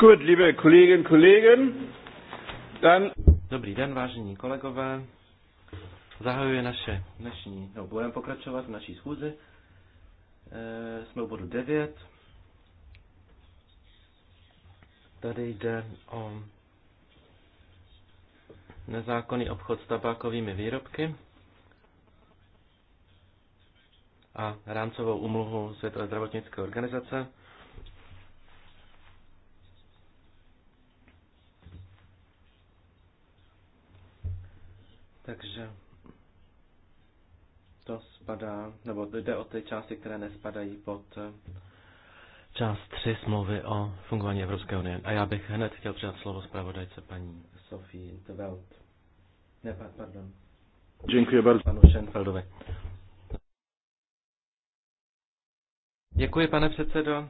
Gut, liebe Kolleginnen Kollegen, dann... Dobrý den, vážení kolegové. Zahajuje naše dnešní, nebo budeme pokračovat v naší schůzi. E, jsme u bodu 9. Tady jde o nezákonný obchod s tabákovými výrobky a rámcovou umluvu Světové zdravotnické organizace. Takže to spadá, nebo jde o ty části, které nespadají pod eh, část 3 smlouvy o fungování Evropské unie. A já bych hned chtěl předat slovo zpravodajce paní Sofii Tveld. Ne, pardon. Děkuji bardzo. Panu Schenfeldovi. Děkuji, pane předsedo.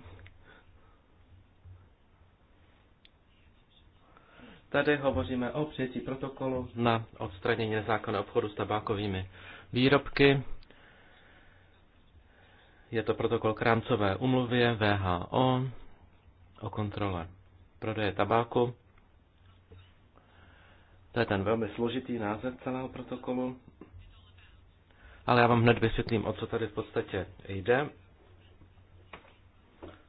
Tady hovoříme o přijetí protokolu na odstranění nezákonného obchodu s tabákovými výrobky. Je to protokol k rámcové umluvě VHO o kontrole prodeje tabáku. To je ten velmi složitý název celého protokolu. Ale já vám hned vysvětlím, o co tady v podstatě jde.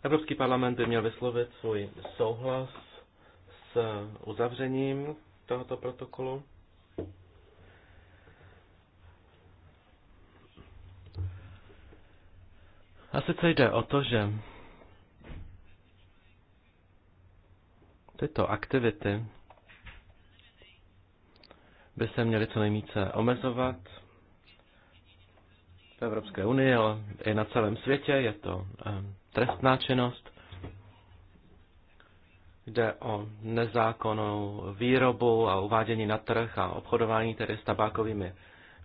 Evropský parlament by měl vyslovit svůj souhlas s uzavřením tohoto protokolu. A sice jde o to, že tyto aktivity by se měly co nejvíce omezovat v Evropské unii, ale i na celém světě. Je to eh, trestná činnost. Jde o nezákonnou výrobu a uvádění na trh a obchodování tedy s tabákovými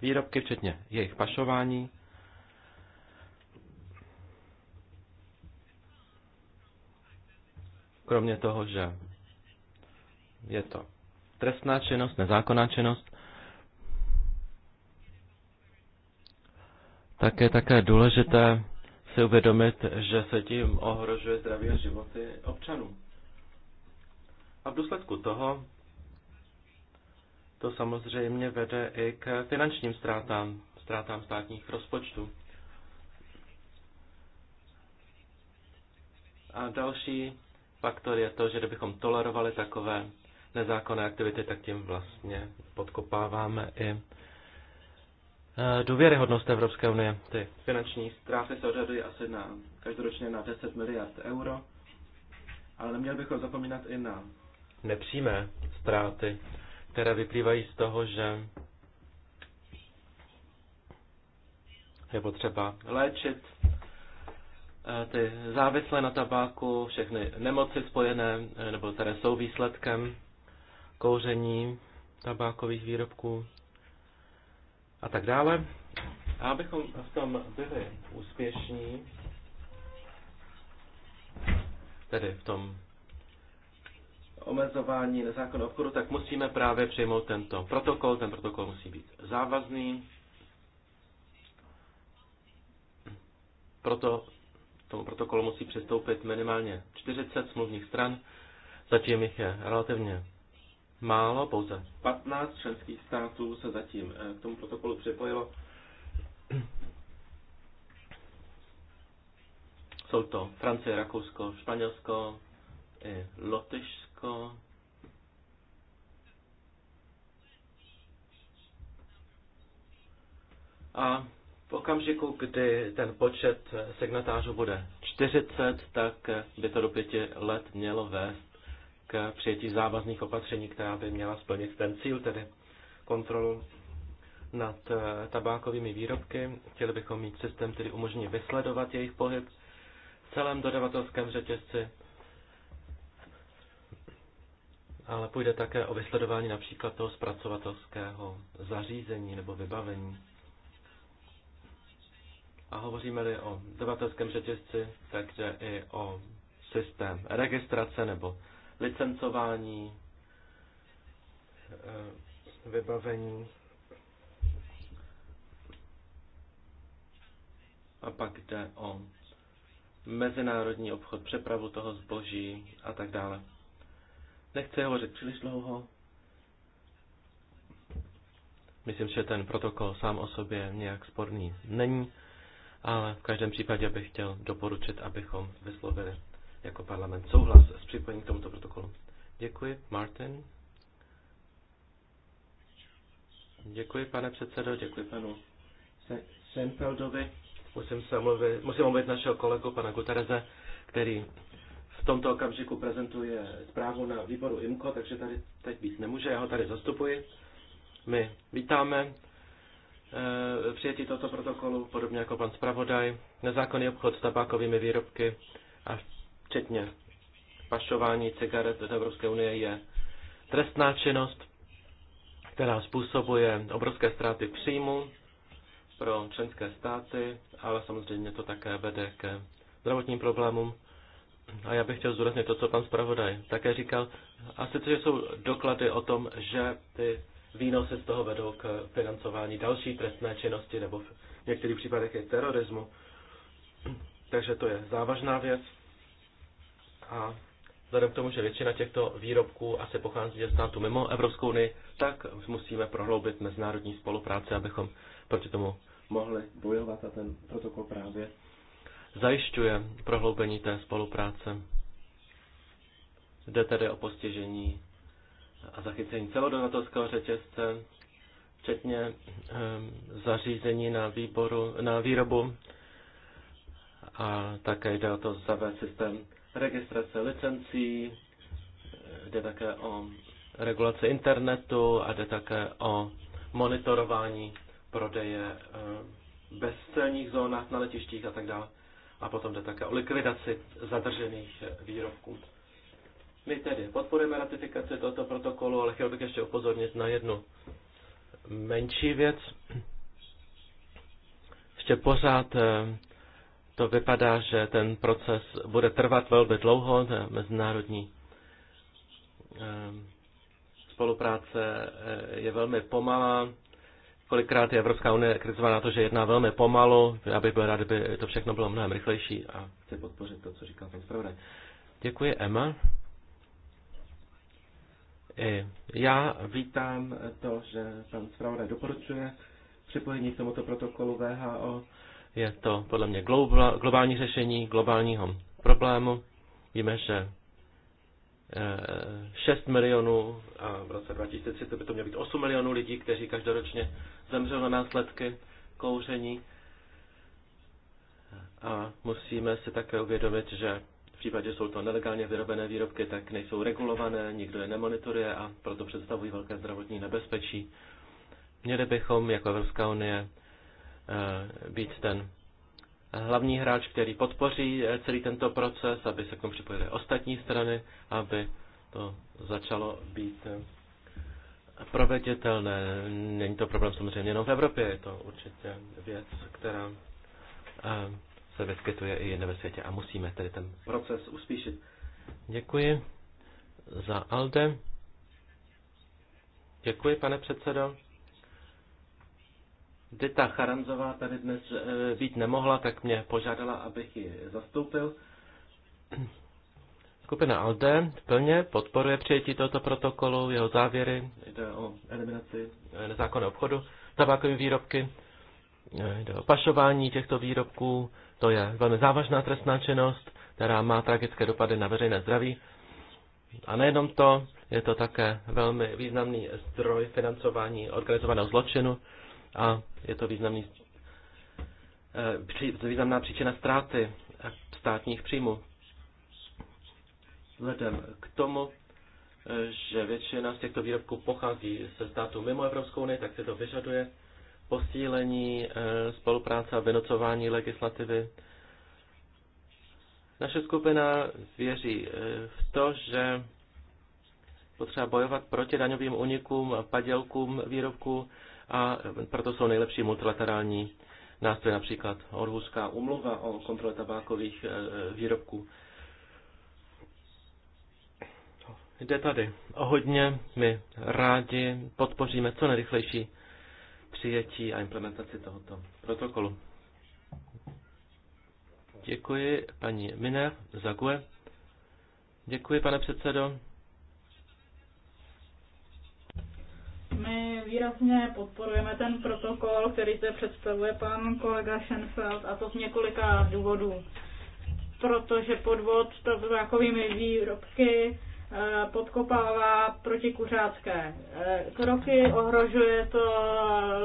výrobky, včetně jejich pašování. Kromě toho, že je to trestná činnost, nezákonná činnost, tak je také důležité si uvědomit, že se tím ohrožuje zdraví a životy občanů. A v důsledku toho to samozřejmě vede i k finančním ztrátám, ztrátám státních rozpočtů. A další faktor je to, že kdybychom tolerovali takové nezákonné aktivity, tak tím vlastně podkopáváme i eh, důvěryhodnost Evropské unie. Ty finanční ztráty se odhadují asi na, každoročně na 10 miliard euro, ale neměli bychom zapomínat i na nepřímé ztráty, které vyplývají z toho, že je potřeba léčit eh, ty závislé na tabáku, všechny nemoci spojené, eh, nebo které jsou výsledkem kouření tabákových výrobků a tak dále. A abychom v tom byli úspěšní, tedy v tom omezování nezákonného obchodu, tak musíme právě přijmout tento protokol. Ten protokol musí být závazný. Proto tomu protokolu musí přistoupit minimálně 40 smluvních stran, zatím jich je relativně málo, pouze 15 členských států se zatím eh, k tomu protokolu připojilo. Jsou to Francie, Rakousko, Španělsko, i Lotyšsko to. A v okamžiku, kdy ten počet signatářů bude 40, tak by to do pěti let mělo vést k přijetí závazných opatření, která by měla splnit ten cíl, tedy kontrolu nad eh, tabákovými výrobky. Chtěli bychom mít systém, který umožní vysledovat jejich pohyb v celém dodavatelském řetězci ale půjde také o vysledování například toho zpracovatelského zařízení nebo vybavení. A hovoříme-li o dodavatelském řetězci, takže i o systém registrace nebo licencování eh, vybavení. A pak jde o mezinárodní obchod, přepravu toho zboží a tak dále. Nechci hovořit příliš dlouho. Myslím, že ten protokol sám o sobě nějak sporný není, ale v každém případě bych chtěl doporučit, abychom vyslovili jako parlament souhlas s připojením k tomuto protokolu. Děkuji, Martin. Děkuji, pane předsedo, děkuji panu Senfeldovi. Musím se omluvit, musím omluvit našeho kolegu, pana Gutereze, který tomto okamžiku prezentuje zprávu na výboru IMCO, takže tady teď být nemůže, já ho tady zastupuji. My vítáme e, přijetí tohoto protokolu, podobně jako pan zpravodaj, nezákonný obchod s tabákovými výrobky a včetně pašování cigaret do Evropské unie je trestná činnost, která způsobuje obrovské ztráty příjmu pro členské státy, ale samozřejmě to také vede ke zdravotním problémům a já bych chtěl zdůraznit to, co pan zpravodaj také říkal, a sice, že jsou doklady o tom, že ty výnosy z toho vedou k financování další trestné činnosti nebo v některých případech i terorismu. Takže to je závažná věc. A vzhledem k tomu, že většina těchto výrobků asi pochází ze států mimo Evropskou unii, tak musíme prohloubit mezinárodní spolupráci, abychom proti tomu mohli bojovat a ten protokol právě zajišťuje prohloubení té spolupráce. Jde tedy o postižení a zachycení celododavatelského řetězce, včetně ehm, zařízení na, výboru, na výrobu a také jde o to zavést systém registrace licencí, jde také o regulace internetu a jde také o monitorování prodeje v ehm, bezcelních zónách na letištích a tak dále a potom jde také o likvidaci zadržených eh, výrobků. My tedy podporujeme ratifikaci tohoto protokolu, ale chtěl bych ještě upozornit na jednu menší věc. Ještě pořád eh, to vypadá, že ten proces bude trvat velmi dlouho, mezinárodní eh, spolupráce je velmi pomalá, Kolikrát je Evropská unie kritizována na to, že jedná velmi pomalu. Já bych byl rád, kdyby to všechno bylo mnohem rychlejší a chci podpořit to, co říkal pan zpravodaj. Děkuji, Emma. I já vítám to, že pan zpravodaj doporučuje připojení k tomuto protokolu VHO. Je to podle mě globální řešení globálního problému. Víme, že 6 eh, milionů a v roce 2030 by to mělo být 8 milionů lidí, kteří každoročně zemřel na následky kouření. A musíme si také uvědomit, že v případě, že jsou to nelegálně vyrobené výrobky, tak nejsou regulované, nikdo je nemonitoruje a proto představují velké zdravotní nebezpečí. Měli bychom jako Evropská unie eh, být ten hlavní hráč, který podpoří eh, celý tento proces, aby se k tomu připojily ostatní strany, aby to začalo být eh, proveditelné. Není to problém samozřejmě jenom v Evropě, je to určitě věc, která eh, se vyskytuje i jinde ve světě a musíme tedy ten proces uspíšit. Děkuji za Alde. Děkuji, pane předsedo. Dita Charanzová tady dnes eh, být nemohla, tak mě požádala, abych ji zastoupil. Skupina ALDE plně podporuje přijetí tohoto protokolu, jeho závěry. Jde o eliminaci eh, nezákonného obchodu tabákovými výrobky, eh, jde o pašování těchto výrobků. To je velmi závažná trestná činnost, která má tragické dopady na veřejné zdraví. A nejenom to, je to také velmi významný zdroj financování organizovaného zločinu a je to významný, eh, významná příčina ztráty státních příjmů. Vzhledem k tomu, že většina z těchto výrobků pochází ze států mimo Evropskou unii, tak se to vyžaduje posílení eh, spolupráce a vynocování legislativy. Naše skupina věří eh, v to, že potřeba bojovat proti daňovým unikům, padělkům výrobků a eh, proto jsou nejlepší multilaterální nástroje, například Orhuská umluva o kontrole tabákových výrobků. jde tady o hodně. My rádi podpoříme co nejrychlejší přijetí a implementaci tohoto protokolu. Děkuji paní Miner za GUE. Děkuji, pane předsedo. My výrazně podporujeme ten protokol, který zde představuje pan kolega Schenfeld, a to z několika důvodů. Protože podvod s tabákovými výrobky Eh, podkopává protikuřácké eh, kroky, ohrožuje to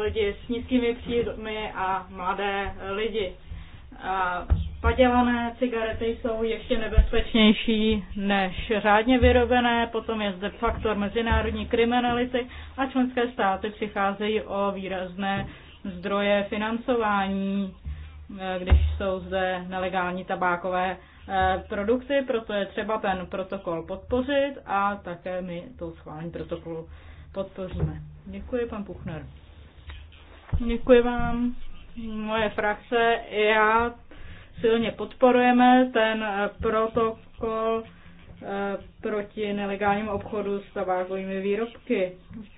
lidi s nízkými příjmy a mladé lidi. A padělané cigarety jsou ještě nebezpečnější než řádně vyrobené, potom je zde faktor mezinárodní kriminality a členské státy přicházejí o výrazné zdroje financování, eh, když jsou zde nelegální tabákové Eh, produkty, proto je třeba ten protokol podpořit a také my to schválení protokolu podpoříme. Děkuji, pan Puchner. Děkuji vám. Moje frakce i já silně podporujeme ten eh, protokol eh, proti nelegálnímu obchodu s tabákovými výrobky.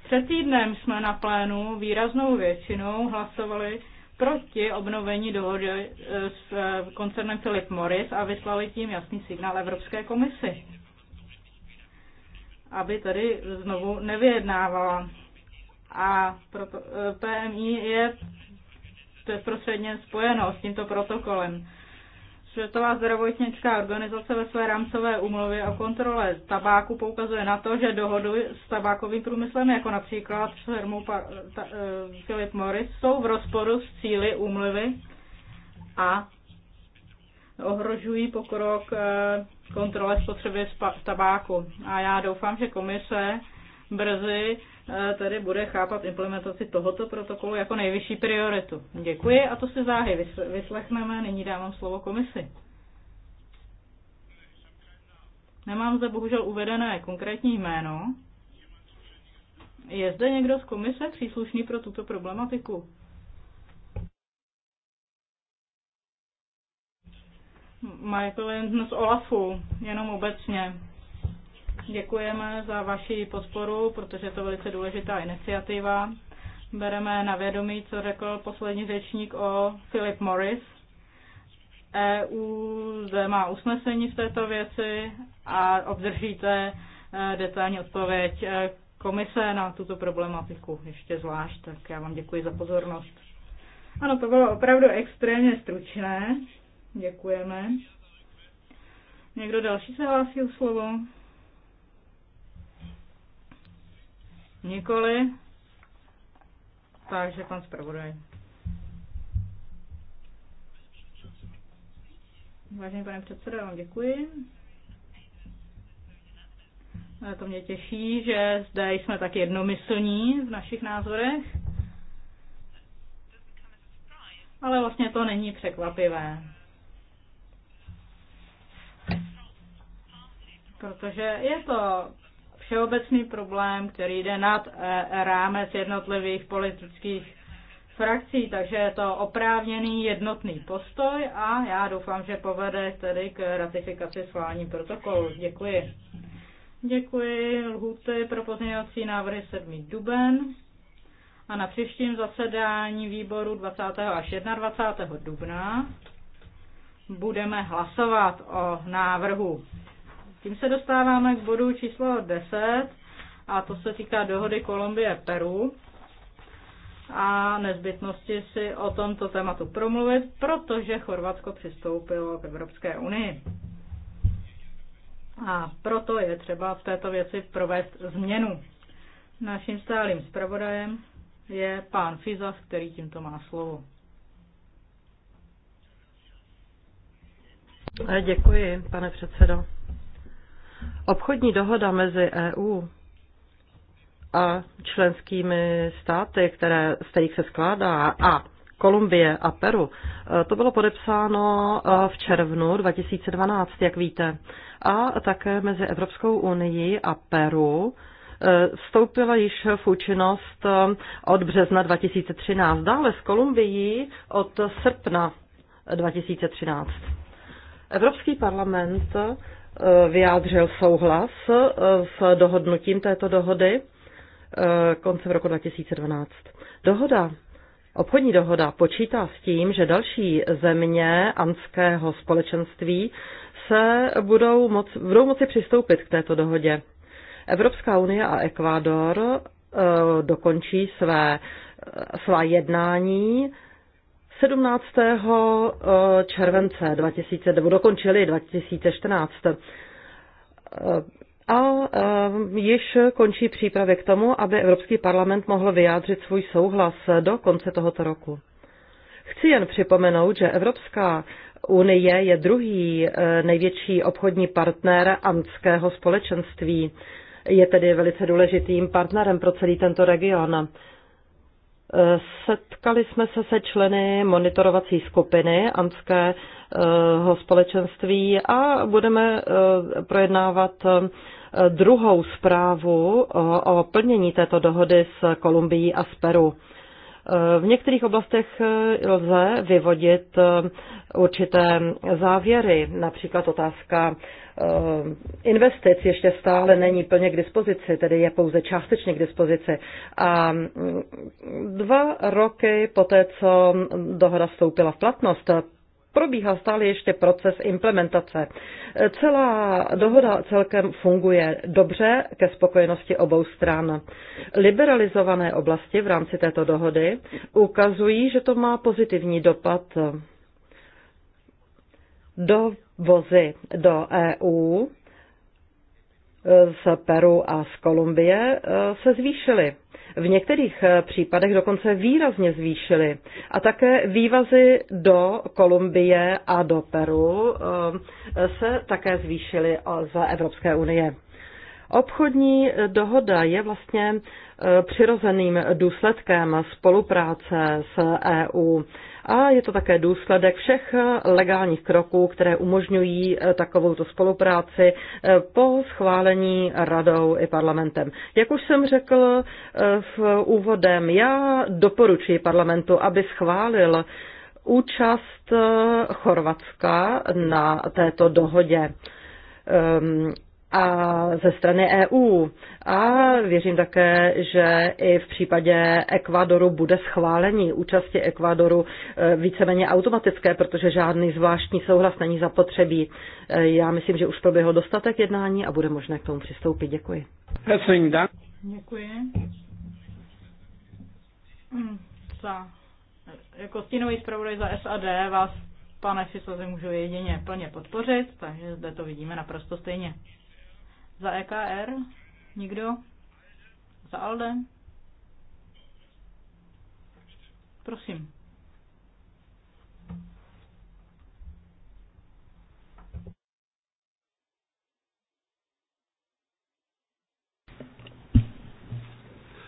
Před týdnem jsme na plénu výraznou většinou hlasovali proti obnovení dohody eh, s eh, koncernem Philip Morris a vyslali tím jasný signál Evropské komisi, aby tady znovu nevyjednávala. A proto, eh, PMI je bezprostředně spojeno s tímto protokolem. Světová zdravotnická organizace ve své rámcové umluvě o kontrole tabáku poukazuje na to, že dohody s tabákovým průmyslem, jako například s firmou e, Philip Morris, jsou v rozporu s cíly úmluvy a ohrožují pokrok e, kontrole spotřeby tabáku. A já doufám, že komise brzy E, tady bude chápat implementaci tohoto protokolu jako nejvyšší prioritu. Děkuji a to si záhy vyslechneme. Nyní dávám slovo komisi. Nemám zde bohužel uvedené konkrétní jméno. Je zde někdo z komise příslušný pro tuto problematiku? Michael Lindner z Olafu, jenom obecně. Děkujeme za vaši podporu, protože je to velice důležitá iniciativa. Bereme na vědomí, co řekl poslední řečník o Philip Morris. EU zde má usnesení v této věci a obdržíte eh, detailní odpověď eh, komise na tuto problematiku ještě zvlášť, tak já vám děkuji za pozornost. Ano, to bylo opravdu extrémně stručné. Děkujeme. Někdo další se hlásí o slovo? Nikoli. Takže pan zpravodaj. Vážený pane předsedo, já vám děkuji. To mě těší, že zde jsme tak jednomyslní v našich názorech. Ale vlastně to není překvapivé. Protože je to všeobecný problém, který jde nad eh, rámec jednotlivých politických frakcí, takže je to oprávněný jednotný postoj a já doufám, že povede tedy k ratifikaci schválení protokolu. Děkuji. Děkuji. Lhuty pro pozměňovací návrhy 7. duben a na příštím zasedání výboru 20. až 21. dubna budeme hlasovat o návrhu tím se dostáváme k bodu číslo 10 a to se týká dohody Kolumbie-Peru a nezbytnosti si o tomto tématu promluvit, protože Chorvatsko přistoupilo k Evropské unii. A proto je třeba v této věci provést změnu. Naším stálým zpravodajem je pán Fizas, který tímto má slovo. Děkuji, pane předsedo. Obchodní dohoda mezi EU a členskými státy, které, z kterých se skládá, a Kolumbie a Peru. E, to bylo podepsáno e, v červnu 2012, jak víte. A také mezi Evropskou unii a Peru e, vstoupila již v účinnost od března 2013, dále s Kolumbií od srpna 2013. Evropský parlament Eh, vyjádřil souhlas eh, s dohodnutím této dohody eh, koncem roku 2012. Dohoda, obchodní dohoda počítá s tím, že další země anského společenství se budou, moc, budou moci přistoupit k této dohodě. Evropská unie a Ekvádor dokončí své, svá jednání 17. července 2000, nebo dokončili 2014. A e, již končí přípravy k tomu, aby Evropský parlament mohl vyjádřit svůj souhlas do konce tohoto roku. Chci jen připomenout, že Evropská unie je druhý e, největší obchodní partner amtského společenství. Je tedy velice důležitým partnerem pro celý tento region. Setkali jsme se se členy monitorovací skupiny Amského společenství a budeme eh, projednávat eh, druhou zprávu eh, o plnění této dohody s Kolumbií a s Peru. V některých oblastech lze vyvodit určité závěry, například otázka Eh, investic ještě stále není plně k dispozici, tedy je pouze částečně k dispozici. A mm, dva roky poté, co dohoda vstoupila v platnost, probíhá stále ještě proces implementace. Celá dohoda celkem funguje dobře ke spokojenosti obou stran. Liberalizované oblasti v rámci této dohody ukazují, že to má pozitivní dopad do vozy do EU z Peru a z Kolumbie e, se zvýšily. V některých e, případech dokonce výrazně zvýšily. A také vývazy do Kolumbie a do Peru e, se také zvýšily za Evropské unie. Obchodní dohoda je vlastně přirozeným důsledkem spolupráce s EU a je to také důsledek všech legálních kroků, které umožňují eh, takovouto spolupráci eh, po schválení radou i parlamentem. Jak už jsem řekl eh, v úvodem, já doporučuji parlamentu, aby schválil účast Chorvatska na této dohodě ehm, a ze strany EU. A věřím také, že i v případě Ekvadoru bude schválení účasti Ekvadoru e, víceméně automatické, protože žádný zvláštní souhlas není zapotřebí. E, já myslím, že už proběhlo dostatek jednání a bude možné k tomu přistoupit. Děkuji. Děkuji. Hm, za, jako stínový zpravodaj za SAD vás, pane Fisovi, můžu jedině plně podpořit, takže zde to vidíme naprosto stejně. Za EKR? Nikdo? Za ALDE? Prosím.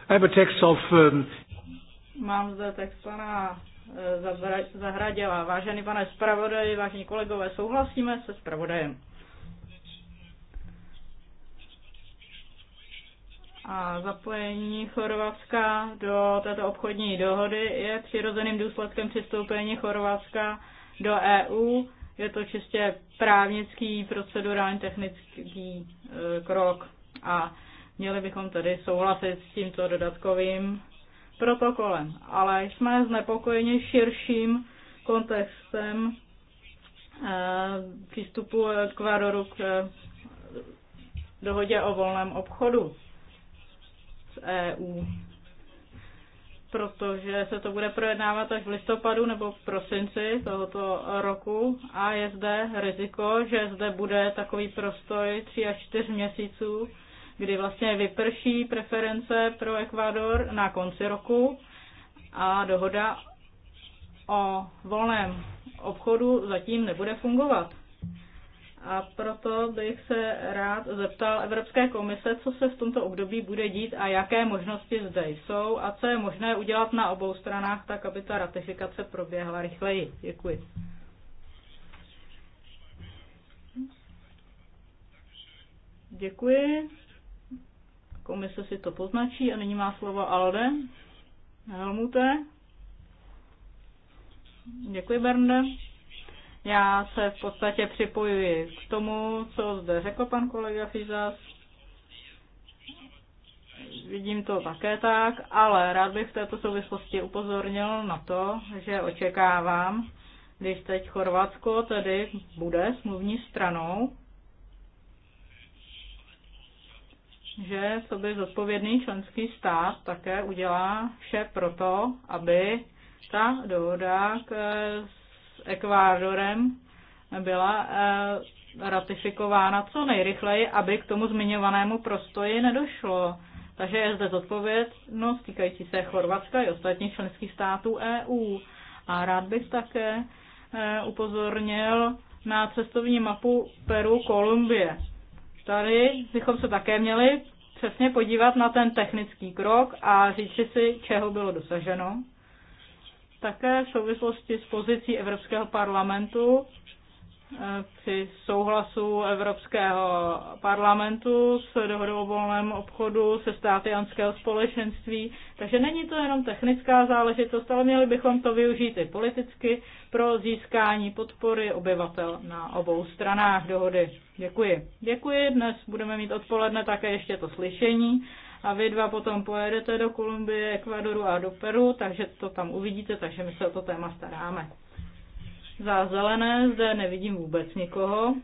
I have a text of, um... Mám zde text pana eh, Zahraděla. Vážený pane zpravodaj, vážení kolegové, souhlasíme se zpravodajem. A zapojení Chorvatska do této obchodní dohody je přirozeným důsledkem přistoupení Chorvatska do EU. Je to čistě právnický, procedurální, technický e, krok a měli bychom tedy souhlasit s tímto dodatkovým protokolem. Ale jsme znepokojeni širším kontextem e, přístupu Ekvadoru k e, dohodě o volném obchodu. EU, protože se to bude projednávat až v listopadu nebo v prosinci tohoto roku a je zde riziko, že zde bude takový prostoj 3 až 4 měsíců, kdy vlastně vyprší preference pro Ekvádor na konci roku a dohoda o volném obchodu zatím nebude fungovat. A proto bych se rád zeptal Evropské komise, co se v tomto období bude dít a jaké možnosti zde jsou a co je možné udělat na obou stranách, tak aby ta ratifikace proběhla rychleji. Děkuji. Děkuji. Komise si to poznačí a nyní má slovo Alde. Helmute. Děkuji, Bernde. Já se v podstatě připojuji k tomu, co zde řekl pan kolega Fizas. Vidím to také tak, ale rád bych v této souvislosti upozornil na to, že očekávám, když teď Chorvatsko tedy bude smluvní stranou, že sobě zodpovědný členský stát také udělá vše proto, aby ta dohoda k Ekvádorem byla eh, ratifikována co nejrychleji, aby k tomu zmiňovanému prostoji nedošlo. Takže je zde zodpovědnost týkající se Chorvatska i ostatních členských států EU. A rád bych také eh, upozornil na cestovní mapu Peru Kolumbie. Tady bychom se také měli přesně podívat na ten technický krok a říct si, čeho bylo dosaženo také v souvislosti s pozicí Evropského parlamentu eh, při souhlasu Evropského parlamentu s dohodou o volném obchodu se státy Janského společenství. Takže není to jenom technická záležitost, ale měli bychom to využít i politicky pro získání podpory obyvatel na obou stranách dohody. Děkuji. Děkuji, dnes budeme mít odpoledne také ještě to slyšení a vy dva potom pojedete do Kolumbie, Ekvadoru a do Peru, takže to tam uvidíte, takže my se o to téma staráme. Za zelené zde nevidím vůbec nikoho,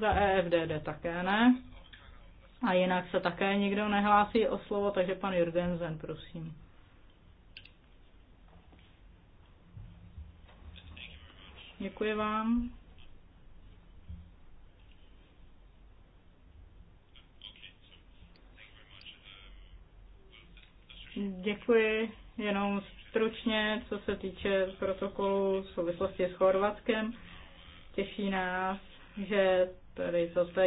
za EFDD také ne. A jinak se také nikdo nehlásí o slovo, takže pan Jurgenzen, prosím. Děkuji vám. Děkuji. Jenom stručně, co se týče protokolu v souvislosti s Chorvatskem. Těší nás, že tady to se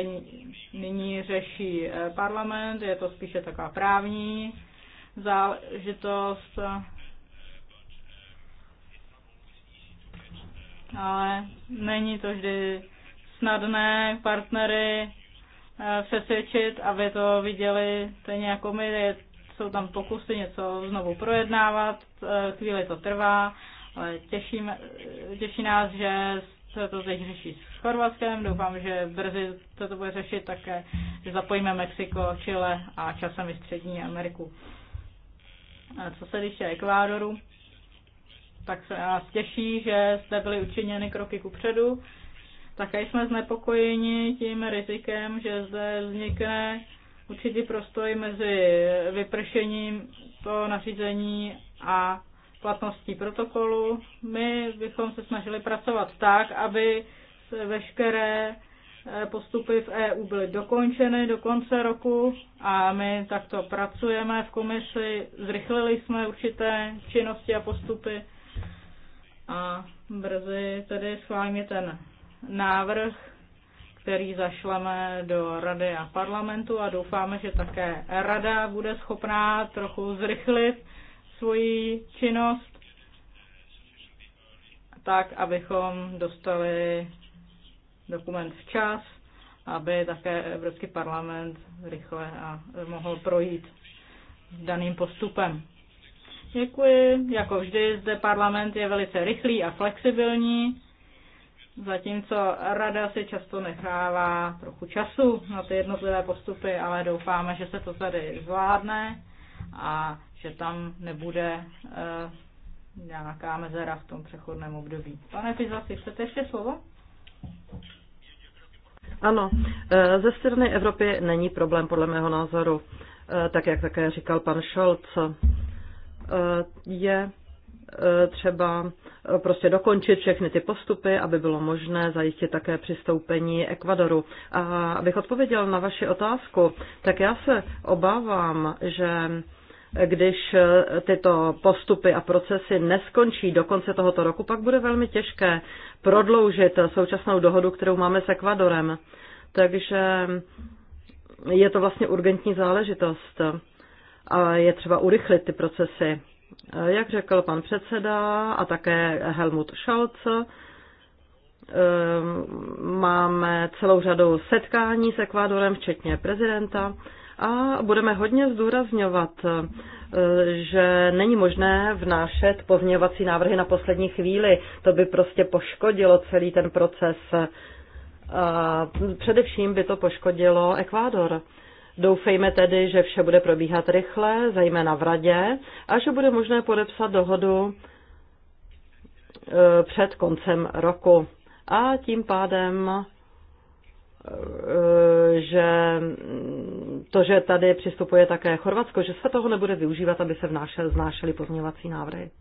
nyní řeší eh, parlament, je to spíše taková právní záležitost. Ale není to vždy snadné partnery eh, přesvědčit, aby to viděli stejně jako my. Je jsou tam pokusy něco znovu projednávat, e, chvíli to trvá, ale těší, těší nás, že se to teď řeší s Chorvatskem, doufám, že brzy se to bude řešit také, že zapojíme Mexiko, Chile a časem i Střední Ameriku. A co se týče Ekvádoru, tak se nás těší, že zde byly učiněny kroky kupředu. Také jsme znepokojeni tím rizikem, že zde vznikne určitý prostoj mezi vypršením toho nařízení a platností protokolu. My bychom se snažili pracovat tak, aby se veškeré eh, postupy v EU byly dokončeny do konce roku a my takto pracujeme v komisi, zrychlili jsme určité činnosti a postupy a brzy tedy schválíme ten návrh který zašleme do rady a parlamentu a doufáme, že také rada bude schopná trochu zrychlit svoji činnost, tak abychom dostali dokument včas, aby také Evropský parlament rychle a mohl projít daným postupem. Děkuji. Jako vždy, zde parlament je velice rychlý a flexibilní Zatímco rada si často nechává trochu času na ty jednotlivé postupy, ale doufáme, že se to tady zvládne a že tam nebude e, nějaká mezera v tom přechodném období. Pane Pizasi, chcete ještě slovo? Ano, eh, ze strany Evropy není problém podle mého názoru, eh, tak jak také říkal pan Scholz, je třeba Eh, prostě dokončit všechny ty postupy, aby bylo možné zajistit také přistoupení Ekvadoru. A abych odpověděl na vaši otázku, tak já se obávám, že když eh, tyto postupy a procesy neskončí do konce tohoto roku, pak bude velmi těžké prodloužit současnou dohodu, kterou máme s Ekvadorem. Takže je to vlastně urgentní záležitost a je třeba urychlit ty procesy. Jak řekl pan předseda a také Helmut Scholz, ehm, máme celou řadu setkání s Ekvádorem, včetně prezidenta, a budeme hodně zdůrazňovat, eh, že není možné vnášet pozměňovací návrhy na poslední chvíli. To by prostě poškodilo celý ten proces. A především by to poškodilo Ekvádor. Doufejme tedy, že vše bude probíhat rychle, zejména v radě, a že bude možné podepsat dohodu e, před koncem roku. A tím pádem, e, že to, že tady přistupuje také Chorvatsko, že se toho nebude využívat, aby se vnášel, znášely pozměňovací návrhy.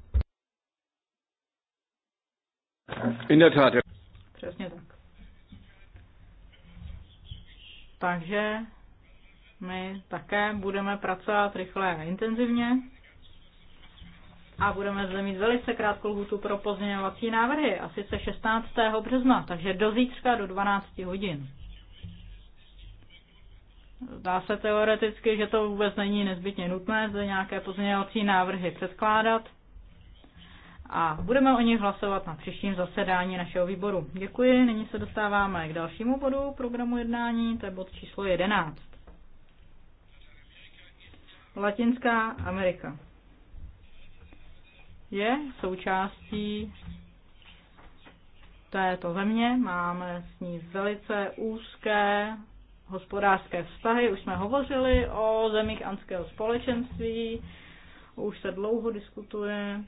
Přesně tak. Takže my také budeme pracovat rychle a intenzivně a budeme zde mít velice krátkou lhůtu pro pozměňovací návrhy, a sice 16. března, takže do zítřka do 12 hodin. Zdá se teoreticky, že to vůbec není nezbytně nutné zde nějaké pozměňovací návrhy předkládat a budeme o nich hlasovat na příštím zasedání našeho výboru. Děkuji, nyní se dostáváme k dalšímu bodu programu jednání, to je bod číslo 11. Latinská Amerika je součástí této země, máme s ní velice úzké hospodářské vztahy. Už jsme hovořili o zemích anského společenství, už se dlouho diskutuje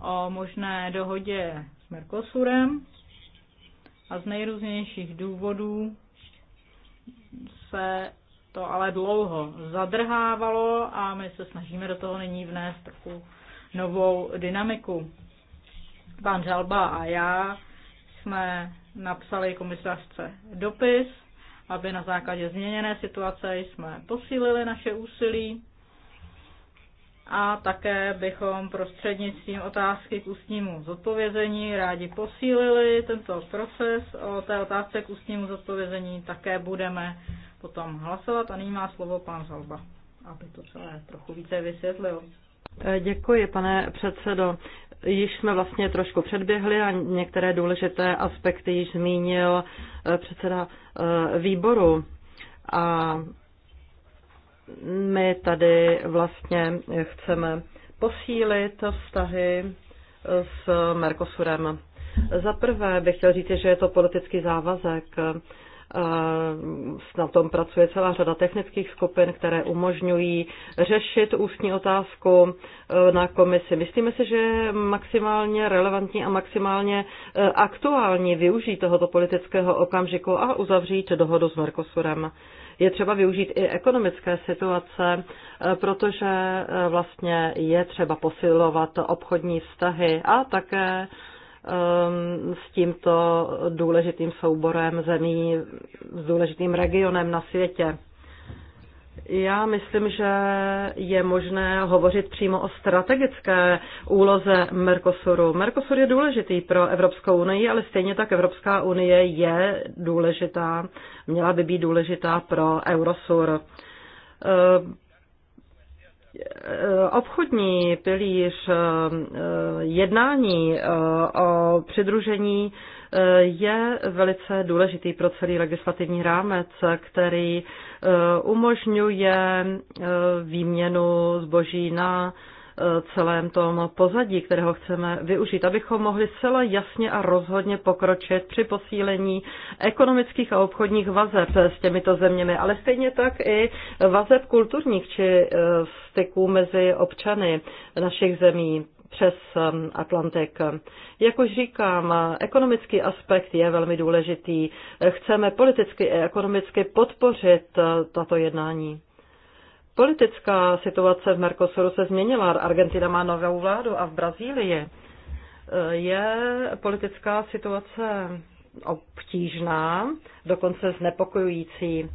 o možné dohodě s Mercosurem a z nejrůznějších důvodů se to ale dlouho zadrhávalo a my se snažíme do toho nyní vnést takovou novou dynamiku. Pan Žalba a já jsme napsali komisařce dopis, aby na základě změněné situace jsme posílili naše úsilí a také bychom prostřednictvím otázky k ústnímu zodpovězení rádi posílili tento proces. O té otázce k ústnímu zodpovězení také budeme potom hlasovat a nyní má slovo pan Zalba, aby to celé trochu více vysvětlil. E, děkuji, pane předsedo. Již jsme vlastně trošku předběhli a některé důležité aspekty již zmínil e, předseda e, výboru. A my tady vlastně chceme posílit vztahy s Mercosurem. Za prvé bych chtěl říct, že je to politický závazek Eh, na tom pracuje celá řada technických skupin, které umožňují řešit ústní otázku eh, na komisi. Myslíme si, že je maximálně relevantní a maximálně eh, aktuální využít tohoto politického okamžiku a uzavřít dohodu s Mercosurem. Je třeba využít i ekonomické situace, protože vlastně je třeba posilovat obchodní vztahy a také Um, s tímto důležitým souborem zemí, s důležitým regionem na světě. Já myslím, že je možné hovořit přímo o strategické úloze Mercosuru. Mercosur je důležitý pro Evropskou unii, ale stejně tak Evropská unie je důležitá, měla by být důležitá pro Eurosur. Eh, obchodní pilíř eh, jednání eh, o přidružení je velice důležitý pro celý legislativní rámec, který umožňuje výměnu zboží na Eh, celém tom pozadí, kterého chceme využít, abychom mohli zcela jasně a rozhodně pokročit při posílení ekonomických a obchodních vazeb s těmito zeměmi, ale stejně tak i vazeb kulturních či eh, styků mezi občany našich zemí přes eh, Atlantik. Jak už říkám, ekonomický aspekt je velmi důležitý. Chceme politicky i ekonomicky podpořit tato jednání. Politická situace v Mercosuru se změnila. Argentina má novou vládu a v Brazílii eh, je politická situace obtížná, dokonce znepokojující.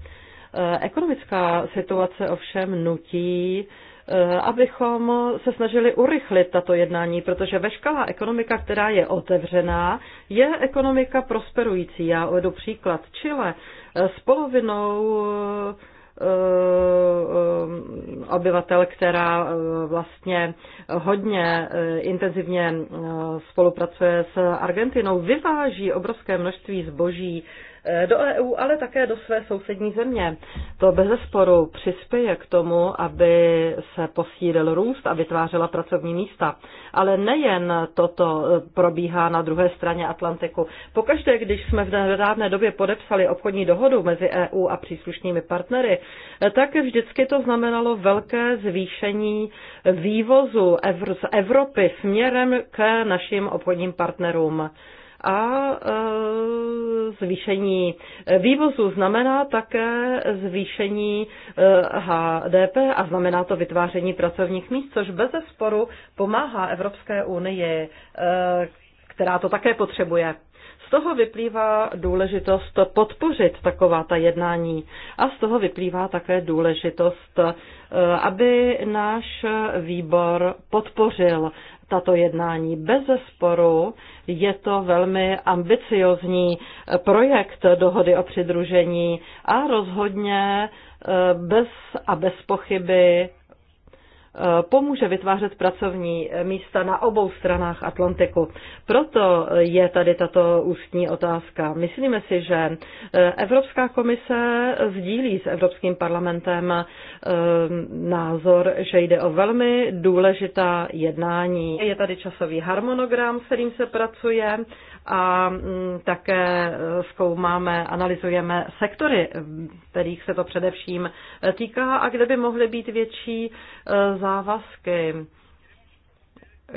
Eh, ekonomická situace ovšem nutí, eh, abychom se snažili urychlit tato jednání, protože veškerá ekonomika, která je otevřená, je ekonomika prosperující. Já uvedu příklad Chile s polovinou Eh, eh, obyvatel, která eh, vlastně hodně intenzivně spolupracuje s Argentinou, vyváží obrovské množství zboží E, do EU, ale také do své sousední země. To bez zesporu přispěje k tomu, aby se posílil růst a vytvářela pracovní místa. Ale nejen toto e, probíhá na druhé straně Atlantiku. Pokaždé, když jsme v nedávné době podepsali obchodní dohodu mezi EU a příslušnými partnery, e, tak vždycky to znamenalo velké zvýšení vývozu z Evropy směrem k našim obchodním partnerům a e, zvýšení vývozu znamená také zvýšení e, HDP a znamená to vytváření pracovních míst, což bez sporu pomáhá Evropské unii, e, která to také potřebuje. Z toho vyplývá důležitost podpořit taková ta jednání a z toho vyplývá také důležitost, aby náš výbor podpořil tato jednání. Bez sporu je to velmi ambiciozní eh, projekt dohody o přidružení a rozhodně eh, bez a bez pochyby Eh, pomůže vytvářet pracovní místa na obou stranách Atlantiku. Proto je tady tato ústní otázka. Myslíme si, že eh, Evropská komise sdílí s Evropským parlamentem eh, názor, že jde o velmi důležitá jednání. Je tady časový harmonogram, s kterým se pracuje a mm, také eh, zkoumáme, analyzujeme sektory, eh, kterých se to především eh, týká a kde by mohly být větší závazky.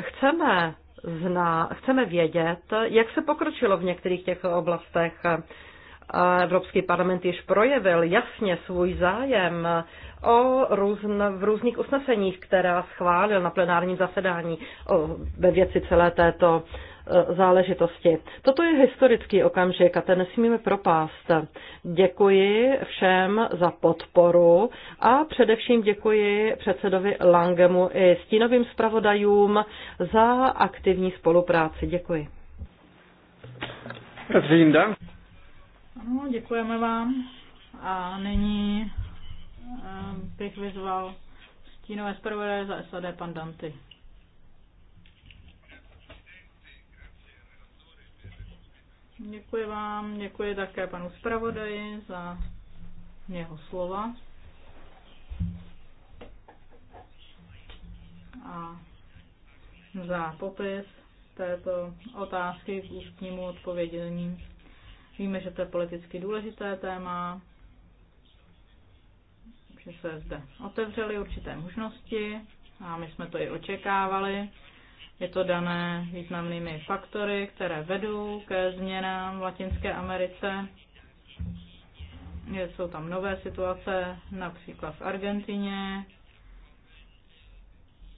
Chceme, zna, chceme vědět, jak se pokročilo v některých těch oblastech. Evropský parlament již projevil jasně svůj zájem o různ, v různých usneseních, která schválil na plenárním zasedání o, ve věci celé této E, záležitosti. Toto je historický okamžik a ten nesmíme propást. Děkuji všem za podporu a především děkuji předsedovi Langemu i stínovým zpravodajům za aktivní spolupráci. Děkuji. Zinda. No, děkujeme vám. A nyní e, bych vyzval stínové zpravodaje za SAD pan Danty. Děkuji vám, děkuji také panu zpravodaji za jeho slova. A za popis této otázky k ústnímu odpovědění. Víme, že to je politicky důležité téma, že se zde otevřely určité možnosti a my jsme to i očekávali. Je to dané významnými faktory, které vedou ke změnám v Latinské Americe. Jsou tam nové situace, například v Argentině.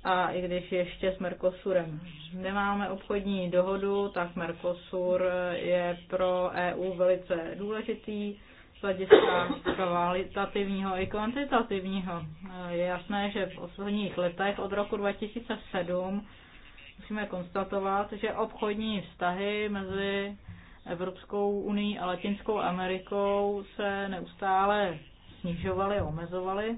A i když ještě s Mercosurem nemáme obchodní dohodu, tak Mercosur je pro EU velice důležitý z hlediska kvalitativního i kvantitativního. Je jasné, že v posledních letech od roku 2007 musíme konstatovat, že obchodní vztahy mezi Evropskou unii a Latinskou Amerikou se neustále snižovaly, omezovaly.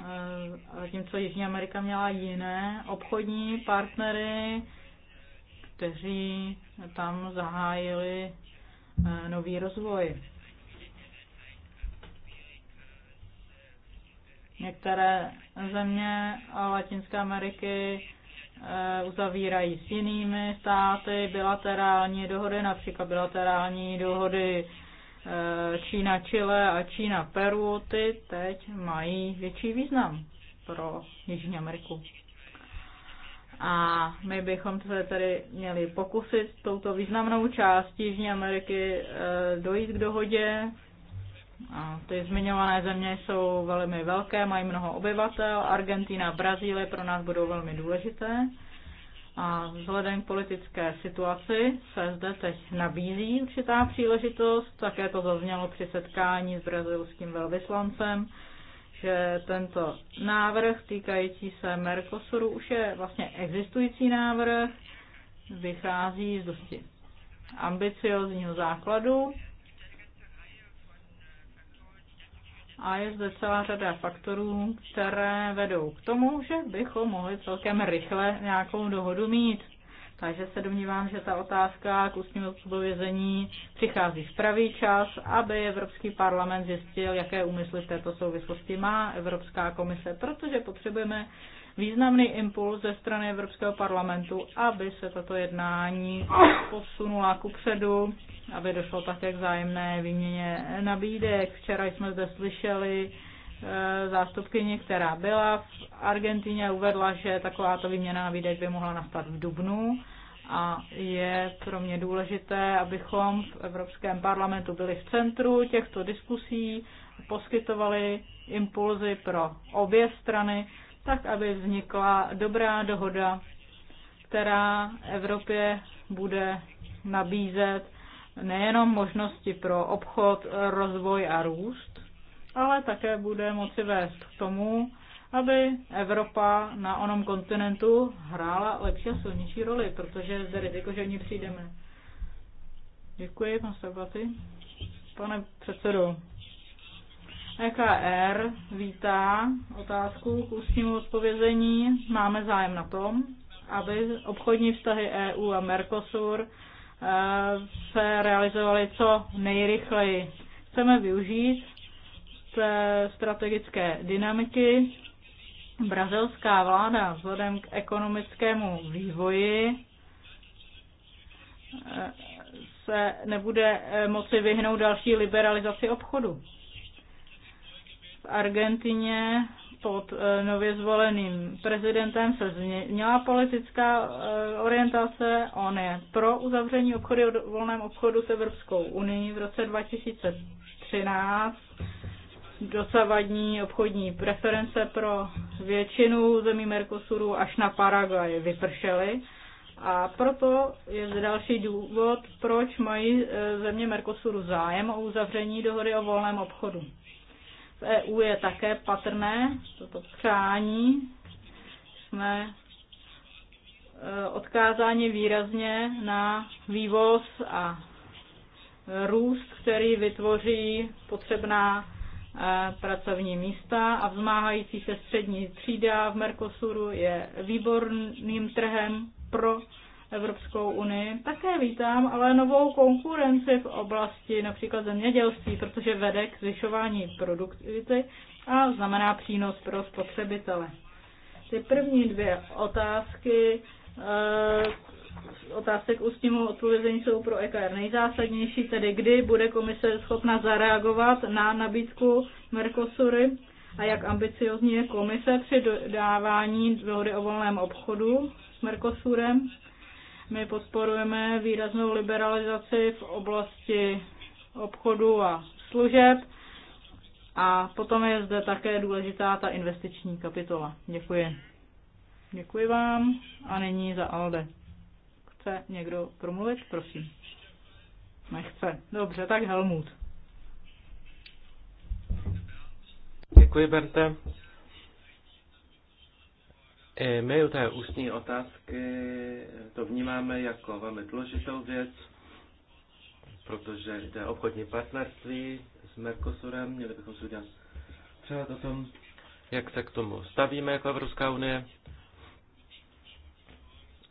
Eh, zatímco Jižní Amerika měla jiné obchodní partnery, kteří tam zahájili eh, nový rozvoj. Některé země Latinské Ameriky eh, uzavírají s jinými státy bilaterální dohody, například bilaterální dohody eh, Čína Chile a Čína Peru, ty teď mají větší význam pro Jižní Ameriku. A my bychom se tedy měli pokusit touto významnou částí Jižní Ameriky eh, dojít k dohodě a ty zmiňované země jsou velmi velké, mají mnoho obyvatel. Argentina a Brazílie pro nás budou velmi důležité. A vzhledem k politické situaci se zde teď nabízí určitá příležitost. Také to zaznělo při setkání s brazilským velvyslancem, že tento návrh týkající se Mercosuru už je vlastně existující návrh, vychází z dosti ambiciozního základu, a je zde celá řada faktorů, které vedou k tomu, že bychom mohli celkem rychle nějakou dohodu mít. Takže se domnívám, že ta otázka k ústnímu odpovězení přichází v pravý čas, aby Evropský parlament zjistil, jaké úmysly v této souvislosti má Evropská komise, protože potřebujeme významný impuls ze strany Evropského parlamentu, aby se tato jednání posunula ku předu, aby došlo také k zájemné výměně nabídek. Včera jsme zde slyšeli eh, zástupkyně, která byla v Argentině, uvedla, že takováto výměna nabídek by mohla nastat v Dubnu a je pro mě důležité, abychom v Evropském parlamentu byli v centru těchto diskusí, poskytovali impulzy pro obě strany, tak aby vznikla dobrá dohoda, která Evropě bude nabízet nejenom možnosti pro obchod, rozvoj a růst, ale také bude moci vést k tomu, aby Evropa na onom kontinentu hrála lepší a silnější roli, protože zde riziko, že ní přijdeme. Děkuji, pan Sabaty. Pane předsedo, EKR vítá otázku k ústnímu odpovězení. Máme zájem na tom, aby obchodní vztahy EU a Mercosur eh, se realizovaly co nejrychleji. Chceme využít té strategické dynamiky. Brazilská vláda vzhledem k ekonomickému vývoji eh, se nebude eh, moci vyhnout další liberalizaci obchodu v Argentině pod eh, nově zvoleným prezidentem se změnila politická eh, orientace. On je pro uzavření obchody o volném obchodu s Evropskou unii v roce 2013. Dosavadní obchodní preference pro většinu zemí Mercosuru až na Paraguay vypršely. A proto je zde další důvod, proč mají eh, země Mercosuru zájem o uzavření dohody o volném obchodu v EU je také patrné, toto přání. Jsme eh, odkázáni výrazně na vývoz a růst, který vytvoří potřebná eh, pracovní místa a vzmáhající se střední třída v Mercosuru je výborným trhem pro Evropskou unii. Také vítám ale novou konkurenci v oblasti například zemědělství, protože vede k zvyšování produktivity a znamená přínos pro spotřebitele. Ty první dvě otázky, eh, otázek k ústnímu odpovězení jsou pro EKR nejzásadnější, tedy kdy bude komise schopna zareagovat na nabídku Mercosury a jak ambiciozní je komise při dodávání dohody o volném obchodu s Mercosurem my podporujeme výraznou liberalizaci v oblasti obchodu a služeb a potom je zde také důležitá ta investiční kapitola. Děkuji. Děkuji vám a nyní za Alde. Chce někdo promluvit? Prosím. Nechce. Dobře, tak Helmut. Děkuji, Berte. I my u té ústní otázky to vnímáme jako velmi důležitou věc, protože jde obchodní partnerství s Mercosurem, měli bychom si udělat přehled o tom, jak se k tomu stavíme jako Evropská unie.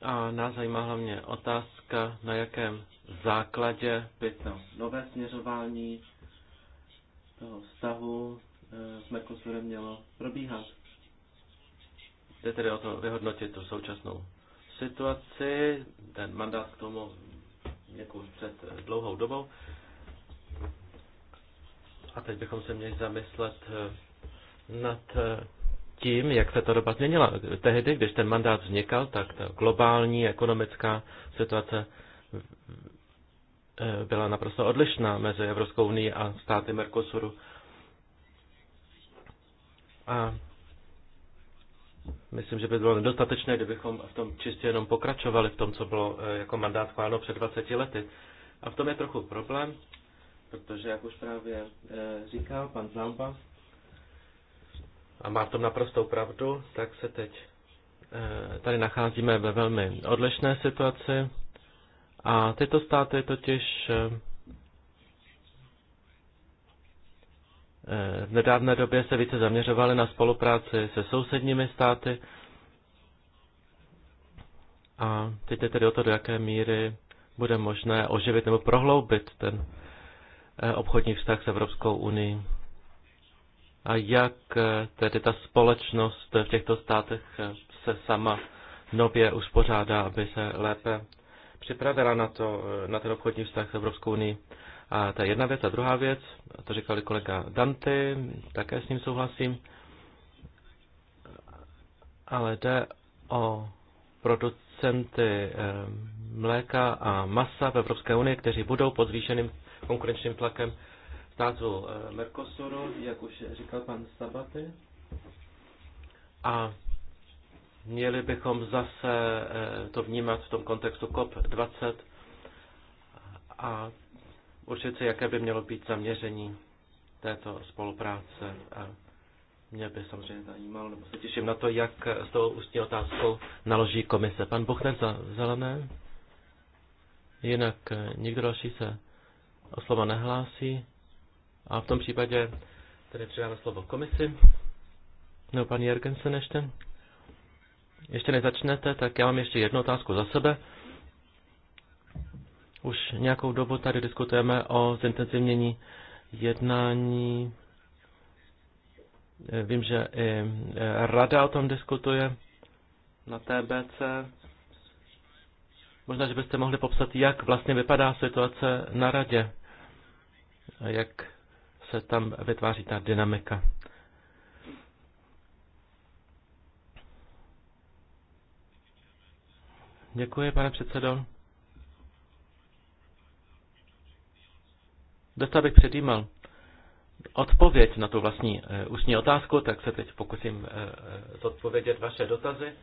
A nás zajímá hlavně otázka, na jakém základě by to nové směřování toho vztahu e, s Mercosurem mělo probíhat. Jde tedy o to vyhodnotit tu současnou situaci. Ten mandát k tomu jako před dlouhou dobou. A teď bychom se měli zamyslet eh, nad eh, tím, jak se ta doba změnila. Tehdy, když ten mandát vznikal, tak ta globální ekonomická situace eh, byla naprosto odlišná mezi Evropskou unii a státy Mercosuru. A Myslím, že by bylo nedostatečné, kdybychom v tom čistě jenom pokračovali v tom, co bylo eh, jako mandát schváleno před 20 lety. A v tom je trochu problém, protože, jak už právě eh, říkal pan Zamba, a má v tom naprostou pravdu, tak se teď eh, tady nacházíme ve velmi odlišné situaci. A tyto státy totiž v nedávné době se více zaměřovali na spolupráci se sousedními státy. A teď je tedy o to, do jaké míry bude možné oživit nebo prohloubit ten eh, obchodní vztah s Evropskou unii. A jak eh, tedy ta společnost v těchto státech eh, se sama nově uspořádá, aby se lépe připravila na, to, na ten obchodní vztah s Evropskou unii. A ta jedna věc. A druhá věc, to říkal kolega Dante, také s ním souhlasím, ale jde o producenty eh, mléka a masa v Evropské unii, kteří budou pod zvýšeným konkurenčním tlakem státu eh, Mercosuru, jak už říkal pan Sabaty. A měli bychom zase eh, to vnímat v tom kontextu COP20 a určit si, jaké by mělo být zaměření této spolupráce. A mě by samozřejmě zajímalo, nebo se těším na to, jak s tou ústní otázkou naloží komise. Pan Buchner za zelené. Jinak eh, nikdo další se o slova nehlásí. A v tom případě tedy předáme slovo komisi. No, pan Jergensen ještě. Ještě nezačnete, tak já mám ještě jednu otázku za sebe. Už nějakou dobu tady diskutujeme o zintenzivnění jednání. Vím, že i e, rada o tom diskutuje na TBC. Možná, že byste mohli popsat, jak vlastně vypadá situace na radě, jak se tam vytváří ta dynamika. Děkuji, pane předsedo. Bez před bych předjímal odpověď na tu vlastní eh, ústní otázku, tak se teď pokusím eh, eh, zodpovědět vaše dotazy.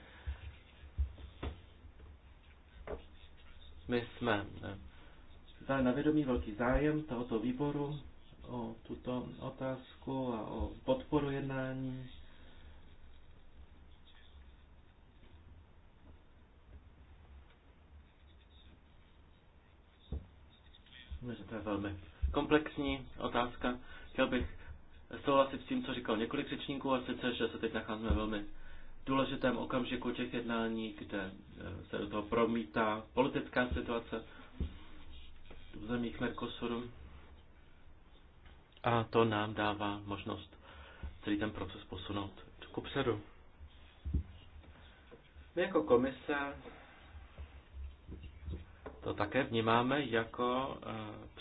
My jsme dali na vědomí velký zájem tohoto výboru o tuto otázku a o podporu jednání. Myslím, že to je velmi komplexní otázka. Chtěl bych souhlasit s tím, co říkal několik řečníků, a sice, že se teď nacházíme velmi důležitém okamžiku těch jednání, kde e, se do toho promítá politická situace v zemích Mercosuru. A to nám dává možnost celý ten proces posunout ku předu. My jako komise to také vnímáme jako e,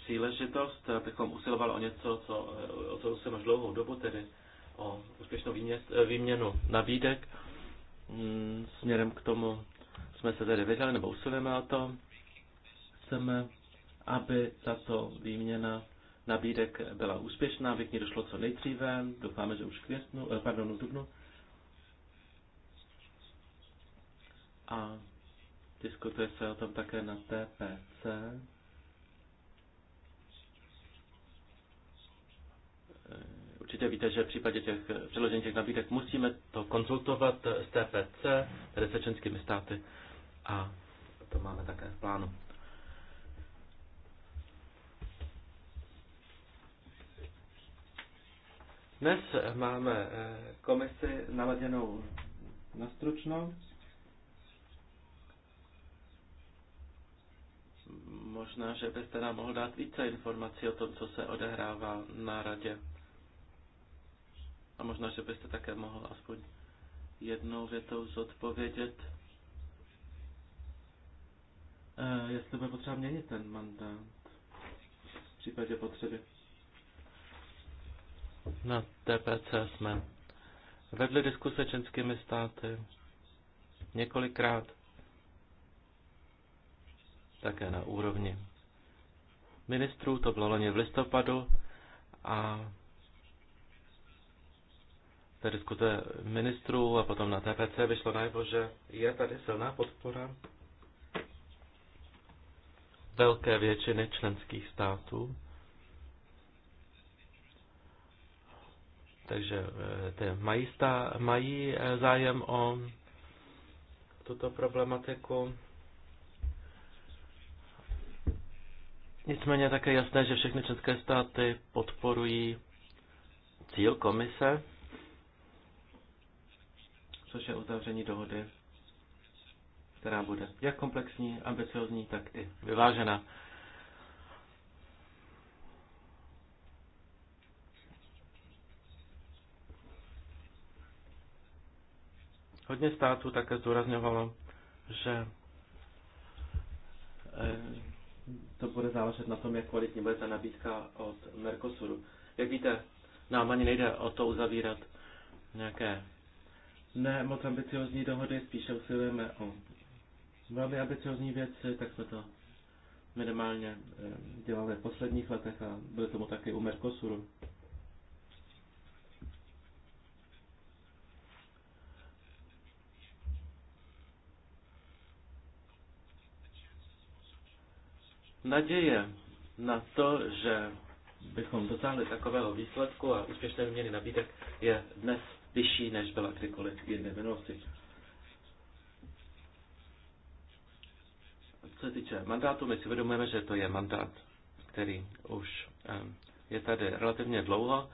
příležitost, abychom usilovali o něco, co, o co usilujeme dlouhou dobu, tedy o úspěšnou výměnu nabídek. Mm, směrem k tomu jsme se tedy vydali, nebo usilujeme o to. Chceme, aby tato výměna nabídek byla úspěšná, aby k ní došlo co nejdříve. Doufáme, že už v květnu, eh, pardon, v dubnu. A diskutuje se o tom také na TPC. Určitě víte, že v případě těch předložení těch nabídek musíme to konzultovat s TPC, tedy se členskými státy a to máme také v plánu. Dnes máme eh, komisi naladěnou na stručno. Možná, že byste nám mohl dát více informací o tom, co se odehrává na radě. A možná, že byste také mohl aspoň jednou větou zodpovědět, eh, jestli by potřeba měnit ten mandát v případě potřeby. Na TPC jsme vedli diskuse českými státy několikrát, také na úrovni ministrů, to bylo loni v listopadu, a té diskuze ministrů a potom na TPC vyšlo najevo, že je tady silná podpora velké většiny členských států. Takže eh, ty mají, stá, mají eh, zájem o tuto problematiku. Nicméně také jasné, že všechny české státy podporují cíl komise což je uzavření dohody, která bude jak komplexní, ambiciozní, tak i vyvážená. Hodně států také zdůrazňovalo, že eh, to bude záležet na tom, jak kvalitní bude ta nabídka od Mercosuru. Jak víte, nám ani nejde o to uzavírat nějaké ne moc ambiciozní dohody, spíše usilujeme o velmi ambiciozní věci, tak jsme to minimálně eh, dělali v posledních letech a bylo tomu taky u Mercosuru. Naděje na to, že bychom dosáhli takového výsledku a úspěšné měli nabídek, je dnes vyšší, než byla kdykoliv jinde minulosti. Co se týče mandátu, my si uvědomujeme, že to je mandát, který už eh, je tady relativně dlouho,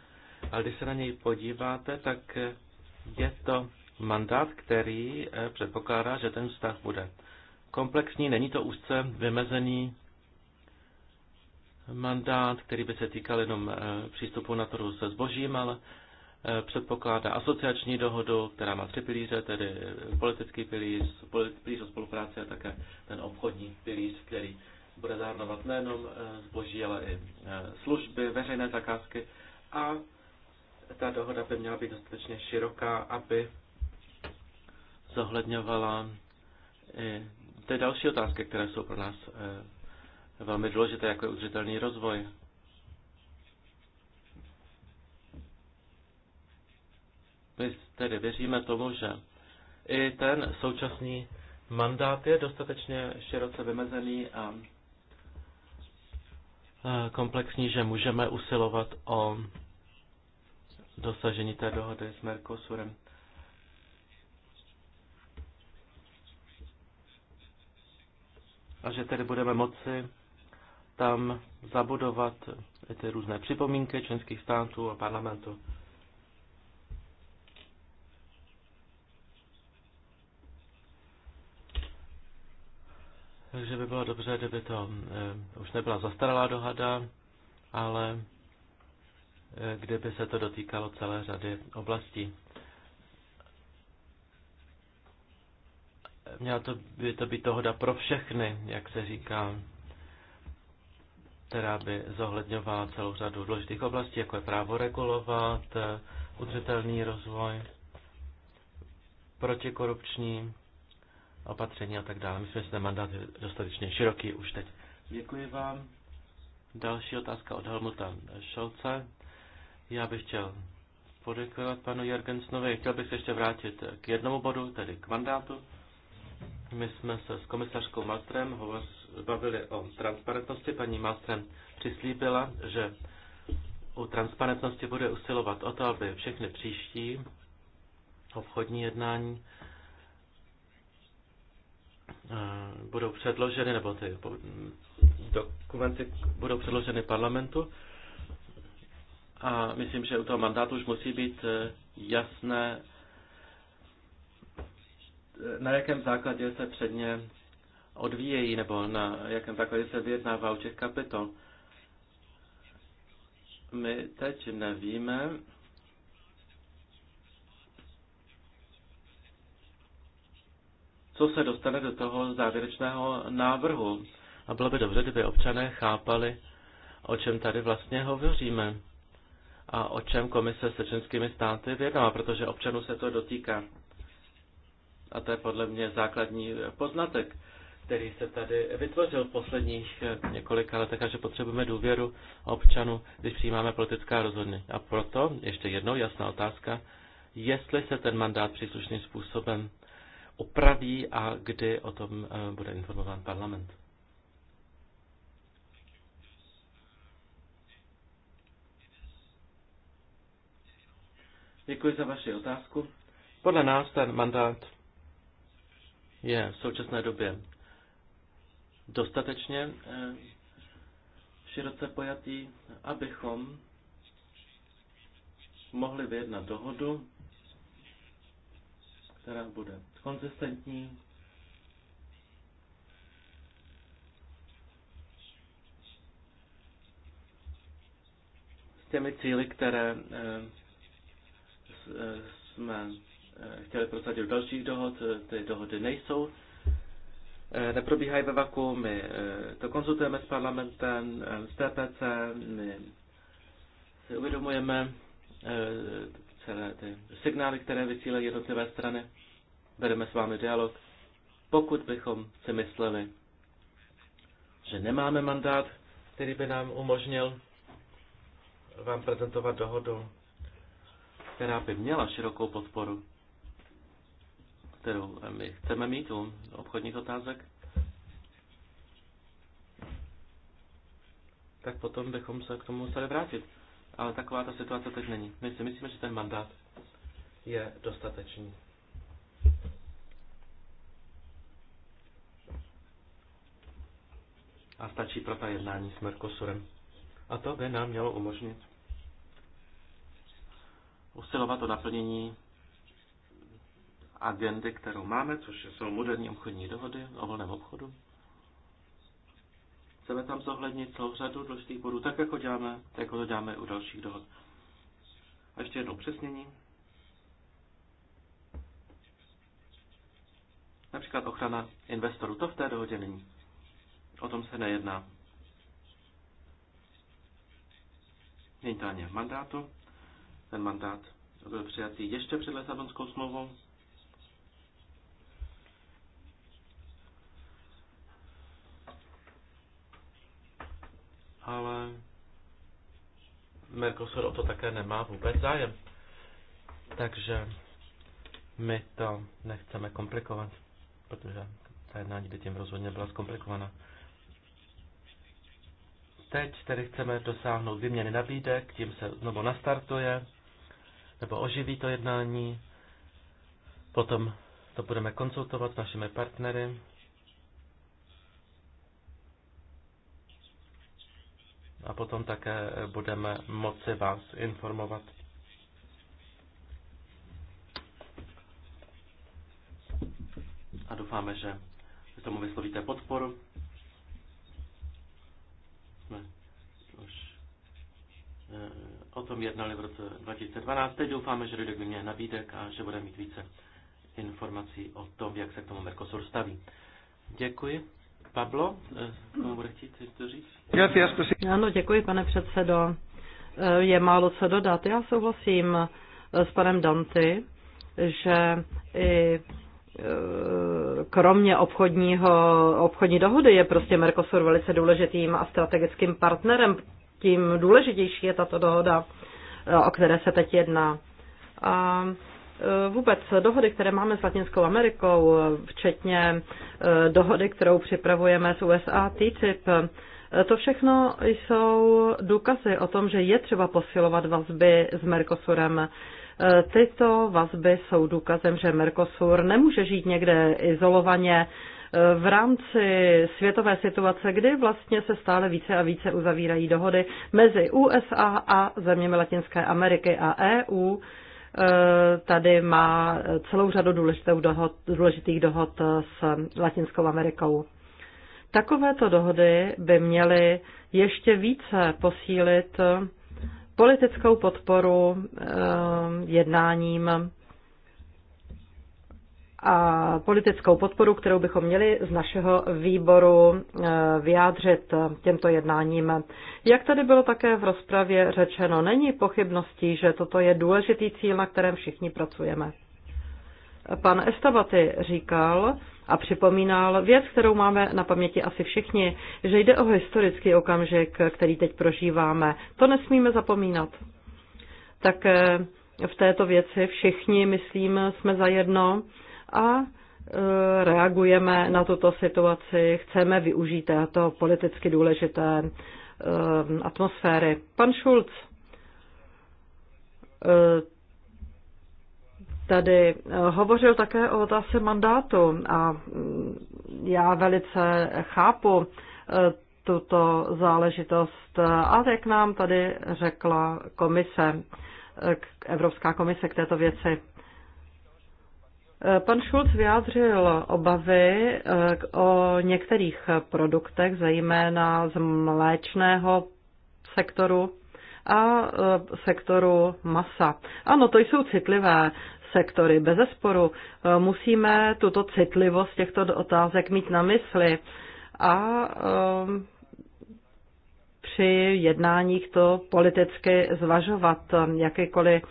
ale když se na něj podíváte, tak eh, je to mandát, který eh, předpokládá, že ten vztah bude komplexní, není to úzce vymezený mandát, který by se týkal jenom přístupu na trhu se zbožím, ale Eh, předpokládá asociační dohodu, která má tři pilíře, tedy politický pilíř, pilíř o spolupráci a také ten obchodní pilíř, který bude zahrnovat nejenom eh, zboží, ale i eh, služby, veřejné zakázky a ta dohoda by měla být dostatečně široká, aby zohledňovala i ty další otázky, které jsou pro nás velmi důležité, jako je udržitelný rozvoj, My tedy věříme tomu, že i ten současný mandát je dostatečně široce vymezený a e, komplexní, že můžeme usilovat o dosažení té dohody s Mercosurem. A že tedy budeme moci tam zabudovat ty různé připomínky členských států a parlamentu. Takže by bylo dobře, kdyby to eh, už nebyla zastaralá dohada, ale eh, kdyby se to dotýkalo celé řady oblastí. Měla to, by to být dohoda pro všechny, jak se říká, která by zohledňovala celou řadu důležitých oblastí, jako je právo regulovat, eh, udržitelný rozvoj, protikorupční opatření a tak dále. Myslím, že ten mandát je dostatečně široký už teď. Děkuji vám. Další otázka od Helmuta Šolce. Já bych chtěl poděkovat panu Jorgensnovi. Chtěl bych se ještě vrátit k jednomu bodu, tedy k mandátu. My jsme se s komisařkou Mastrem bavili o transparentnosti. Paní Mastrem přislíbila, že u transparentnosti bude usilovat o to, aby všechny příští obchodní jednání budou předloženy, nebo ty dokumenty budou předloženy parlamentu. A myslím, že u toho mandátu už musí být e, jasné, e, na jakém základě se předně odvíjejí, nebo na jakém základě se vyjednává u těch kapitol. My teď nevíme, co se dostane do toho závěrečného návrhu. A bylo by dobře, kdyby občané chápali, o čem tady vlastně hovoříme a o čem komise se členskými státy vědomá, protože občanů se to dotýká. A to je podle mě základní poznatek, který se tady vytvořil v posledních několika letech, takže potřebujeme důvěru občanů, když přijímáme politická rozhodnutí. A proto ještě jednou jasná otázka, jestli se ten mandát příslušným způsobem opraví a kdy o tom eh, bude informován parlament. Děkuji za vaši otázku. Podle nás ten mandát je v současné době dostatečně eh, široce pojatý, abychom mohli vyjednat dohodu, která bude konzistentní. S těmi cíly, které eh, eh, jsme eh, chtěli prosadit v dalších dohod, ty dohody nejsou neprobíhají ve vaku, my to konzultujeme s parlamentem, s TPC, my si uvědomujeme celé ty signály, které vysílají jednotlivé strany vedeme s vámi dialog. Pokud bychom si mysleli, že nemáme mandát, který by nám umožnil vám prezentovat dohodu, která by měla širokou podporu, kterou my chceme mít u obchodních otázek, tak potom bychom se k tomu museli vrátit. Ale taková ta situace teď není. My si myslíme, že ten mandát je dostatečný. a stačí pro ta jednání s Merkosurem. A to by nám mělo umožnit usilovat o naplnění agendy, kterou máme, což jsou moderní obchodní dohody o volném obchodu. Chceme tam zohlednit celou řadu důležitých bodů, tak jako, děláme, tak jako to děláme u dalších dohod. A ještě jedno přesnění. Například ochrana investorů, to v té dohodě není. O tom se nejedná. Není to ani v mandátu. Ten mandát byl přijatý ještě před Lesabonskou smlouvou. Ale Mercosur o to také nemá vůbec zájem. Takže my to nechceme komplikovat, protože ta jednání by tím rozhodně byla zkomplikovaná. Teď tedy chceme dosáhnout vyměny nabídek, tím se znovu nastartuje, nebo oživí to jednání. Potom to budeme konzultovat s našimi partnery. A potom také budeme moci vás informovat. A doufáme, že tomu vyslovíte podporu. Eh, o tom jednali v roce 2012. Teď doufáme, že dojde k mě nabídek a že bude mít více informací o tom, jak se k tomu Mercosur staví. Děkuji. Pablo, eh, komu bude chtít to říct? Ano, děkuji, pane předsedo. Eh, je málo co dodat. Já souhlasím s panem Danty, že i kromě obchodního, obchodní dohody je prostě Mercosur velice důležitým a strategickým partnerem tím důležitější je tato dohoda, eh, o které se teď jedná. A eh, vůbec dohody, které máme s Latinskou Amerikou, eh, včetně dohody, kterou připravujeme s USA, TTIP, to všechno jsou důkazy o tom, že je třeba posilovat vazby s Mercosurem. Tyto vazby jsou důkazem, že Mercosur nemůže žít někde izolovaně v rámci světové situace, kdy vlastně se stále více a více uzavírají dohody mezi USA a zeměmi Latinské Ameriky a EU, eh, tady má celou řadu dohod, důležitých dohod s Latinskou Amerikou. Takovéto dohody by měly ještě více posílit politickou podporu eh, jednáním a politickou podporu, kterou bychom měli z našeho výboru eh, vyjádřit eh, těmto jednáním. Jak tady bylo také v rozpravě řečeno, není pochybností, že toto je důležitý cíl, na kterém všichni pracujeme. Pan Estavaty říkal a připomínal věc, kterou máme na paměti asi všichni, že jde o historický okamžik, který teď prožíváme. To nesmíme zapomínat. Tak eh, v této věci všichni, myslím, jsme zajedno. jedno a e, reagujeme na tuto situaci, chceme využít této politicky důležité e, atmosféry. Pan Schulz e, tady hovořil také o otázce mandátu a mm, já velice chápu tuto záležitost a jak nám tady řekla komise, Evropská komise k této věci. Eh, pan Schulz vyjádřil obavy eh, o některých produktech, zejména z mléčného sektoru a eh, sektoru masa. Ano, to jsou citlivé sektory. Bez zesporu musíme tuto citlivost těchto otázek mít na mysli a při jednáních to politicky zvažovat. Jakýkoliv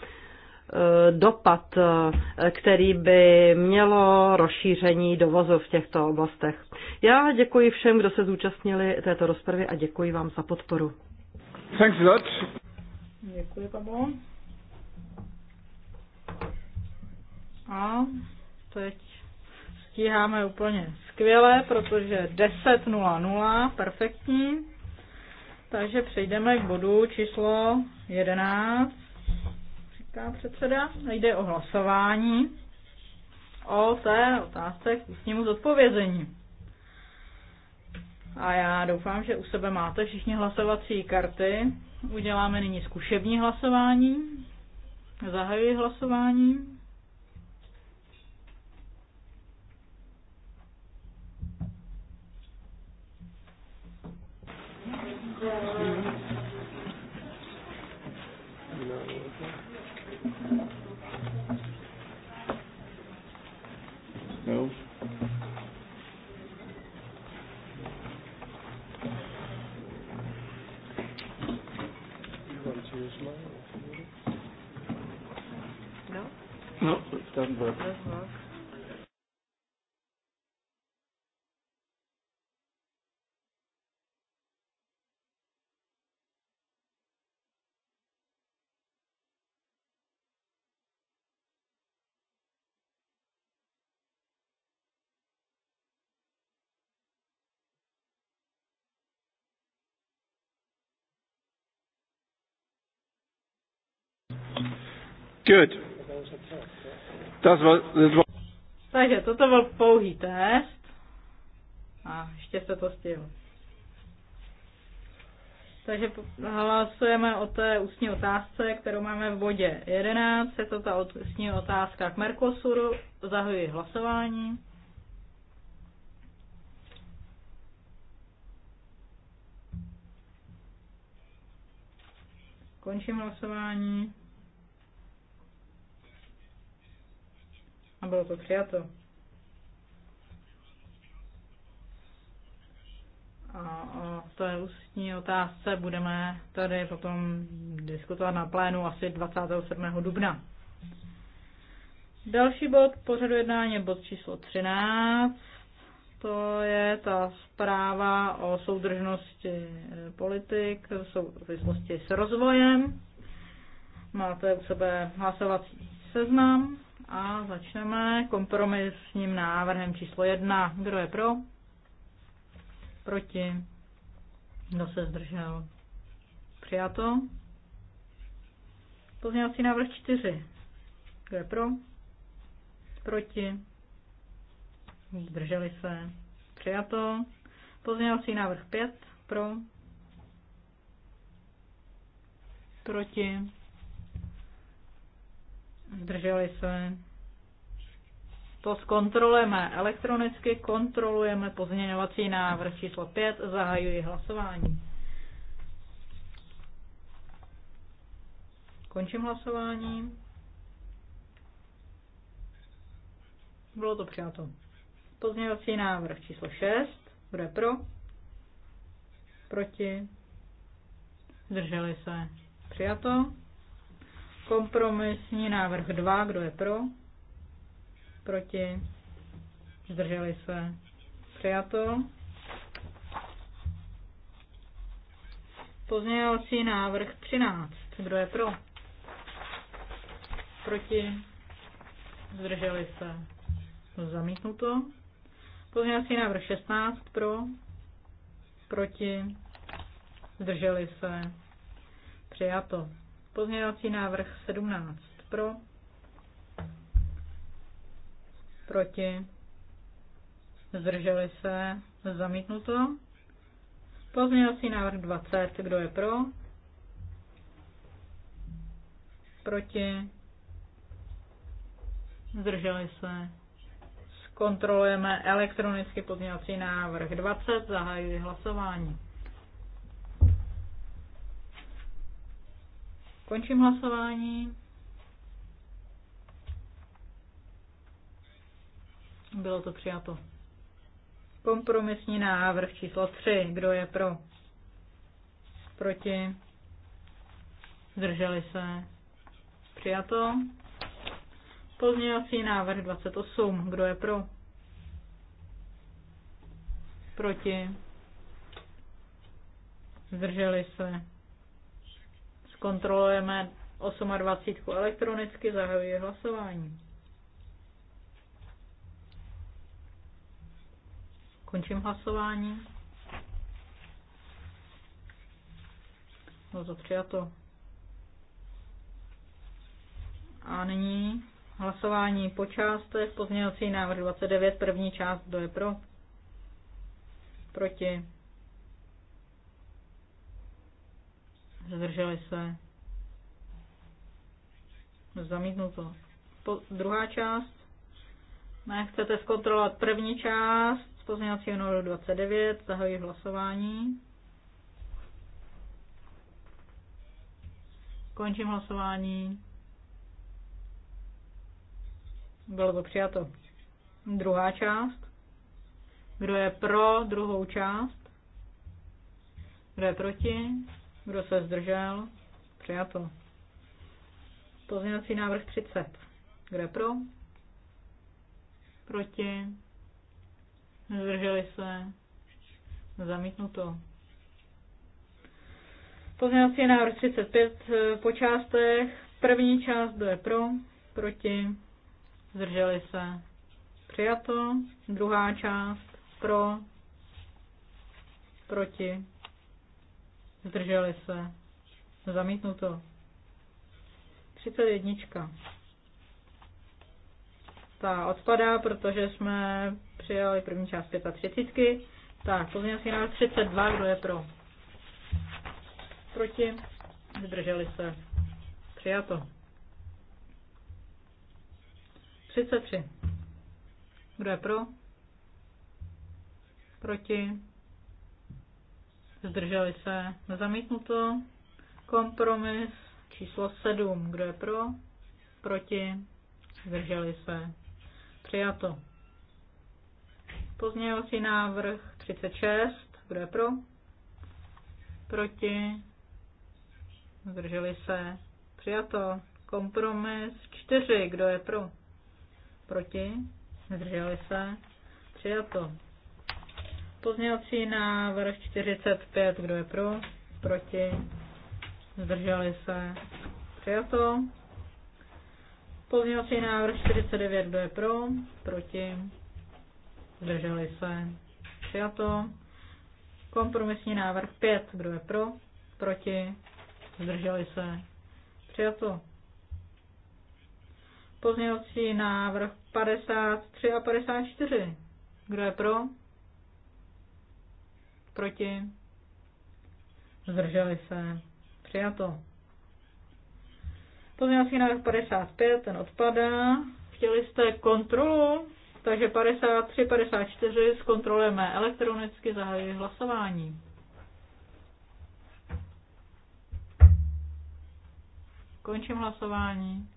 Eh, dopad, eh, který by mělo rozšíření dovozu v těchto oblastech. Já děkuji všem, kdo se zúčastnili této rozpravy a děkuji vám za podporu. Thanks a lot. Děkuji, Pablo. A teď stíháme úplně skvěle, protože 10.00, perfektní. Takže přejdeme k bodu číslo 11 říká předseda. Jde o hlasování o té otázce k ústnímu zodpovězení. A já doufám, že u sebe máte všichni hlasovací karty. Uděláme nyní zkušební hlasování. Zahajuji hlasování. Yeah. No. No? No, it doesn't work. It doesn't work. Good. Takže toto byl pouhý test. A ještě se to stihl. Takže hlasujeme o té ústní otázce, kterou máme v bodě 11. Je to ta ústní otázka k Mercosuru. Zahajuji hlasování. Končím hlasování. A bylo to přijato. A o té ústní otázce budeme tady potom diskutovat na plénu asi 27. dubna. Další bod pořadu jednání je bod číslo 13. To je ta zpráva o soudržnosti politik v souvislosti s rozvojem. Máte u sebe hlasovací seznam. A začneme kompromisním návrhem číslo 1. Kdo je pro? Proti? Kdo se zdržel? Přijato. Pozměňovací návrh 4. Kdo je pro? Proti? Zdrželi se? Přijato. Pozměňovací návrh 5. Pro? Proti? zdrželi se. To zkontrolujeme elektronicky, kontrolujeme pozměňovací návrh číslo 5, zahajuji hlasování. Končím hlasování. Bylo to přijato. Pozměňovací návrh číslo 6, Bude pro? Proti? Zdrželi se. Přijato. Kompromisní návrh 2, kdo je pro? Proti? Zdrželi se? Přijato. Pozměňovací návrh 13, kdo je pro? Proti? Zdrželi se? Zamítnuto. Pozměňovací návrh 16 pro, proti, zdrželi se, přijato. Pozměňovací návrh 17 pro, proti, zdrželi se, zamítnuto. Pozměňovací návrh 20, kdo je pro, proti, zdrželi se. Zkontrolujeme elektronicky pozměňovací návrh 20, zahajuji hlasování. Končím hlasování. Bylo to přijato. Kompromisní návrh číslo 3. Kdo je pro? Proti? Zdrželi se? Přijato. Pozměňovací návrh 28. Kdo je pro? Proti? Zdrželi se? Zkontrolujeme 28 elektronicky, zahajuji hlasování. Končím hlasování. No to přijato. A nyní hlasování po částech. Pozměňovací návrh 29, první část, kdo je pro? Proti zdrželi se, to. Po, druhá část, ne, chcete zkontrolovat první část pozměňovacího návrhu 29, zahoji hlasování. Končím hlasování. Bylo to přijato. Druhá část. Kdo je pro druhou část? Kdo je proti? Kdo se zdržel? Přijato. Pozměňovací návrh 30. Kdo pro? Proti? Zdrželi se? Zamítnuto. Pozměňovací návrh 35 eh, po částech. První část, kdo je pro? Proti? Zdrželi se? Přijato. Druhá část pro? Proti? Zdrželi se. zamítnu to 31. Ta odpadá, protože jsme přijali první část 35. Tak, asi na 32, kdo je pro? Proti? Zdrželi se. Přijato. 33. Kdo je pro? Proti? zdrželi se, zamítnuto. Kompromis číslo 7, kdo je pro, proti, zdrželi se, přijato. Pozměňovací návrh 36, kdo je pro, proti, zdrželi se, přijato. Kompromis 4, kdo je pro, proti, zdrželi se, přijato. Pozměňovací návrh 45, kdo je pro? Proti? Zdrželi se? Přijato. Pozměňovací návrh 49, kdo je pro? Proti? Zdrželi se? Přijato. Kompromisní návrh 5, kdo je pro? Proti? Zdrželi se? Přijato. Pozměňovací návrh 53 a 54. Kdo je pro? Proti? Zdrželi se. Přijato. Pozměňovací návrh 55, ten odpadá. Chtěli jste kontrolu, takže 53, 54 zkontrolujeme elektronicky, zahajuji hlasování. Končím hlasování.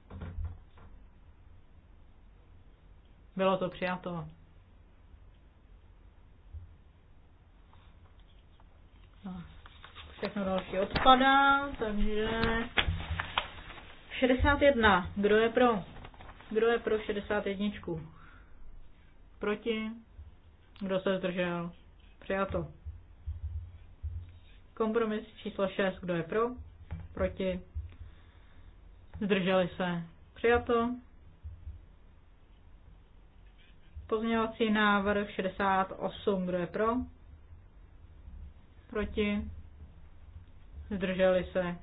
Bylo to přijato. No, všechno další odpadá, takže 61. Kdo je pro? Kdo je pro 61? Proti? Kdo se zdržel? Přijato. Kompromis číslo 6. Kdo je pro? Proti? Zdrželi se? Přijato. Pozměňovací návrh 68. Kdo je pro? proti, zdrželi se,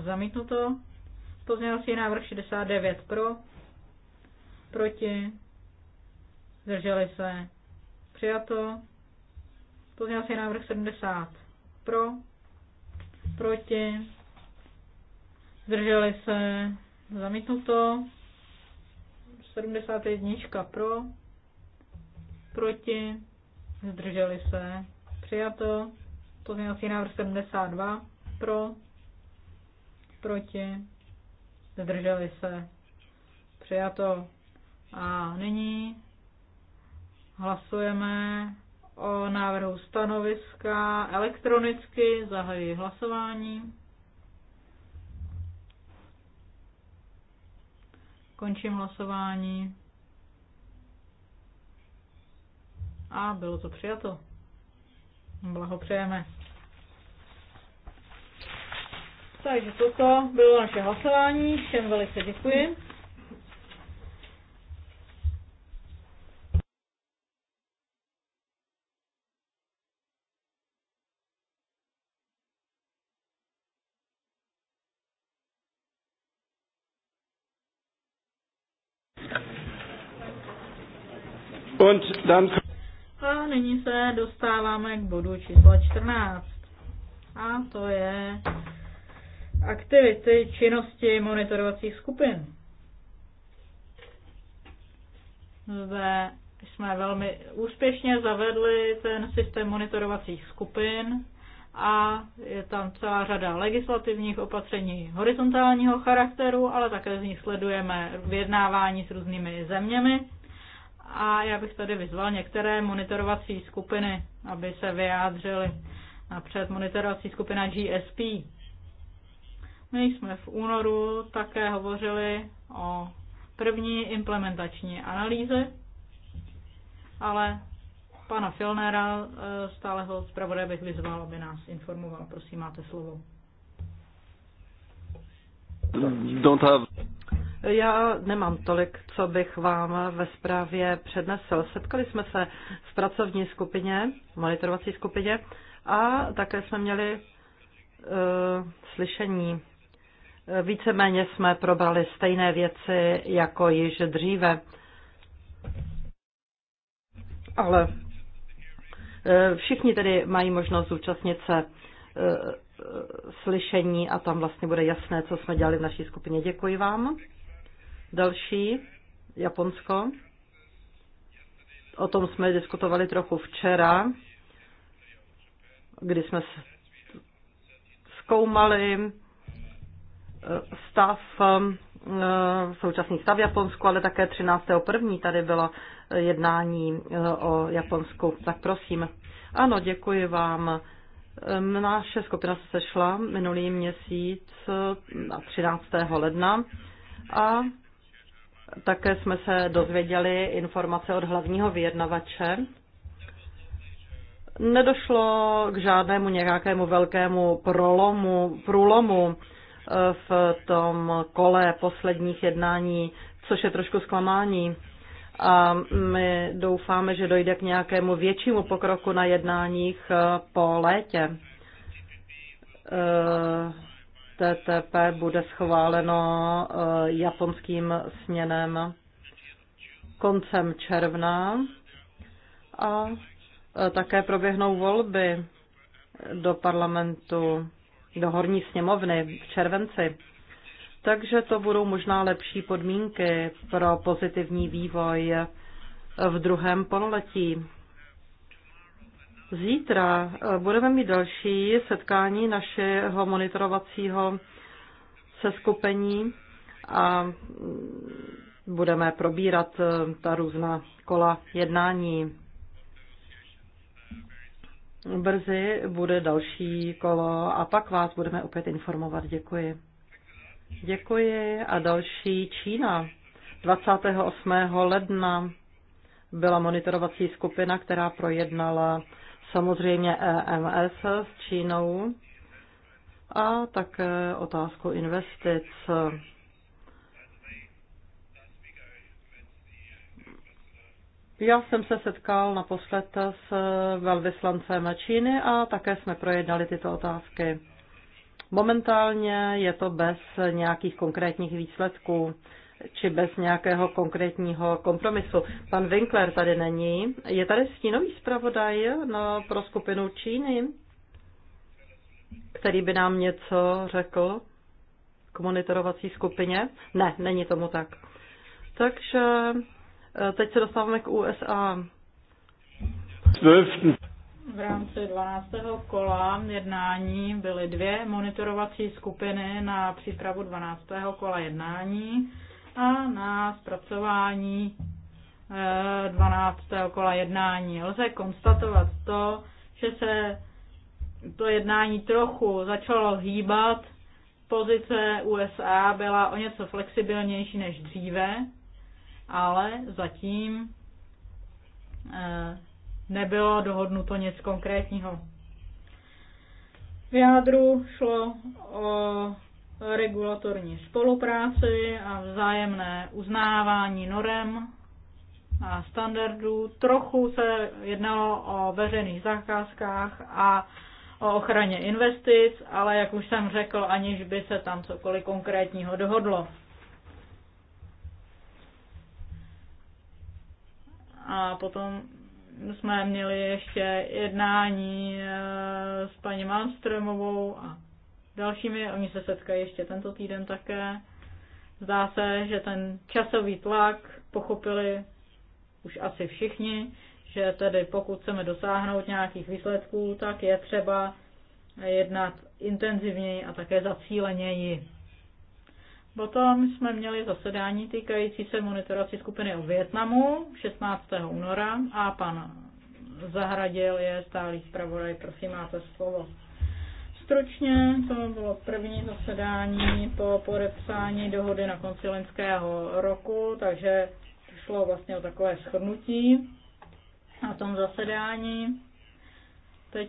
zamítnuto. Pozměňovací návrh 69 pro, proti, zdrželi se, přijato. Pozměňovací návrh 70 pro, proti, zdrželi se, zamítnuto. 71 pro, proti, zdrželi se, přijato. Pozměňovací návrh 72 pro, proti, zdrželi se, přijato. A nyní hlasujeme o návrhu stanoviska elektronicky, zahajuji hlasování. Končím hlasování. A bylo to přijato. Blahopřejeme. Takže toto bylo naše hlasování. Všem velice děkuji. Und dann a nyní se dostáváme k bodu číslo 14. A to je aktivity činnosti monitorovacích skupin. Zde jsme velmi úspěšně zavedli ten systém monitorovacích skupin a je tam celá řada legislativních opatření horizontálního charakteru, ale také z nich sledujeme vyjednávání s různými zeměmi a já bych tady vyzval některé monitorovací skupiny, aby se vyjádřili, Napřed monitorovací skupina GSP. My jsme v únoru také hovořili o první implementační analýze, ale pana Filnera, eh, stáleho zpravodaj bych vyzval, aby nás informoval. Prosím, máte slovo. Don't have... Já nemám tolik, co bych vám ve zprávě přednesl. Setkali jsme se v pracovní skupině, monitorovací skupině a také jsme měli uh, slyšení. Víceméně jsme probrali stejné věci jako již dříve. Ale e, všichni tedy mají možnost zúčastnit se e, slyšení a tam vlastně bude jasné, co jsme dělali v naší skupině. Děkuji vám. Další, Japonsko. O tom jsme diskutovali trochu včera, kdy jsme zkoumali eh, stav, eh, současný stav Japonsku, ale také 13.1. tady bylo eh, jednání o Japonsku. Tak prosím. Ano, děkuji vám. Ehm, naše skupina se sešla minulý měsíc 13. ledna a také jsme se dozvěděli informace od hlavního vyjednavače. Nedošlo k žádnému nějakému velkému prolomu, průlomu eh, v tom kole posledních jednání, což je trošku zklamání. A my doufáme, že dojde k nějakému většímu pokroku na jednáních eh, po létě eh, TTP bude schváleno eh, japonským směnem koncem června a eh, také proběhnou volby do parlamentu, do horní sněmovny v červenci. Takže to budou možná lepší podmínky pro pozitivní vývoj v druhém pololetí. Zítra eh, budeme mít další setkání našeho monitorovacího seskupení a mm, budeme probírat eh, ta různá kola jednání. Brzy bude další kolo a pak vás budeme opět informovat. Děkuji. Děkuji a další Čína 28. ledna byla monitorovací skupina, která projednala samozřejmě EMS s Čínou a také otázku investic. Já jsem se setkal naposled s velvyslancem Číny a také jsme projednali tyto otázky. Momentálně je to bez nějakých konkrétních výsledků či bez nějakého konkrétního kompromisu. Pan Winkler tady není. Je tady stínový zpravodaj no, pro skupinu Číny, který by nám něco řekl k monitorovací skupině? Ne, není tomu tak. Takže e, teď se dostáváme k USA. V rámci 12. kola jednání byly dvě monitorovací skupiny na přípravu 12. kola jednání a na zpracování 12. Eh, kola jednání. Lze konstatovat to, že se to jednání trochu začalo hýbat. Pozice USA byla o něco flexibilnější než dříve, ale zatím eh, nebylo dohodnuto nic konkrétního. V jádru šlo o regulatorní spolupráci a vzájemné uznávání norem a standardů. Trochu se jednalo o veřejných zakázkách a o ochraně investic, ale jak už jsem řekl, aniž by se tam cokoliv konkrétního dohodlo. A potom jsme měli ještě jednání eh, s paní Malmströmovou a dalšími. Oni se setkají ještě tento týden také. Zdá se, že ten časový tlak pochopili už asi všichni, že tedy pokud chceme dosáhnout nějakých výsledků, tak je třeba jednat intenzivněji a také zacíleněji. Potom jsme měli zasedání týkající se monitorací skupiny o Větnamu 16. února a pan Zahradil je stálý zpravodaj. Prosím, máte slovo stručně, to bylo první zasedání po podepsání dohody na konci loňského roku, takže šlo vlastně o takové shrnutí na tom zasedání. Teď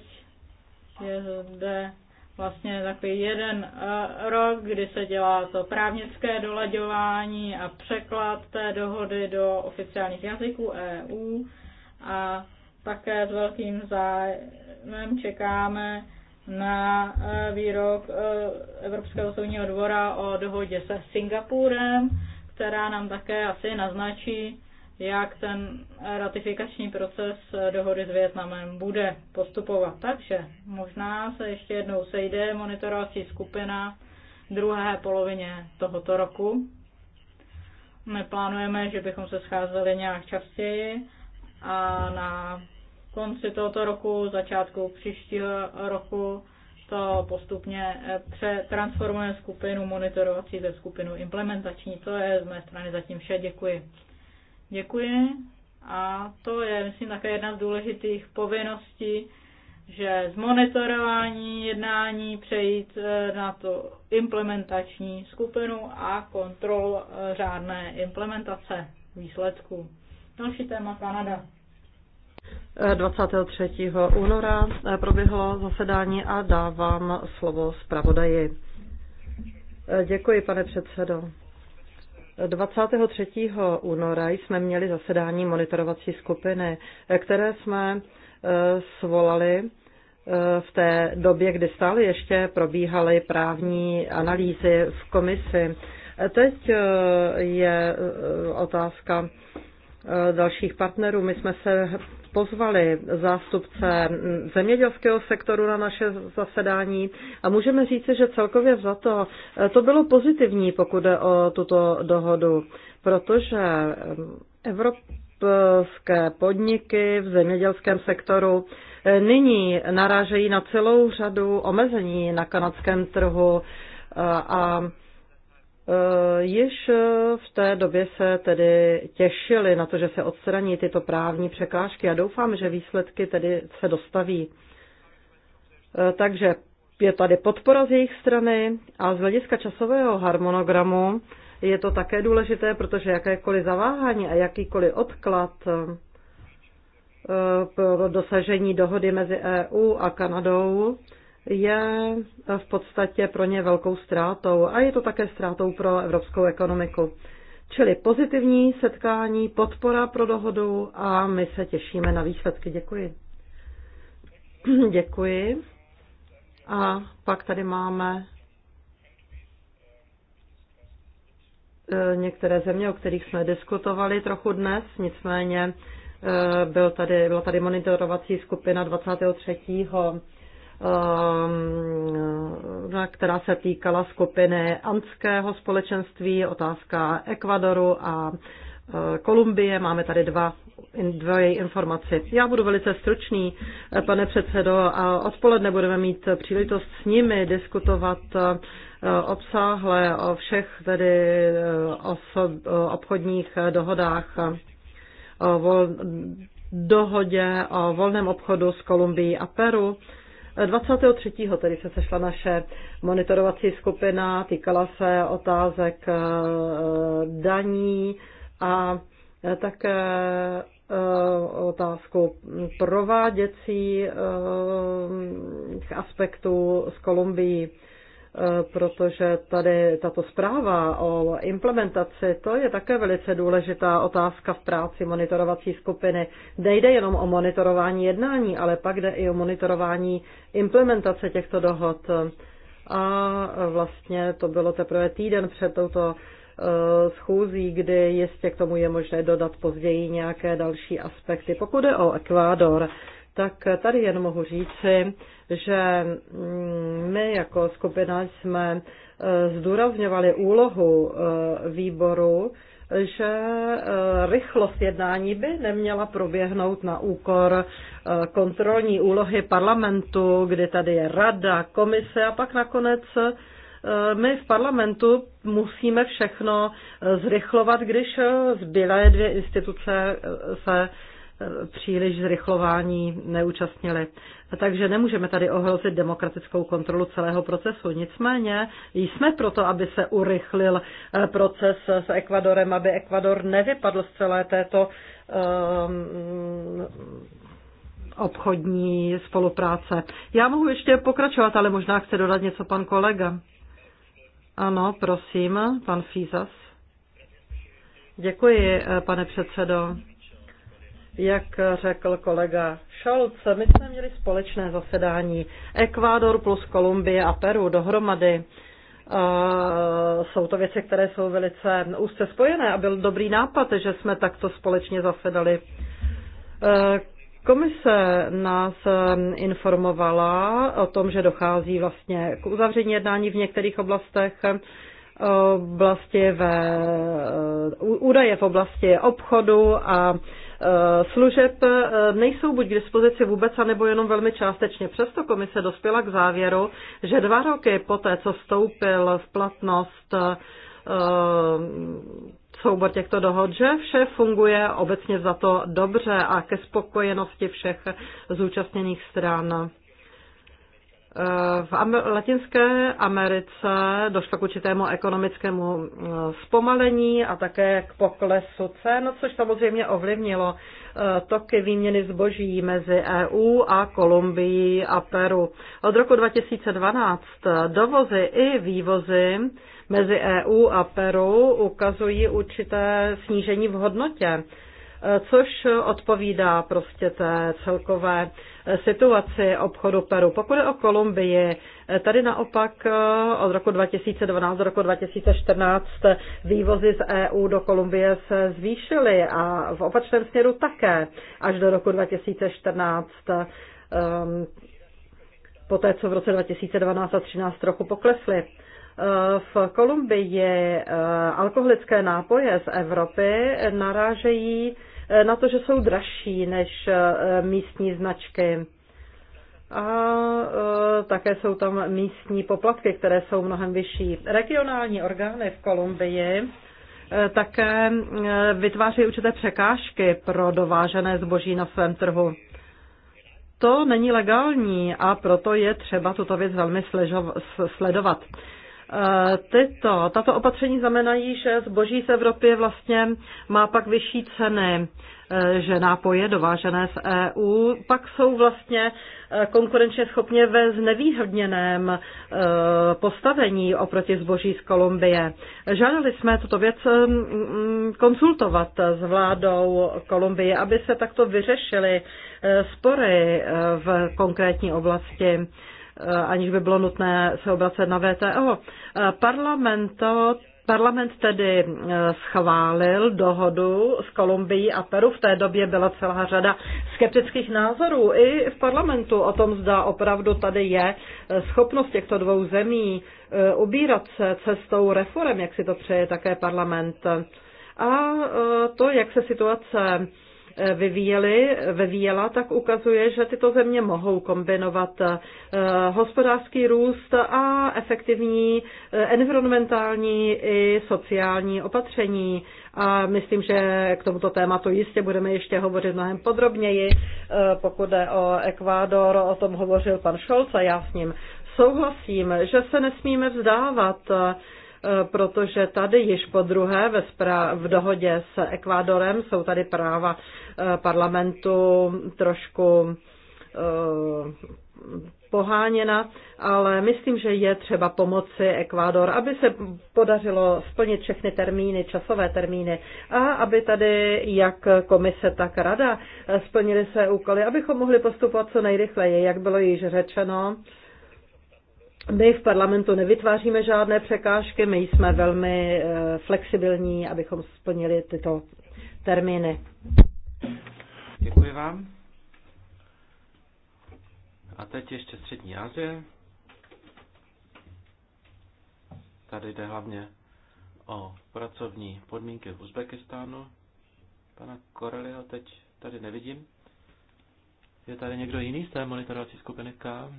je zde vlastně takový jeden eh, rok, kdy se dělá to právnické dolaďování a překlad té dohody do oficiálních jazyků EU a také s velkým zájmem čekáme na eh, výrok eh, Evropského soudního dvora o dohodě se Singapurem, která nám také asi naznačí, jak ten ratifikační proces eh, dohody s Větnamem bude postupovat. Takže možná se ještě jednou sejde monitorovací skupina druhé polovině tohoto roku. Neplánujeme, že bychom se scházeli nějak častěji a na konci tohoto roku, začátku příštího roku to postupně eh, přetransformuje skupinu monitorovací ze skupinu implementační. To je z mé strany zatím vše. Děkuji. Děkuji. A to je, myslím, také jedna z důležitých povinností, že z monitorování jednání přejít eh, na to implementační skupinu a kontrol eh, řádné implementace výsledků. Další téma Kanada. 23. února eh, proběhlo zasedání a dávám slovo zpravodaji. Eh, děkuji, pane předsedo. 23. února jsme měli zasedání monitorovací skupiny, eh, které jsme svolali v té době, kdy stále ještě probíhaly právní analýzy v komisi. Teď je otázka dalších partnerů. My jsme se pozvali zástupce zemědělského sektoru na naše zasedání a můžeme říci, že celkově za to to bylo pozitivní, pokud jde o tuto dohodu, protože evropské podniky v zemědělském sektoru nyní narážejí na celou řadu omezení na kanadském trhu a Eh, již eh, v té době se tedy těšili na to, že se odstraní tyto právní překážky a doufám, že výsledky tedy se dostaví. Eh, takže je tady podpora z jejich strany a z hlediska časového harmonogramu je to také důležité, protože jakékoliv zaváhání a jakýkoliv odklad pro dosažení dohody mezi EU a Kanadou je v podstatě pro ně velkou ztrátou a je to také ztrátou pro evropskou ekonomiku. Čili pozitivní setkání, podpora pro dohodu a my se těšíme na výsledky. Děkuji. Děkuji. A pak tady máme e, některé země, o kterých jsme diskutovali trochu dnes, nicméně e, byl tady, byla tady monitorovací skupina 23. Ehm, eh, která se týkala skupiny Andského společenství, otázka Ekvadoru a eh, Kolumbie. Máme tady dva dvojí informaci. Já budu velice stručný, eh, pane předsedo, a odpoledne budeme mít příležitost s nimi diskutovat obsáhle o všech tedy osob, obchodních dohodách, o vol, dohodě o volném obchodu s Kolumbií a Peru 23. tedy se sešla naše monitorovací skupina, týkala se otázek eh, daní a eh, také eh, otázku prováděcí aspektů z Kolumbii. Eh, protože tady tato zpráva o implementaci, to je také velice důležitá otázka v práci monitorovací skupiny. Nejde jenom o monitorování jednání, ale pak jde i o monitorování implementace těchto dohod. A vlastně to bylo teprve týden před touto eh, schůzí, kdy jistě k tomu je možné dodat později nějaké další aspekty. Pokud je o Ekvádor, tak tady jen mohu říci, že mm, my jako skupina jsme e, zdůrazňovali úlohu e, výboru, že e, rychlost jednání by neměla proběhnout na úkor kontrolní úlohy parlamentu, kdy tady je rada, komise a pak nakonec my v parlamentu musíme všechno zrychlovat, když zbylé dvě instituce se příliš zrychlování neúčastnili. Takže nemůžeme tady ohrozit demokratickou kontrolu celého procesu. Nicméně jsme proto, aby se urychlil eh, proces s Ekvadorem, aby Ekvador nevypadl z celé této um, obchodní spolupráce. Já mohu ještě pokračovat, ale možná chce dodat něco pan kolega. Ano, prosím, pan Fízas. Děkuji, eh, pane předsedo. Jak řekl kolega Scholz, my jsme měli společné zasedání Ekvádor plus Kolumbie a Peru dohromady. Jsou to věci, které jsou velice úzce spojené a byl dobrý nápad, že jsme takto společně zasedali. E, komise nás e, informovala o tom, že dochází vlastně k uzavření jednání v některých oblastech e, oblasti ve, údaje v oblasti obchodu a Eh, služeb eh, nejsou buď k dispozici vůbec, anebo jenom velmi částečně. Přesto komise dospěla k závěru, že dva roky poté, co vstoupil v platnost eh, soubor těchto dohod, že vše funguje obecně za to dobře a ke spokojenosti všech zúčastněných stran. Eh, v Latinské Americe došlo k určitému ekonomickému eh, zpomalení a také k poklesu cen, což samozřejmě ovlivnilo eh, toky výměny zboží mezi EU a Kolumbií a Peru. Od roku 2012 dovozy i vývozy mezi EU a Peru ukazují určité snížení v hodnotě což odpovídá prostě té celkové situaci obchodu Peru. Pokud je o Kolumbii, tady naopak od roku 2012 do roku 2014 vývozy z EU do Kolumbie se zvýšily a v opačném směru také až do roku 2014 ehm, poté, co v roce 2012 a 2013 trochu poklesly. Ehm, v Kolumbii ehm, alkoholické nápoje z Evropy narážejí Eh, na to, že jsou dražší než eh, místní značky. A eh, také jsou tam místní poplatky, které jsou mnohem vyšší. Regionální orgány v Kolumbii také vytvářejí určité překážky pro dovážené zboží na svém trhu. To není legální a proto je třeba tuto věc velmi sledovat. Tyto, tato opatření znamenají, že zboží z Evropy vlastně má pak vyšší ceny, eh, že nápoje dovážené z EU pak jsou vlastně eh, konkurenčně schopně ve znevýhodněném eh, postavení oproti zboží z Kolumbie. Žádali jsme tuto věc mm, mm, konsultovat s vládou Kolumbie, aby se takto vyřešily spory v konkrétní oblasti. Eh, aniž by bylo nutné se obracet na VTO. Eh, parlamento Parlament tedy eh, schválil dohodu s Kolumbií a Peru. V té době byla celá řada skeptických názorů i v parlamentu o tom, zda opravdu tady je schopnost těchto dvou zemí ubírat se cestou reform, jak si to přeje také parlament. A to, jak se situace vyvíjeli, vyvíjela, tak ukazuje, že tyto země mohou kombinovat eh, hospodářský růst a efektivní eh, environmentální i sociální opatření. A myslím, že k tomuto tématu jistě budeme ještě hovořit mnohem podrobněji. Eh, pokud jde o Ekvádor, o tom hovořil pan Scholz a já s ním souhlasím, že se nesmíme vzdávat Eh, protože tady již po druhé ve v dohodě s Ekvádorem jsou tady práva eh, parlamentu trošku eh, poháněna, ale myslím, že je třeba pomoci Ekvádor, aby se podařilo splnit všechny termíny, časové termíny a aby tady jak komise, tak rada splnili své úkoly, abychom mohli postupovat co nejrychleji, jak bylo již řečeno my v parlamentu nevytváříme žádné překážky, my jsme velmi eh, flexibilní, abychom splnili tyto termíny. Děkuji vám. A teď ještě Střední Asie. Tady jde hlavně o pracovní podmínky v Uzbekistánu. Pana Koreliho teď tady nevidím. Je tady někdo jiný z té monitorovací skupiny K?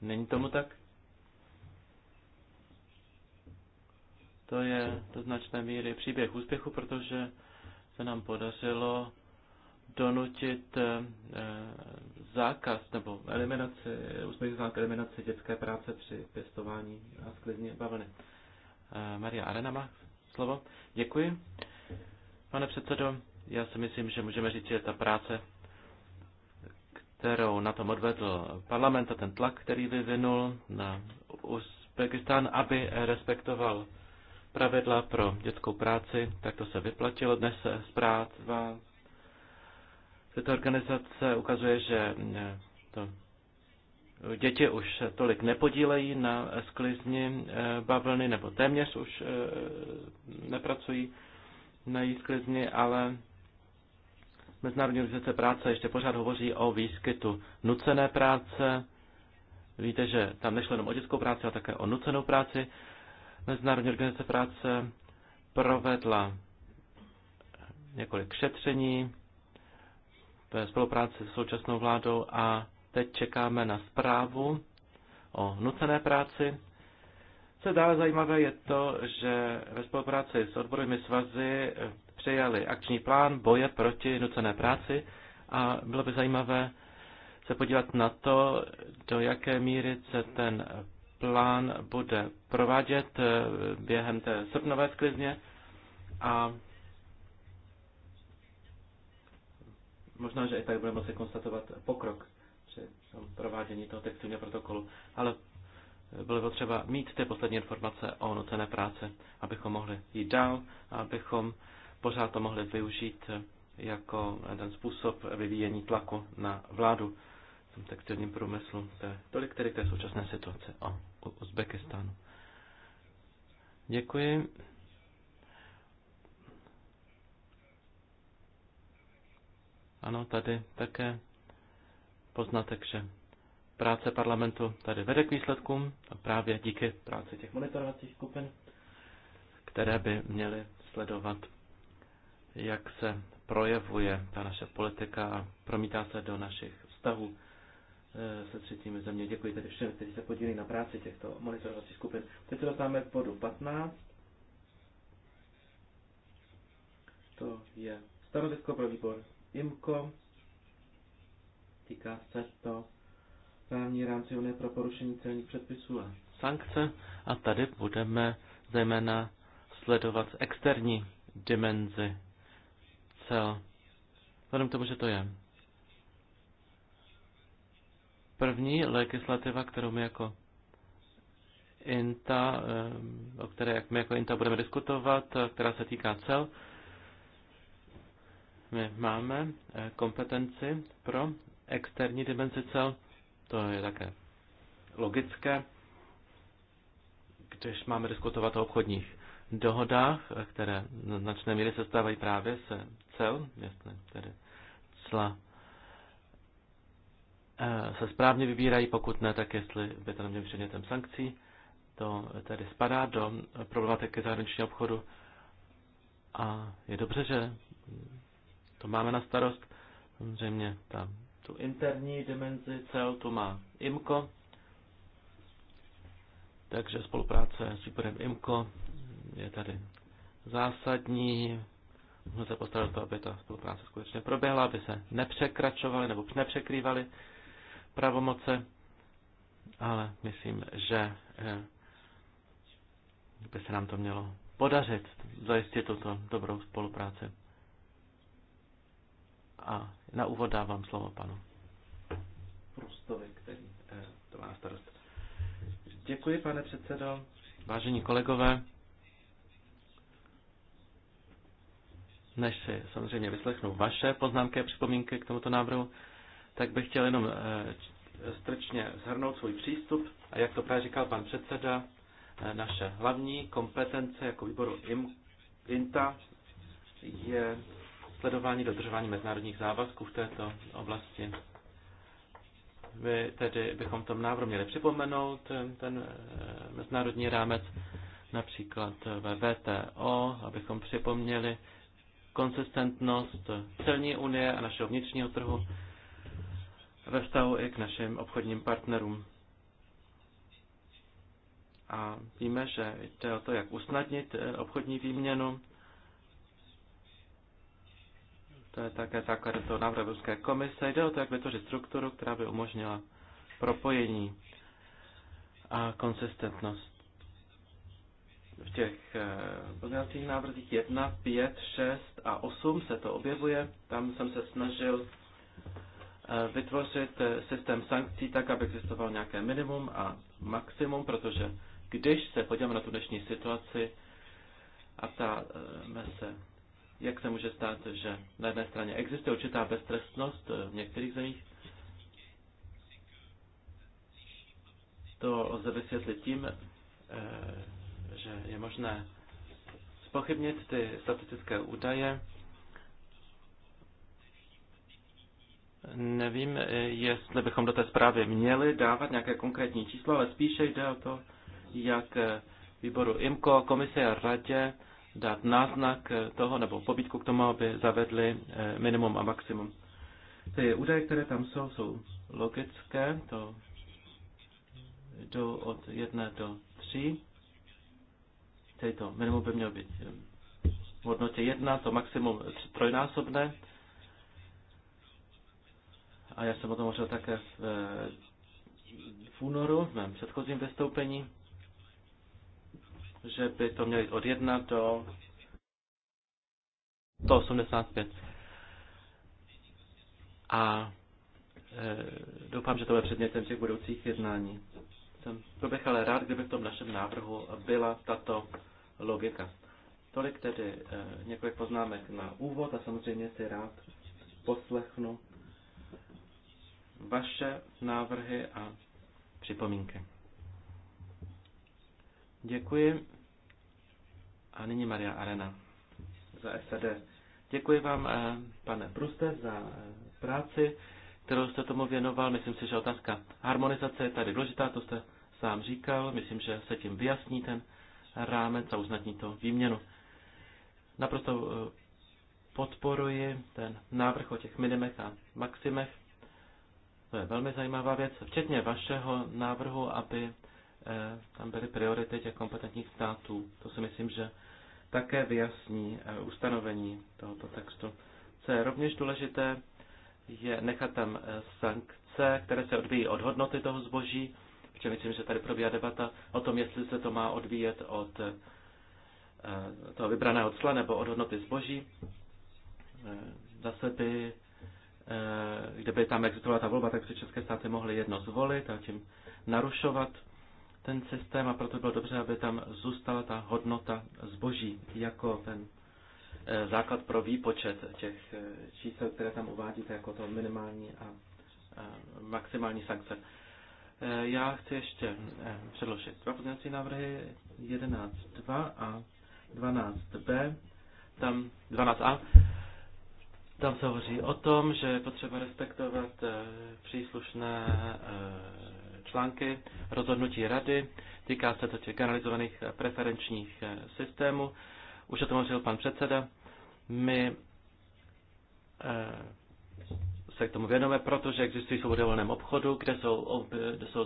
Není tomu tak? To je do značné míry příběh úspěchu, protože se nám podařilo donutit eh, zákaz nebo eliminaci, úspěch zákaz eliminace dětské práce při pěstování a sklidně bavlny. Eh, Maria Arena má slovo. Děkuji. Pane předsedo, já si myslím, že můžeme říct, že ta práce kterou na tom odvedl parlament a ten tlak, který vyvinul na Uzbekistán, aby respektoval pravidla pro dětskou práci, tak to se vyplatilo. Dnes zpráva této organizace ukazuje, že eh, to děti už tolik nepodílejí na sklizni eh, bavlny, nebo téměř už eh, nepracují na jí sklizni, ale Mezinárodní organizace práce ještě pořád hovoří o výskytu nucené práce. Víte, že tam nešlo jenom o dětskou práci, ale také o nucenou práci. Mezinárodní organizace práce provedla několik šetření ve spolupráci s současnou vládou a teď čekáme na zprávu o nucené práci. Co je dále zajímavé, je to, že ve spolupráci s odborovými svazy přijali akční plán boje proti nucené práci a bylo by zajímavé se podívat na to, do jaké míry se ten plán bude provádět eh, během té srpnové sklizně a možná, že i tak budeme moci konstatovat pokrok při provádění toho textilního protokolu, ale bylo potřeba mít ty poslední informace o nucené práce, abychom mohli jít dál, abychom pořád to mohli využít eh, jako ten způsob vyvíjení tlaku na vládu v tom textilním průmyslu. To je tolik tedy k té současné situace o Uzbekistánu. Děkuji. Ano, tady také poznatek, že práce parlamentu tady vede k výsledkům a právě díky práci těch monitorovacích skupin, které by měly sledovat jak se projevuje ta naše politika a promítá se do našich vztahů eh, se třetími země. Děkuji tedy všem, kteří se podílí na práci těchto monitorovacích skupin. Teď se dostáváme k bodu 15. To je stanovisko pro výbor IMCO. Týká se to právní rámci Unie pro porušení celních předpisů a sankce. A tady budeme zejména sledovat externí dimenzi cel. Vzhledem k tomu, že to je první legislativa, kterou my jako INTA, eh, o které jak my jako INTA budeme diskutovat, která se týká cel. My máme eh, kompetenci pro externí dimenzi cel, to je také logické, když máme diskutovat o obchodních dohodách, které značné míry se stávají právě se cel, jasně, tedy cla eh, se správně vybírají, pokud ne, tak jestli by to nemělo předmětem sankcí. To tedy spadá do problematiky zahraničního obchodu a je dobře, že to máme na starost. Samozřejmě ta, tu interní dimenzi cel tu má IMCO, takže spolupráce s výborem IMCO je tady zásadní. Můžeme se postarat o to, aby ta spolupráce skutečně proběhla, aby se nepřekračovaly nebo nepřekrývaly pravomoce, ale myslím, že eh, by se nám to mělo podařit zajistit tuto dobrou spolupráci. A na úvod dávám slovo panu Prostovi, který eh, to má starost. Děkuji, pane předsedo. Vážení kolegové, než si samozřejmě vyslechnu vaše poznámky a připomínky k tomuto návrhu, tak bych chtěl jenom eh, stručně zhrnout svůj přístup a jak to právě říkal pan předseda, eh, naše hlavní kompetence jako výboru INTA je sledování dodržování mezinárodních závazků v této oblasti. My tedy bychom v tom návrhu měli připomenout eh, ten mezinárodní rámec, například ve VTO, abychom připomněli, konsistentnost celní unie a našeho vnitřního trhu ve vztahu i k našim obchodním partnerům. A víme, že jde o to, jak usnadnit eh, obchodní výměnu. To je také základ toho návrhu Evropské komise. Jde o to, jak vytvořit strukturu, která by umožnila propojení a konsistentnost v těch eh, pozměňovacích návrzích 1, 5, 6 a 8 se to objevuje. Tam jsem se snažil eh, vytvořit eh, systém sankcí tak, aby existoval nějaké minimum a maximum, protože když se podíváme na tu dnešní situaci a ptáme se, jak se může stát, že na jedné straně existuje určitá beztrestnost v některých zemích, to lze vysvětlit tím, že je možné spochybnit ty statistické údaje. Nevím, jestli bychom do té zprávy měli dávat nějaké konkrétní číslo, ale spíše jde o to, jak výboru IMCO, komise a radě dát náznak toho, nebo pobídku k tomu, aby zavedli eh, minimum a maximum. Ty údaje, které tam jsou, jsou logické, to jdou od jedné do tří. Tedy to minimum by mělo být eh, v hodnotě 1, to maximum trojnásobné. A já jsem o tom hovořil také v, eh, v únoru, v mém předchozím vystoupení, že by to mělo jít od 1 do 185. A e, doufám, že to bude předmětem těch budoucích jednání jsem, to bych ale rád, kdyby v tom našem návrhu byla tato logika. Tolik tedy eh, několik poznámek na úvod a samozřejmě si rád poslechnu vaše návrhy a připomínky. Děkuji. A nyní Maria Arena za SAD. Děkuji vám, eh, pane Bruste, za eh, práci, kterou jste tomu věnoval. Myslím si, že otázka harmonizace je tady důležitá, to jste sám říkal. Myslím, že se tím vyjasní ten rámec a uznatní to výměnu. Naprosto eh, podporuji ten návrh o těch minimech a maximech. To je velmi zajímavá věc, včetně vašeho návrhu, aby eh, tam byly priority těch kompetentních států. To si myslím, že také vyjasní eh, ustanovení tohoto textu. Co je rovněž důležité, je nechat tam sankce, které se odvíjí od hodnoty toho zboží protože myslím, že tady probíhá debata o tom, jestli se to má odvíjet od eh, toho vybraného cla nebo od hodnoty zboží. Eh, zase by, eh, kdyby tam existovala ta volba, tak si české státy mohly jedno zvolit a tím narušovat ten systém a proto bylo dobře, aby tam zůstala ta hodnota zboží jako ten základ pro výpočet těch čísel, které tam uvádíte jako to minimální a maximální sankce. Eh, já chci ještě eh, předložit dva pozměňovací návrhy, 11.2 a 12b, tam 12a. Tam se hovoří o tom, že je potřeba respektovat eh, příslušné články rozhodnutí rady. Týká se to těch generalizovaných preferenčních systémů. Už o tom hovořil pan předseda. My se k tomu věnujeme, protože existují svobody volném obchodu, kde jsou, kde jsou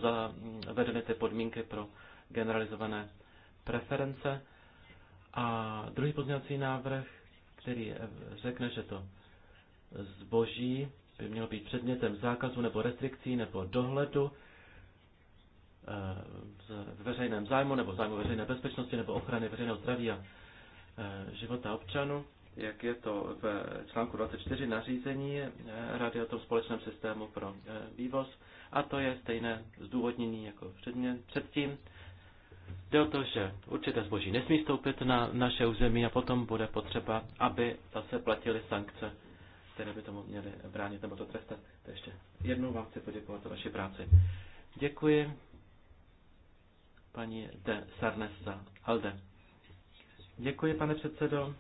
zavedeny ty podmínky pro generalizované preference. A druhý pozměňovací návrh, který řekne, že to zboží by mělo být předmětem zákazu nebo restrikcí nebo dohledu eh, v veřejném zájmu nebo zájmu veřejné bezpečnosti nebo ochrany veřejného zdraví a eh, života občanů jak je to v článku 24 nařízení eh, Rady o tom společném systému pro eh, vývoz. A to je stejné zdůvodnění jako předmě, předtím. Jde o to, že určité zboží nesmí stoupit na naše území a potom bude potřeba, aby zase platili sankce, které by tomu měly bránit nebo to trestat. To ještě jednou vám chci poděkovat za vaši práci. Děkuji paní de Sarnesa Alde. Děkuji, pane předsedo.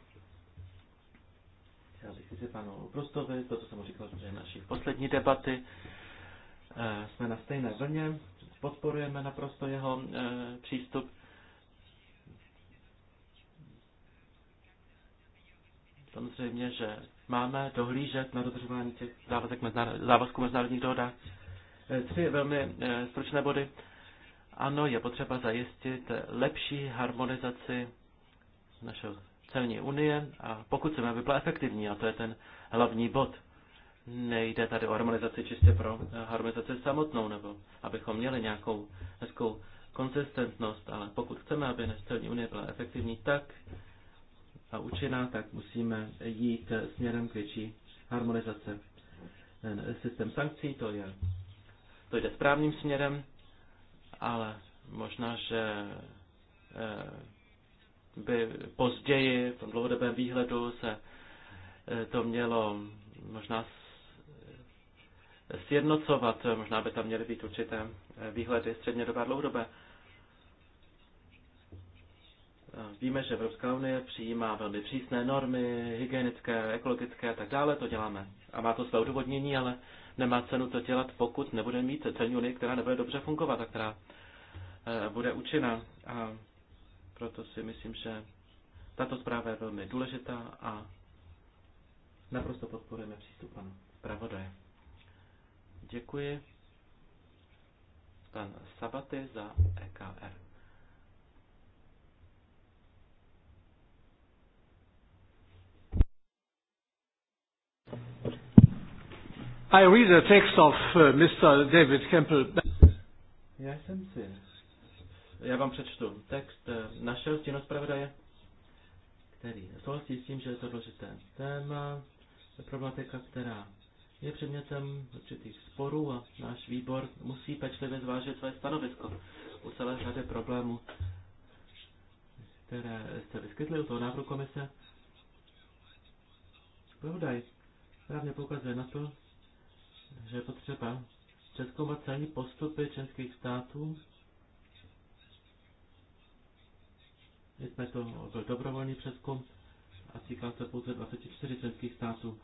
Já bych se panu Prustovi, to, co jsem mu říkal že naší poslední debaty, e, jsme na stejné vlně, podporujeme naprosto jeho e, přístup. Samozřejmě, že máme dohlížet na dodržování těch závazek mezinárod, závazků mezinárodních dohodách. E, tři velmi stručné body. Ano, je potřeba zajistit lepší harmonizaci našeho celní unie a pokud chceme, aby byla efektivní, a to je ten hlavní bod, nejde tady o harmonizaci čistě pro eh, harmonizaci samotnou, nebo abychom měli nějakou hezkou konsistentnost, ale pokud chceme, aby celní unie byla efektivní tak a účinná, tak musíme jít eh, směrem k větší harmonizace. Ten systém sankcí, to, je, to jde správným směrem, ale možná, že eh, by později, v tom dlouhodobém výhledu, se eh, to mělo možná eh, sjednocovat, možná by tam měly být určité eh, výhledy střednědobé a dlouhodobé. Víme, že Evropská unie přijímá velmi přísné normy, hygienické, ekologické a tak dále, to děláme. A má to své odůvodnění, ale nemá cenu to dělat, pokud nebudeme mít celní unii, která nebude dobře fungovat a která bude účinná. A proto si myslím, že tato zpráva je velmi důležitá a naprosto podporujeme přístup pana zpravodaje. Děkuji pan Sabaty za EKR. I read the text of uh, Mr. David Campbell. Yes, jsem si já vám přečtu text eh, našeho zpravodaje, který souhlasí s tím, že je to důležité téma, problematika, která je předmětem určitých sporů a náš výbor musí pečlivě zvážit své stanovisko u celé řady problémů, které jste vyskytli u toho návrhu komise. Pravodaj právně poukazuje na to, že je potřeba přeskoumat celní postupy členských států Jsme to, to je dobrovolný přeskum a týká se pouze 24 členských států,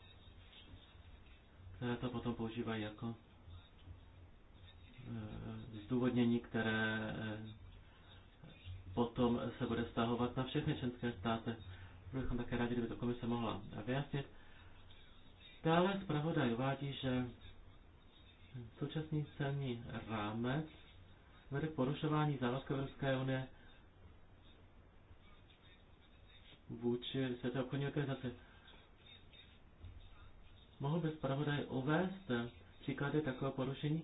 které to potom používají jako eh, zdůvodnění, které eh, potom se bude stahovat na všechny členské státy. Bychom také rádi, kdyby to komise mohla vyjasnit. Dále zpravodaj uvádí, že současný celní rámec vede k porušování závazku Evropské unie vůči Světové obchodní organizaci. Mohl by zpravodaj uvést příklady takového porušení?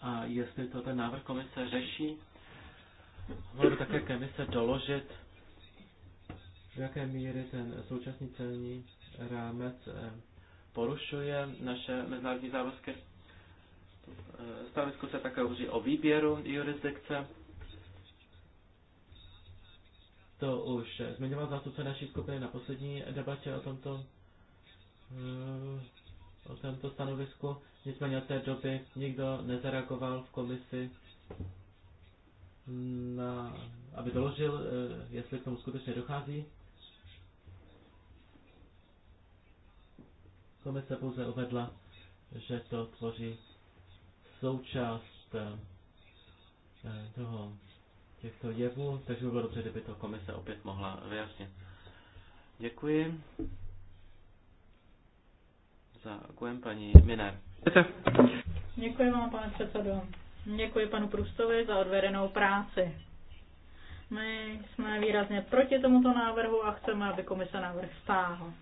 A jestli to ten návrh komise řeší, mohl by také komise doložit, v jaké míry ten současný celní rámec eh, porušuje naše mezinárodní závazky. Eh, Stanovisku se také hovoří o výběru jurisdikce to už zmiňoval zástupce naší skupiny na poslední debatě o tomto, eh, o tomto stanovisku. Nicméně od té doby nikdo nezareagoval v komisi, na, aby doložil, eh, jestli k tomu skutečně dochází. Komise pouze uvedla, že to tvoří součást eh, toho těchto jevů, takže by bylo dobře, kdyby to komise opět mohla vyjasnit. Děkuji. Za kujem paní Miner. Děkuji vám, pane předsedo. Děkuji panu Prustovi za odvedenou práci. My jsme výrazně proti tomuto návrhu a chceme, aby komise návrh stáhla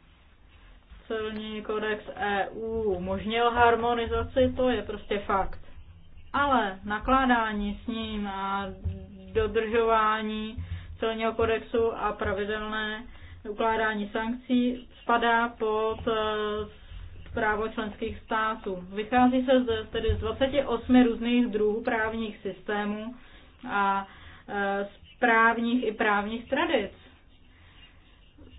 celní kodex EU umožnil harmonizaci, to je prostě fakt. Ale nakládání s ním a dodržování celního kodexu a pravidelné ukládání sankcí spadá pod eh, právo členských států. Vychází se zde tedy z 28 různých druhů právních systémů a eh, z právních i právních tradic.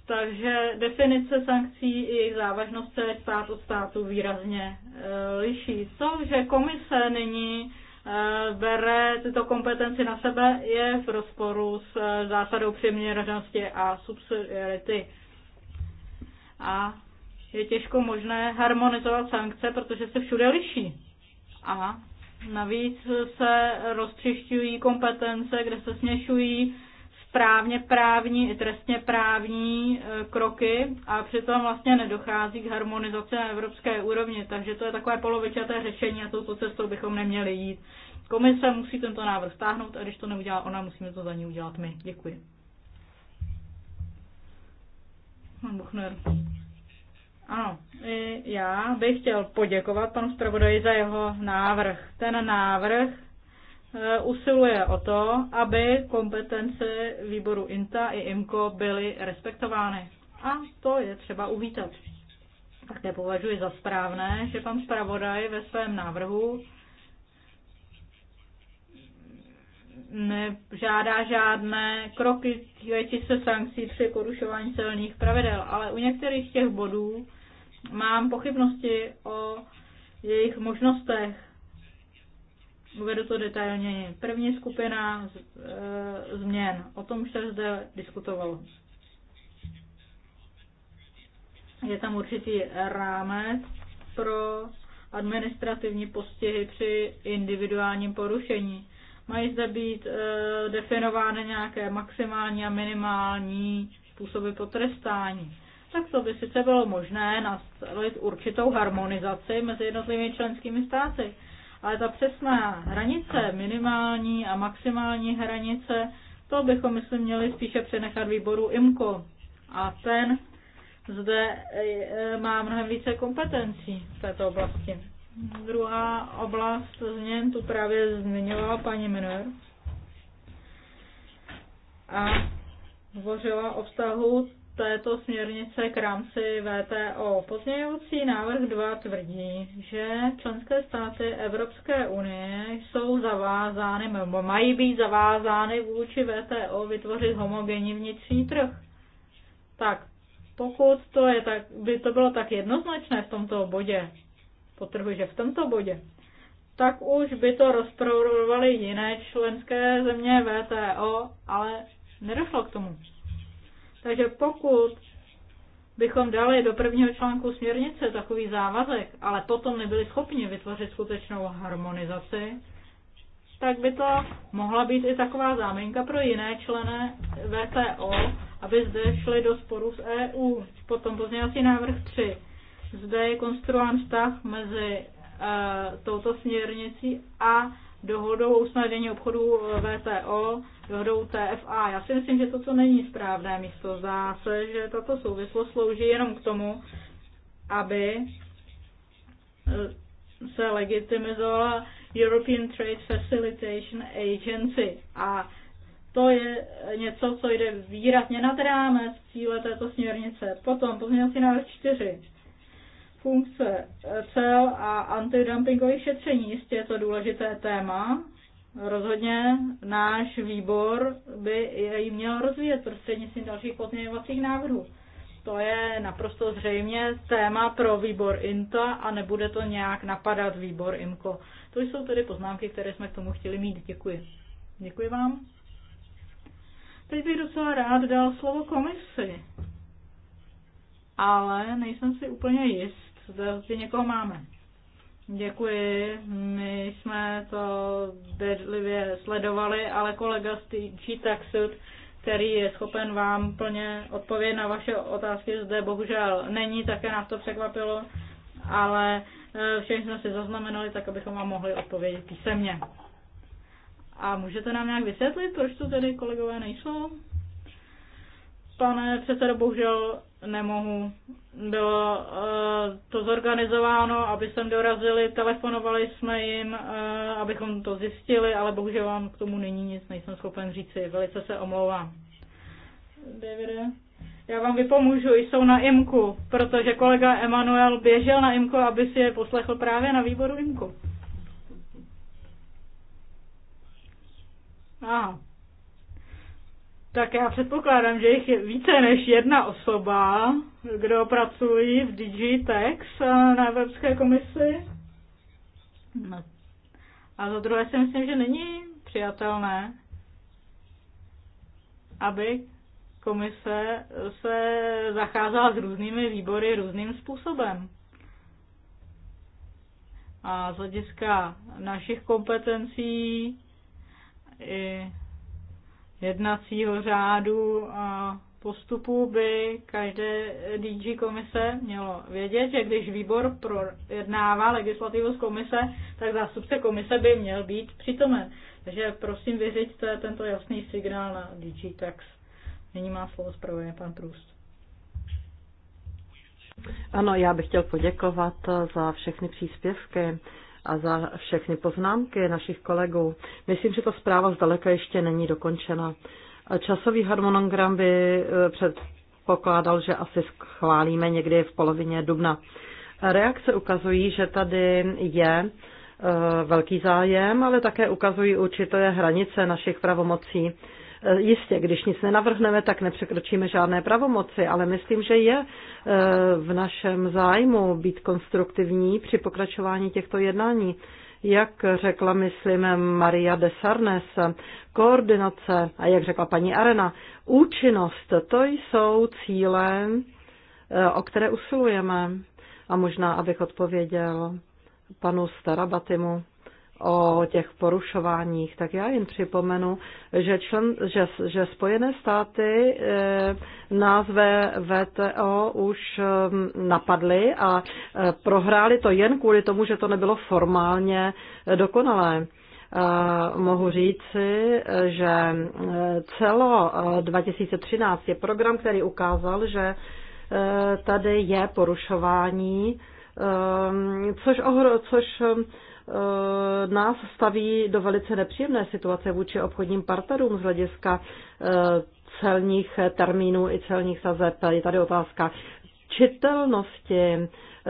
Takže definice sankcí i jejich závažnost se stát od státu výrazně eh, liší. To, že komise nyní Eh, bere tyto kompetenci na sebe, je v rozporu s eh, zásadou přiměřenosti a subsidiarity. A je těžko možné harmonizovat sankce, protože se všude liší. A navíc se roztřišťují kompetence, kde se směšují správně právní i trestně právní e, kroky a přitom vlastně nedochází k harmonizaci na evropské úrovni, takže to je takové polovičaté řešení a touto cestou bychom neměli jít. Komise musí tento návrh stáhnout a když to neudělá ona, musíme to za ní udělat my. Děkuji. Pan Buchner. Ano, já bych chtěl poděkovat panu zpravodaji za jeho návrh. Ten návrh Eh, usiluje o to, aby kompetence výboru INTA i IMCO byly respektovány. A to je třeba uvítat. Také považuji za správné, že pan zpravodaj ve svém návrhu nežádá žádné kroky týkající se sankcí při porušování celních pravidel, ale u některých těch bodů mám pochybnosti o jejich možnostech Uvedu to detailně. První skupina z, e, změn, o tom už se zde diskutovalo. Je tam určitý rámec pro administrativní postihy při individuálním porušení. Mají zde být e, definovány nějaké maximální a minimální způsoby potrestání. Tak to by sice bylo možné nastavit určitou harmonizaci mezi jednotlivými členskými státy ale ta přesná hranice, minimální a maximální hranice, to bychom, myslím, měli spíše přenechat výboru Imko, A ten zde e, e, má mnohem více kompetencí v této oblasti. Druhá oblast změn tu právě zmiňovala paní Miner. A hovořila o vztahu této směrnice k rámci VTO. Pozměňující návrh 2 tvrdí, že členské státy Evropské unie jsou zavázány, nebo mají být zavázány vůči VTO vytvořit homogenní vnitřní trh. Tak, pokud to je tak, by to bylo tak jednoznačné v tomto bodě, potrhuji, že v tomto bodě, tak už by to rozprorovaly jiné členské země VTO, ale nedošlo k tomu. Takže pokud bychom dali do prvního článku směrnice takový závazek, ale potom nebyli schopni vytvořit skutečnou harmonizaci, tak by to mohla být i taková záminka pro jiné členy VTO, aby zde šli do sporu s EU. Potom pozměňovací návrh 3. Zde je konstruován vztah mezi uh, touto směrnicí a dohodou o usnadnění obchodu eh, VTO, dohodou TFA. Já si myslím, že to, co není správné místo, zdá se, že tato souvislost slouží jenom k tomu, aby eh, se legitimizovala European Trade Facilitation Agency. A to je něco, co jde výrazně nad rámec cíle této směrnice. Potom pozměňovací návrh 4 Funkce cel a antidumpingové šetření, jistě je to důležité téma. Rozhodně náš výbor by jej měl rozvíjet prostřednictvím dalších pozměňovacích návrhů. To je naprosto zřejmě téma pro výbor INTA a nebude to nějak napadat výbor IMCO. To jsou tedy poznámky, které jsme k tomu chtěli mít. Děkuji. Děkuji vám. Teď bych docela rád dal slovo komisi, ale nejsem si úplně jist, zda někoho máme. Děkuji, my jsme to bedlivě sledovali, ale kolega z TG Taxud, který je schopen vám plně odpovědět na vaše otázky, zde bohužel není, také nás to překvapilo, ale eh, všechny jsme si zaznamenali, tak abychom vám mohli odpovědět písemně. A můžete nám nějak vysvětlit, proč tu tedy kolegové nejsou? Pane předsedo, bohužel nemohu. Bylo eh, to zorganizováno, aby sem dorazili, telefonovali jsme jim, eh, abychom to zjistili, ale bohužel vám k tomu není nic, nejsem schopen říci. Velice se omlouvám. Davide, já vám vypomůžu, jsou na IMKU, protože kolega Emanuel běžel na IMKU, aby si je poslechl právě na výboru IMKU. Aha. Tak já předpokládám, že jich je více než jedna osoba, kdo pracují v Digitex eh, na Evropské komisi. No. A za druhé si myslím, že není přijatelné, aby komise se zacházela s různými výbory různým způsobem. A z hlediska našich kompetencí i jednacího řádu a postupu by každé DG komise mělo vědět, že když výbor projednává legislativu z komise, tak zástupce komise by měl být přítomen. Takže prosím vyřiďte tento jasný signál na DG Tax. Nyní má slovo zpravodaj pan Průst. Ano, já bych chtěl poděkovat za všechny příspěvky a za všechny poznámky našich kolegů. Myslím, že ta zpráva zdaleka ještě není dokončena. Časový harmonogram by eh, předpokládal, že asi schválíme někdy v polovině dubna. Reakce ukazují, že tady je eh, velký zájem, ale také ukazují určité hranice našich pravomocí. Eh, jistě, když nic nenavrhneme, tak nepřekročíme žádné pravomoci, ale myslím, že je eh, v našem zájmu být konstruktivní při pokračování těchto jednání. Jak řekla, myslím, Maria de Sarnes, koordinace a jak řekla paní Arena, účinnost, to jsou cíle, eh, o které usilujeme. A možná, abych odpověděl panu Starabatimu o těch porušováních, tak já jim připomenu, že, člen, že, že Spojené státy e, nás ve VTO už e, napadly a e, prohráli to jen kvůli tomu, že to nebylo formálně dokonalé. Mohu říci, že celo 2013 je program, který ukázal, že tady je porušování, což, ohro, což Eh, nás staví do velice nepříjemné situace vůči obchodním partnerům z hlediska eh, celních termínů i celních sazeb. Je tady otázka čitelnosti,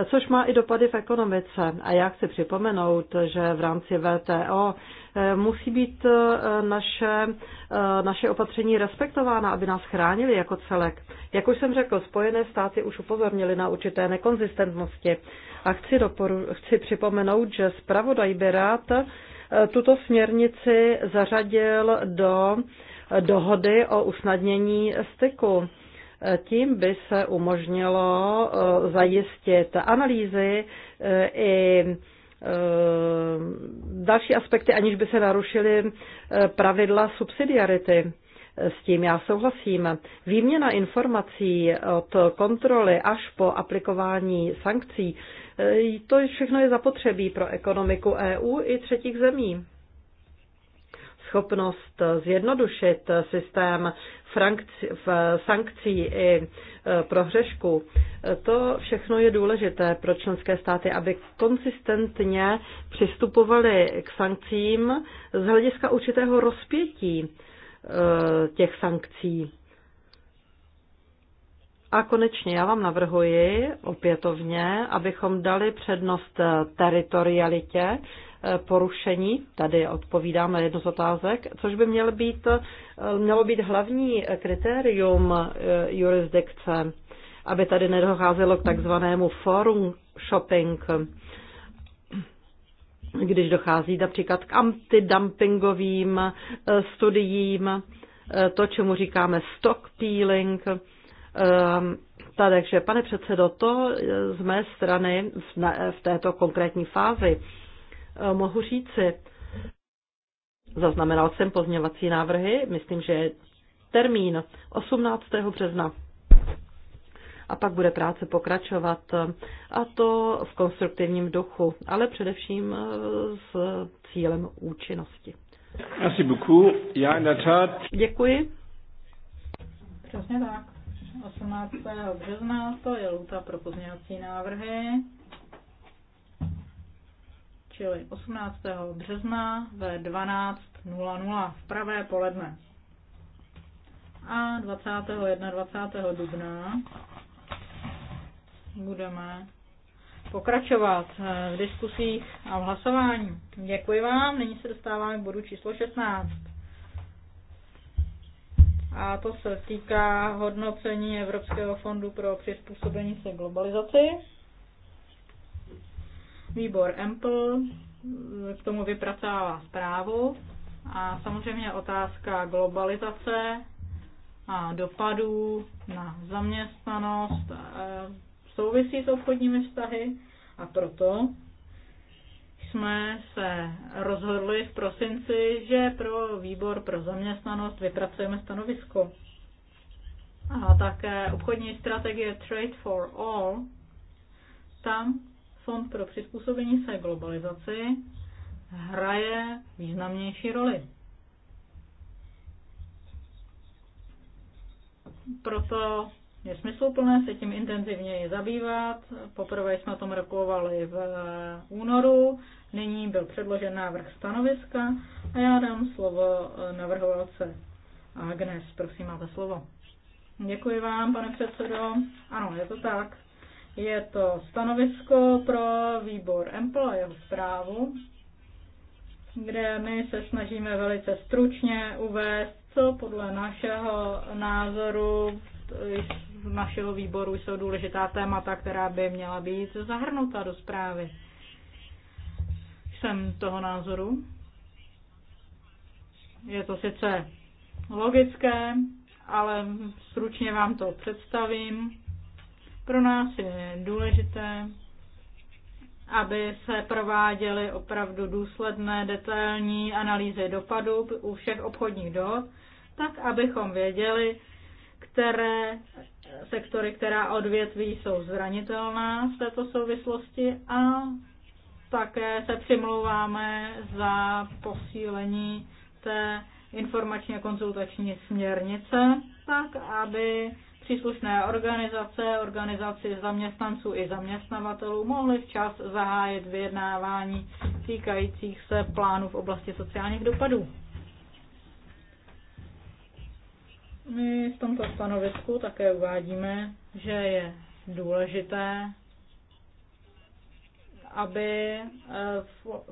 což má i dopady v ekonomice. A já chci připomenout, že v rámci VTO Eh, musí být eh, naše, eh, naše opatření respektována, aby nás chránili jako celek. Jak už jsem řekl, Spojené státy už upozornili na určité nekonzistentnosti. A chci, doporu, chci připomenout, že zpravodaj by rád tuto směrnici zařadil do dohody o usnadnění styku. Tím by se umožnilo zajistit analýzy i Eh, další aspekty, aniž by se narušily eh, pravidla subsidiarity. Eh, s tím já souhlasím. Výměna informací od kontroly až po aplikování sankcí, to všechno je zapotřebí pro ekonomiku EU i třetích zemí schopnost zjednodušit systém sankcí i e, prohřešku. To všechno je důležité pro členské státy, aby konsistentně přistupovali k sankcím z hlediska určitého rozpětí e, těch sankcí. A konečně já vám navrhuji opětovně, abychom dali přednost teritorialitě Eh, porušení, tady odpovídám na jednu z otázek, což by mělo být, eh, mělo být hlavní kritérium eh, jurisdikce, aby tady nedocházelo k takzvanému forum shopping, když dochází například k antidumpingovým studiím, to, čemu říkáme stock peeling, takže, pane předsedo, to z mé strany v této konkrétní fázi. Eh, mohu říci. Zaznamenal jsem pozměvací návrhy, myslím, že termín 18. března. A pak bude práce pokračovat, eh, a to v konstruktivním duchu, ale především eh, s cílem účinnosti. Merci beaucoup. Já na tat... Děkuji. Přesně tak. 18. března to je lůta pro pozměňovací návrhy čili 18. března ve 12.00 v pravé poledne. A 21. 20. dubna budeme pokračovat eh, v diskusích a v hlasování. Děkuji vám, nyní se dostáváme k bodu číslo 16. A to se týká hodnocení Evropského fondu pro přizpůsobení se globalizaci. Výbor EMPL eh, k tomu vypracovává zprávu a samozřejmě otázka globalizace a dopadů na zaměstnanost eh, souvisí s obchodními vztahy a proto jsme se rozhodli v prosinci, že pro výbor pro zaměstnanost vypracujeme stanovisko. A také obchodní strategie Trade for All, tam Fond pro přizpůsobení se globalizaci hraje významnější roli. Proto je smysluplné se tím intenzivněji zabývat. Poprvé jsme o tom rokovali v únoru, nyní byl předložen návrh stanoviska a já dám slovo navrhovalce Agnes. Prosím, máte slovo. Děkuji vám, pane předsedo. Ano, je to tak. Je to stanovisko pro výbor EMPL a jeho zprávu, kde my se snažíme velice stručně uvést, co podle našeho názoru z našeho výboru jsou důležitá témata, která by měla být zahrnuta do zprávy. Jsem toho názoru. Je to sice logické, ale stručně vám to představím. Pro nás je důležité, aby se prováděly opravdu důsledné, detailní analýzy dopadů u všech obchodních dohod, tak abychom věděli, které sektory, která odvětví jsou zranitelná v této souvislosti a také se přimlouváme za posílení té informačně konzultační směrnice, tak aby příslušné organizace, organizaci zaměstnanců i zaměstnavatelů mohly včas zahájit vyjednávání týkajících se plánů v oblasti sociálních dopadů. My v tomto stanovisku také uvádíme, že je důležité aby eh,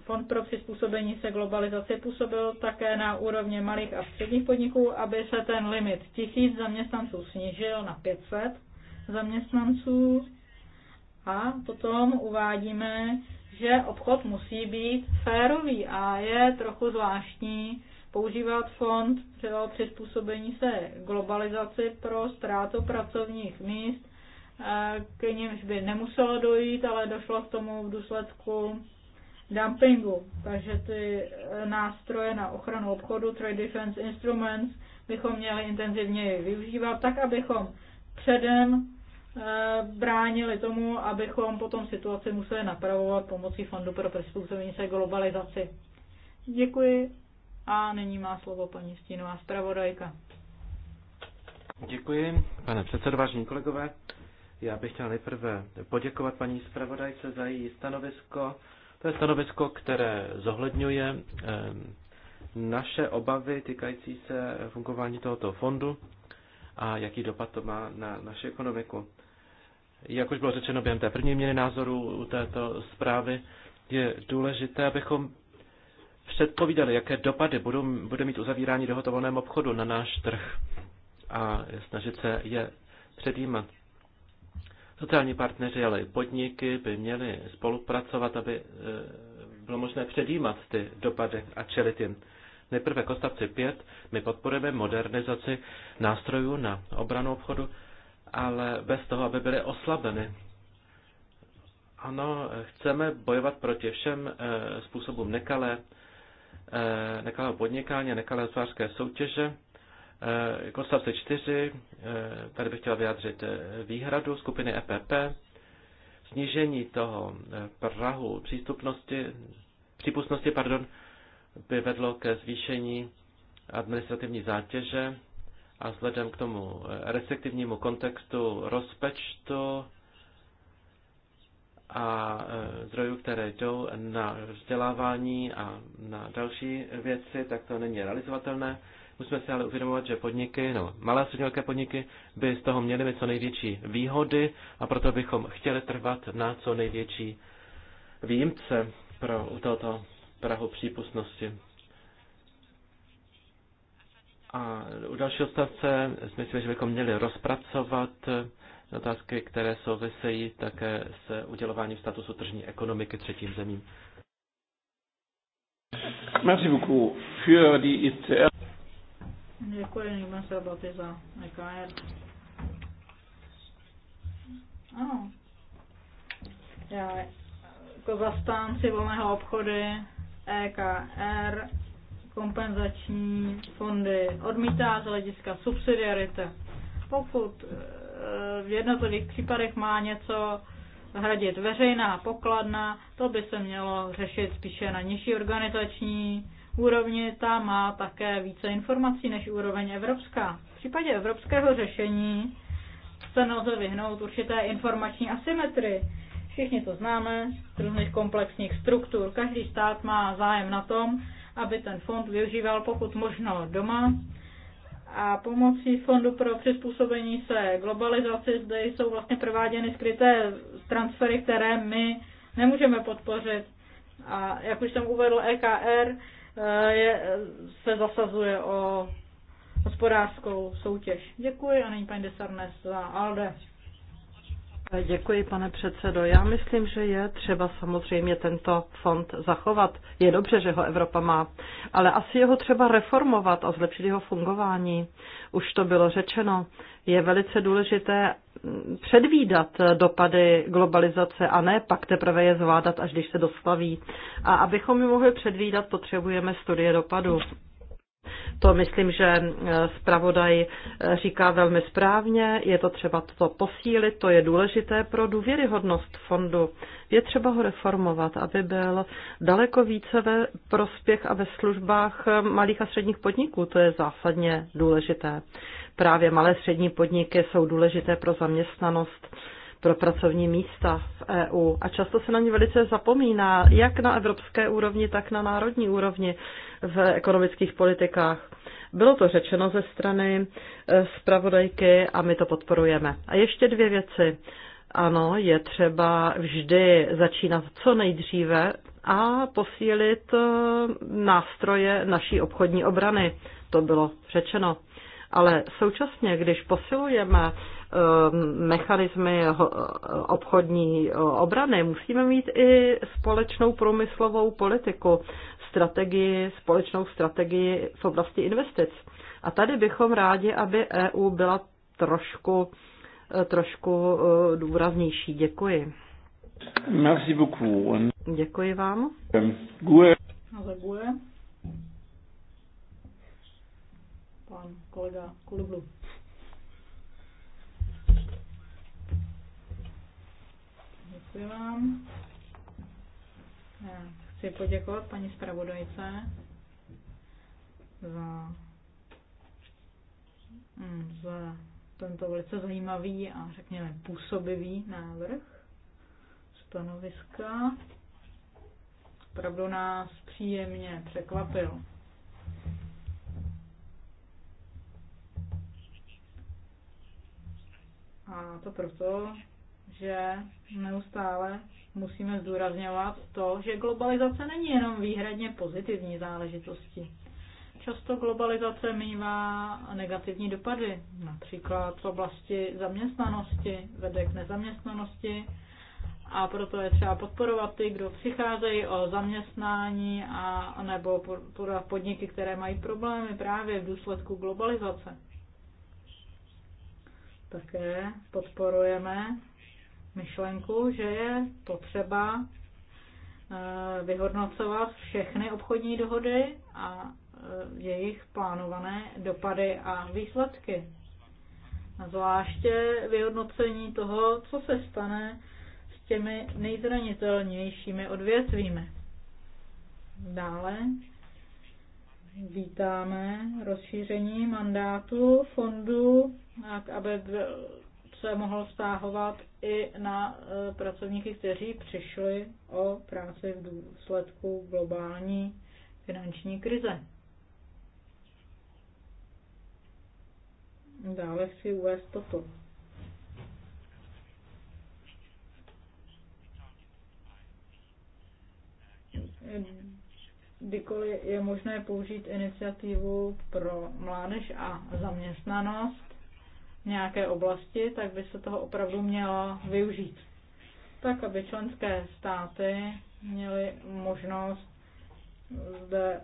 Fond pro přizpůsobení se globalizaci působil také na úrovně malých a středních podniků, aby se ten limit tisíc zaměstnanců snížil na 500 zaměstnanců. A potom uvádíme, že obchod musí být férový a je trochu zvláštní používat fond pro přizpůsobení se globalizaci pro ztrátu pracovních míst k nímž by nemuselo dojít, ale došlo k tomu v důsledku dumpingu. Takže ty e, nástroje na ochranu obchodu, Trade Defense Instruments, bychom měli intenzivněji využívat, tak abychom předem e, bránili tomu, abychom potom situaci museli napravovat pomocí Fondu pro přizpůsobení se globalizaci. Děkuji a nyní má slovo paní Stínová zpravodajka. Děkuji, pane předsedo, vážení kolegové. Já bych chtěl nejprve poděkovat paní zpravodajce za její stanovisko. To je stanovisko, které zohledňuje eh, naše obavy týkající se fungování tohoto fondu a jaký dopad to má na naši ekonomiku. Jak už bylo řečeno během té první měny názoru u této zprávy, je důležité, abychom předpovídali, jaké dopady budou, bude mít uzavírání dohotovolném obchodu na náš trh a snažit se je předjímat. Sociální partneři, ale i podniky by měli spolupracovat, aby eh, bylo možné předjímat ty dopady a čelit jim. Nejprve k ostavci 5 my podporujeme modernizaci nástrojů na obranu obchodu, ale bez toho, aby byly oslabeny. Ano, chceme bojovat proti všem eh, způsobům nekalé, eh, nekalého podnikání, nekalé hospodářské soutěže, k odstavci 4 tady bych chtěla vyjádřit eh, výhradu skupiny EPP. Snížení toho eh, prahu přístupnosti, přípustnosti pardon, by vedlo ke zvýšení administrativní zátěže a vzhledem k tomu eh, restriktivnímu kontextu rozpečtu a zdrojů, které jdou na vzdělávání a na další věci, tak to není realizovatelné. Musíme si ale uvědomovat, že podniky, no, malé a střední velké podniky by z toho měly mít co největší výhody a proto bychom chtěli trvat na co největší výjimce pro u tohoto Prahu přípustnosti. A u další odstavce myslím, že bychom měli rozpracovat eh, otázky, které souvisejí také se udělováním statusu tržní ekonomiky třetím zemím. Merci beaucoup für die ICR. Nekojenýma se boty za EKR. Ano. Já jako zastánci volného obchody EKR kompenzační fondy odmítá z hlediska subsidiarity. Pokud e, v jednotlivých případech má něco hradit veřejná pokladna, to by se mělo řešit spíše na nižší organizační úrovni ta má také více informací než úroveň evropská. V případě evropského řešení se nelze vyhnout určité informační asymetrii. Všichni to známe z různých komplexních struktur. Každý stát má zájem na tom, aby ten fond využíval pokud možno doma. A pomocí Fondu pro přizpůsobení se globalizaci zde jsou vlastně prováděny skryté transfery, které my nemůžeme podpořit. A jak už jsem uvedl, EKR Eh, je, se zasazuje o hospodářskou soutěž. Děkuji a nyní paní Desarnes za ALDE. Děkuji, pane předsedo. Já myslím, že je třeba samozřejmě tento fond zachovat. Je dobře, že ho Evropa má, ale asi jeho třeba reformovat a zlepšit jeho fungování. Už to bylo řečeno. Je velice důležité předvídat dopady globalizace a ne pak teprve je zvládat, až když se dostaví. A abychom ji mohli předvídat, potřebujeme studie dopadu. To myslím, že eh, zpravodaj eh, říká velmi správně, je to třeba to posílit, to je důležité pro důvěryhodnost fondu. Je třeba ho reformovat, aby byl daleko více ve prospěch a ve službách eh, malých a středních podniků, to je zásadně důležité. Právě malé střední podniky jsou důležité pro zaměstnanost pro pracovní místa v EU. A často se na ně velice zapomíná, jak na evropské úrovni, tak na národní úrovni v ekonomických politikách. Bylo to řečeno ze strany eh, zpravodajky a my to podporujeme. A ještě dvě věci. Ano, je třeba vždy začínat co nejdříve a posílit eh, nástroje naší obchodní obrany. To bylo řečeno. Ale současně, když posilujeme eh, mechanismy obchodní obrany, musíme mít i společnou průmyslovou politiku strategii, společnou strategii v oblasti investic. A tady bychom rádi, aby EU byla trošku, eh, trošku eh, důraznější. Děkuji. Merci beaucoup. Děkuji vám. Gue. Ale Gue. Pan kolega Kulublu. Děkuji vám. Yeah. Chci poděkovat paní zpravodajce za, mm, za tento velice zajímavý a řekněme působivý návrh stanoviska. Opravdu nás příjemně překvapil. A to proto, že neustále musíme zdůrazňovat to, že globalizace není jenom výhradně pozitivní záležitosti. Často globalizace mývá negativní dopady, například v oblasti zaměstnanosti, vede k nezaměstnanosti a proto je třeba podporovat ty, kdo přicházejí o zaměstnání a nebo podniky, které mají problémy právě v důsledku globalizace. Také podporujeme myšlenku, že je potřeba eh, vyhodnocovat všechny obchodní dohody a eh, jejich plánované dopady a výsledky. A zvláště vyhodnocení toho, co se stane s těmi nejzranitelnějšími odvětvími. Dále vítáme rozšíření mandátu fondu, tak aby byl se mohl vztahovat i na e, pracovníky, kteří přišli o práci v důsledku globální finanční krize. Dále chci uvést toto. kdykoliv je možné použít iniciativu pro mládež a zaměstnanost, nějaké oblasti, tak by se toho opravdu mělo využít. Tak, aby členské státy měly možnost zde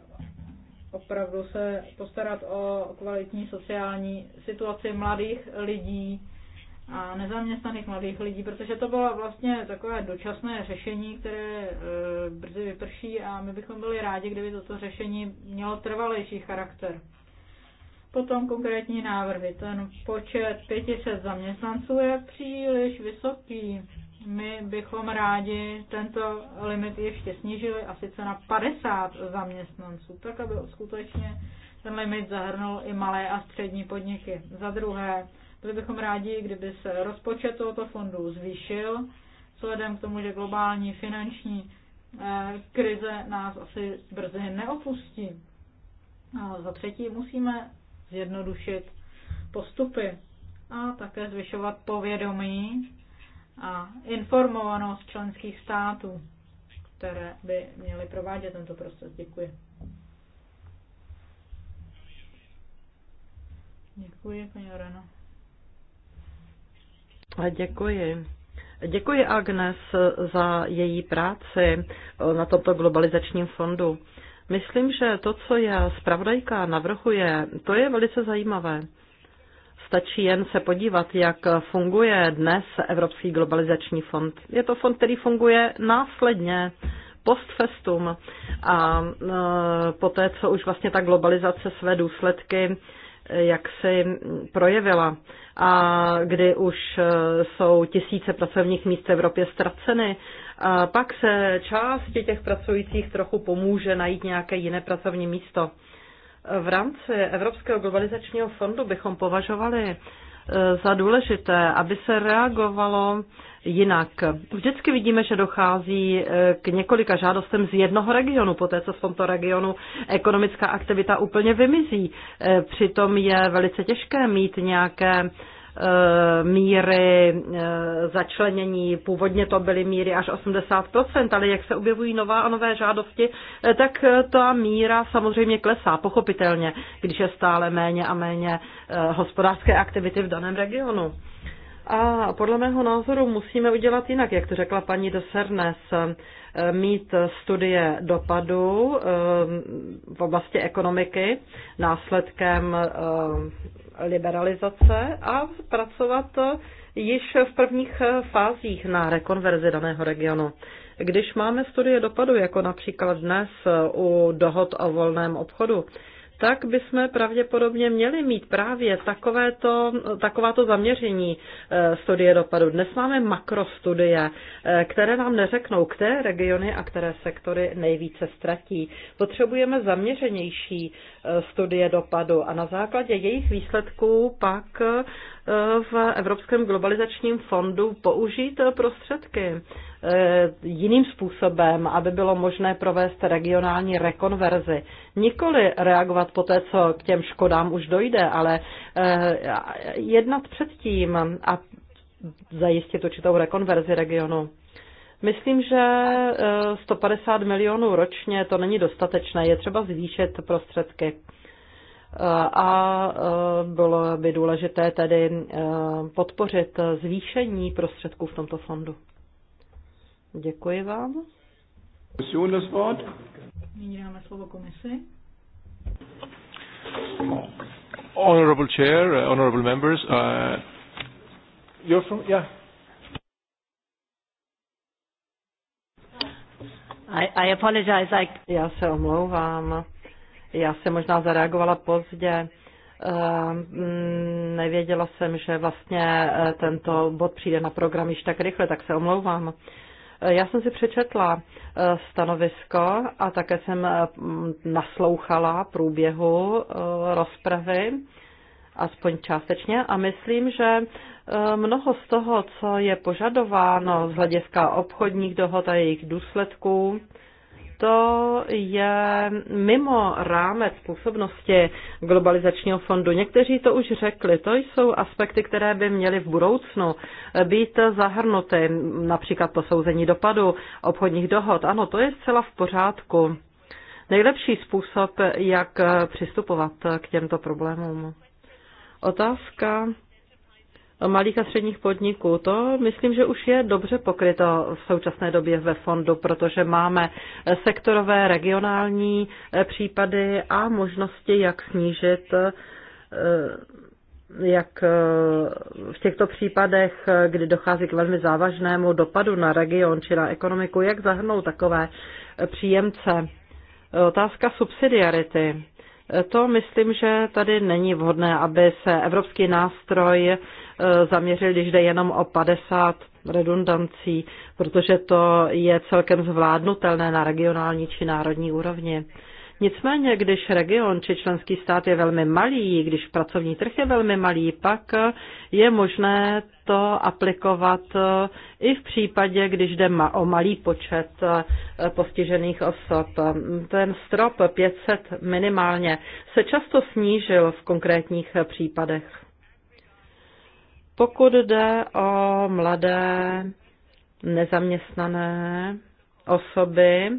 opravdu se postarat o kvalitní sociální situaci mladých lidí a nezaměstnaných mladých lidí, protože to bylo vlastně takové dočasné řešení, které e, brzy vyprší a my bychom byli rádi, kdyby toto řešení mělo trvalejší charakter. Potom konkrétní návrhy. Ten počet 500 zaměstnanců je příliš vysoký. My bychom rádi tento limit ještě snížili a sice na 50 zaměstnanců, tak aby skutečně ten limit zahrnul i malé a střední podniky. Za druhé, byli bychom rádi, kdyby se rozpočet tohoto fondu zvýšil, vzhledem k tomu, že globální finanční eh, krize nás asi brzy neopustí. A za třetí musíme zjednodušit postupy a také zvyšovat povědomí a informovanost členských států, které by měly provádět tento proces. Děkuji. Děkuji, paní Arena. Děkuji. Děkuji Agnes za její práci na tomto globalizačním fondu. Myslím, že to, co je zpravodajka navrhuje, to je velice zajímavé. Stačí jen se podívat, jak funguje dnes Evropský globalizační fond. Je to fond, který funguje následně post festum a e, poté, co už vlastně ta globalizace své důsledky e, jak si projevila a kdy už e, jsou tisíce pracovních míst v Evropě ztraceny a pak se části těch pracujících trochu pomůže najít nějaké jiné pracovní místo. V rámci Evropského globalizačního fondu bychom považovali e, za důležité, aby se reagovalo jinak. Vždycky vidíme, že dochází e, k několika žádostem z jednoho regionu, poté co v tomto regionu ekonomická aktivita úplně vymizí. E, přitom je velice těžké mít nějaké Eh, míry eh, začlenění. Původně to byly míry až 80%, ale jak se objevují nová a nové žádosti, eh, tak ta míra samozřejmě klesá, pochopitelně, když je stále méně a méně hospodářské aktivity v daném regionu. A podle mého názoru musíme udělat jinak, jak to řekla paní de Sernes, mít studie dopadu v oblasti ekonomiky následkem liberalizace a pracovat již v prvních fázích na rekonverzi daného regionu. Když máme studie dopadu, jako například dnes u dohod o volném obchodu, tak bychom pravděpodobně měli mít právě takovéto, takováto zaměření eh, studie dopadu. Dnes máme makrostudie, eh, které nám neřeknou, které regiony a které sektory nejvíce ztratí. Potřebujeme zaměřenější eh, studie dopadu a na základě jejich výsledků pak v Evropském globalizačním fondu použít prostředky eh, jiným způsobem, aby bylo možné provést regionální rekonverzi. Nikoli reagovat po té, co k těm škodám už dojde, ale eh, jednat předtím a zajistit určitou rekonverzi regionu. Myslím, že 150 eh, milionů ročně to není dostatečné, je třeba zvýšit prostředky. Eh, a eh, bylo by důležité tedy eh, podpořit zvýšení prostředků v tomto fondu. Děkuji vám. Nyní dáme slovo komisi. Honorable Chair, honorable members, uh, you're from, yeah. I, I apologize, I... Já se omlouvám. Já jsem možná zareagovala pozdě. Ehm, mm, nevěděla jsem, že vlastně eh, tento bod přijde na program již tak rychle, tak se omlouvám. Eh, já jsem si přečetla eh, stanovisko a také jsem mm, naslouchala průběhu rozpravy, aspoň částečně, a myslím, že mnoho z toho, co je požadováno z hlediska obchodních dohod a jejich důsledků, to je mimo rámec působnosti globalizačního fondu. Někteří to už řekli. To jsou aspekty, které by měly v budoucnu být zahrnuty, například posouzení dopadu obchodních dohod. Ano, to je zcela v pořádku. Nejlepší způsob, jak přistupovat k těmto problémům. Otázka malých a středních podniků. To myslím, že už je dobře pokryto v současné době ve fondu, protože máme sektorové, regionální eh, případy a možnosti, jak snížit eh, jak eh, v těchto případech, kdy dochází k velmi závažnému dopadu na region či na ekonomiku, jak zahrnout takové příjemce. Otázka subsidiarity. To myslím, že tady není vhodné, aby se evropský nástroj Eh, zaměřil, když jde jenom o 50 redundancí, protože to je celkem zvládnutelné na regionální či národní úrovni. Nicméně, když region či členský stát je velmi malý, když pracovní trh je velmi malý, pak je možné to aplikovat eh, i v případě, když jde o malý počet eh, postižených osob. Ten strop 500 minimálně se často snížil v konkrétních případech. Pokud jde o mladé nezaměstnané osoby,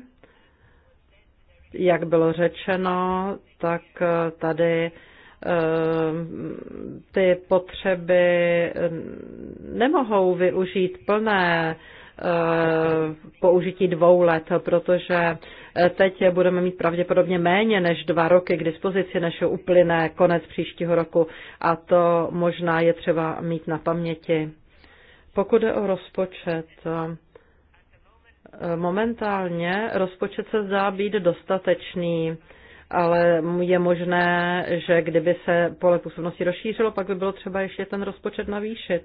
jak bylo řečeno, tak tady ehm, ty potřeby nemohou využít plné Eh, použití dvou let, protože eh, teď budeme mít pravděpodobně méně než dva roky k dispozici, než uplyne konec příštího roku a to možná je třeba mít na paměti. Pokud je o rozpočet, eh, momentálně rozpočet se zdá být dostatečný, ale je možné, že kdyby se pole působnosti rozšířilo, pak by bylo třeba ještě ten rozpočet navýšit.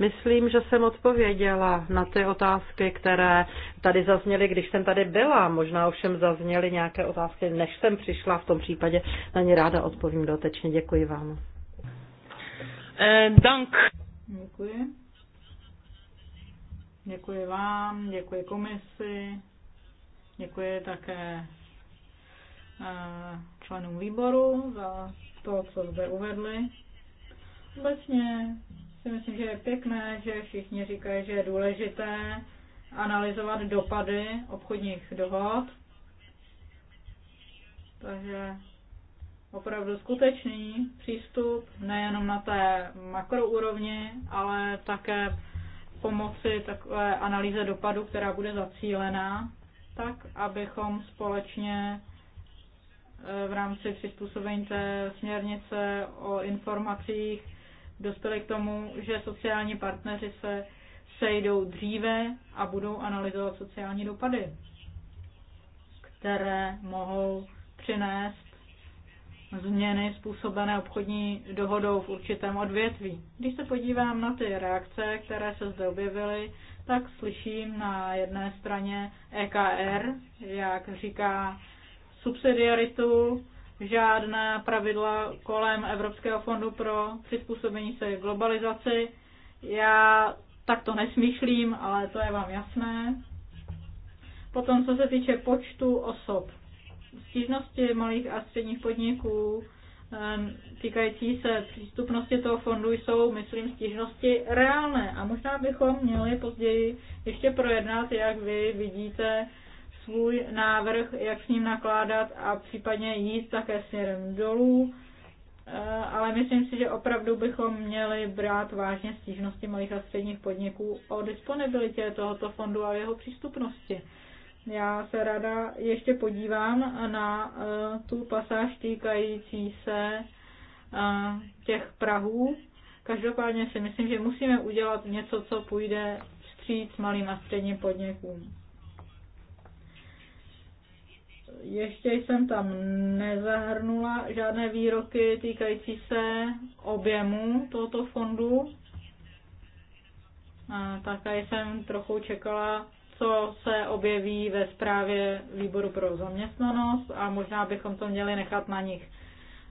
Myslím, že jsem odpověděla na ty otázky, které tady zazněly, když jsem tady byla. Možná ovšem zazněly nějaké otázky, než jsem přišla. V tom případě na ně ráda odpovím dotečně. Děkuji vám. Eh, dank. Děkuji. Děkuji vám, děkuji komisi, děkuji také eh, členům výboru za to, co zde uvedli. Obecně si myslím, že je pěkné, že všichni říkají, že je důležité analyzovat dopady obchodních dohod. Takže opravdu skutečný přístup nejenom na té makroúrovni, ale také pomoci takové analýze dopadu, která bude zacílená, tak abychom společně eh, v rámci přizpůsobení té směrnice o informacích dospěli k tomu, že sociální partneři se sejdou dříve a budou analyzovat sociální dopady, které mohou přinést změny způsobené obchodní dohodou v určitém odvětví. Když se podívám na ty reakce, které se zde objevily, tak slyším na jedné straně EKR, jak říká subsidiaritu žádná pravidla kolem Evropského fondu pro přizpůsobení se globalizaci. Já tak to nesmýšlím, ale to je vám jasné. Potom, co se týče počtu osob, stížnosti malých a středních podniků ehm, týkající se přístupnosti toho fondu jsou, myslím, stížnosti reálné. A možná bychom měli později ještě projednat, jak vy vidíte svůj návrh, jak s ním nakládat a případně jít také směrem dolů. Eh, ale myslím si, že opravdu bychom měli brát vážně stížnosti malých a středních podniků o disponibilitě tohoto fondu a jeho přístupnosti. Já se rada ještě podívám na eh, tu pasáž týkající se eh, těch Prahů. Každopádně si myslím, že musíme udělat něco, co půjde vstříc malým a středním podnikům ještě jsem tam nezahrnula žádné výroky týkající se objemu tohoto fondu. A také jsem trochu čekala, co se objeví ve zprávě výboru pro zaměstnanost a možná bychom to měli nechat na nich,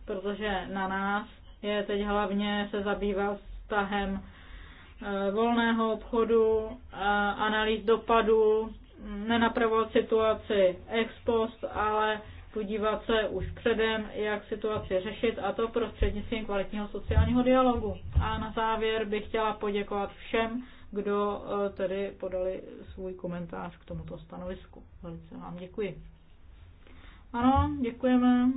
protože na nás je teď hlavně se zabývat vztahem eh, volného obchodu, eh, analýz dopadů nenapravovat situaci ex post, ale podívat se už předem, jak situaci řešit a to prostřednictvím kvalitního sociálního dialogu. A na závěr bych chtěla poděkovat všem, kdo eh, tedy podali svůj komentář k tomuto stanovisku. Velice vám děkuji. Ano, děkujeme.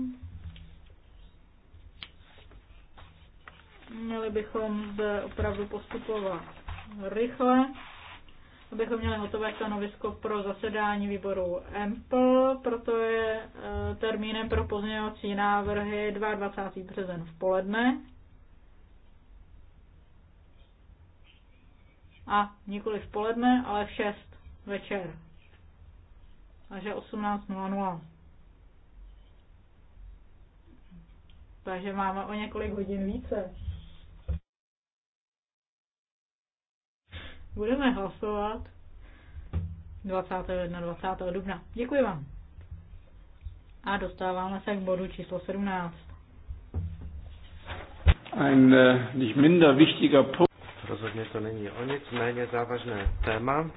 Měli bychom zde opravdu postupovat rychle abychom měli hotové stanovisko pro zasedání výboru EMPL, proto je e, termínem pro pozměňovací návrhy 22. březen v poledne. A nikoli v poledne, ale v 6 večer. Takže 18.00. Takže máme o několik hodin více. budeme hlasovat 21. 20. dubna. Děkuji vám. A dostáváme se k bodu číslo 17. Ein uh, nicht minder wichtiger Punkt. Rozhodně to není o nic méně závažné téma.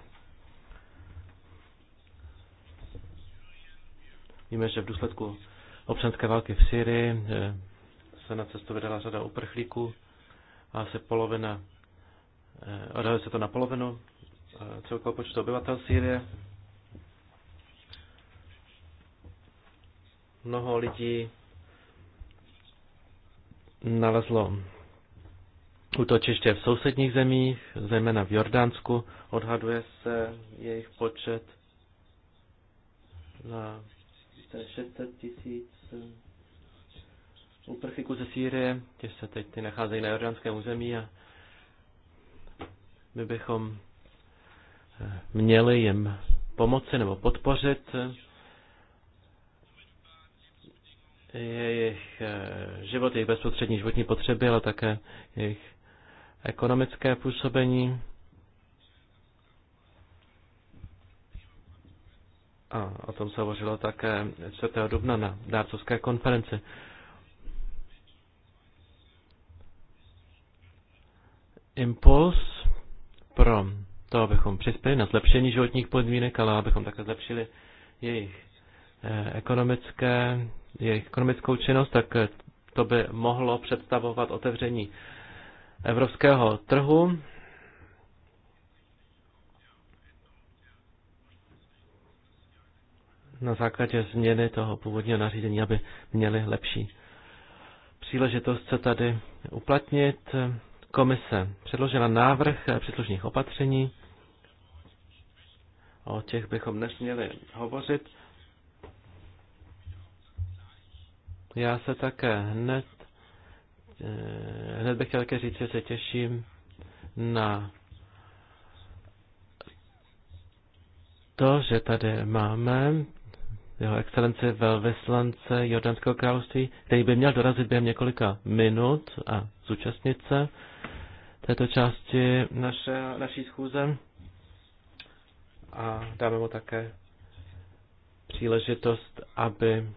Víme, že v důsledku občanské války v Syrii eh, se na cestu vydala řada uprchlíků a asi polovina Eh, odhaduje se to na polovinu eh, celkového počtu obyvatel Sýrie. Mnoho lidí nalezlo útočiště v sousedních zemích, zejména v Jordánsku. Odhaduje se jejich počet na 600 tisíc eh, uprchlíků ze Sýrie, těch se teď ty nacházejí na jordánském území a my bychom eh, měli jim pomoci nebo podpořit eh, jejich eh, život, jejich bezprostřední životní potřeby, ale také jejich ekonomické působení. A o tom se hovořilo také 4. dubna na dárcovské konferenci. Impuls pro to, abychom přispěli na zlepšení životních podmínek, ale abychom také zlepšili jejich eh, ekonomické, jejich ekonomickou činnost, tak eh, to by mohlo představovat otevření evropského trhu. na základě změny toho původního nařízení, aby měli lepší příležitost se tady uplatnit. Komise předložila návrh eh, příslušných opatření. O těch bychom dnes měli hovořit. Já se také hned, eh, hned bych chtěl také říct, že se těším na to, že tady máme jeho excelenci velvyslance Jordánského království, který by měl dorazit během několika minut a zúčastnit se této části naše, naší schůze a dáme mu také příležitost, aby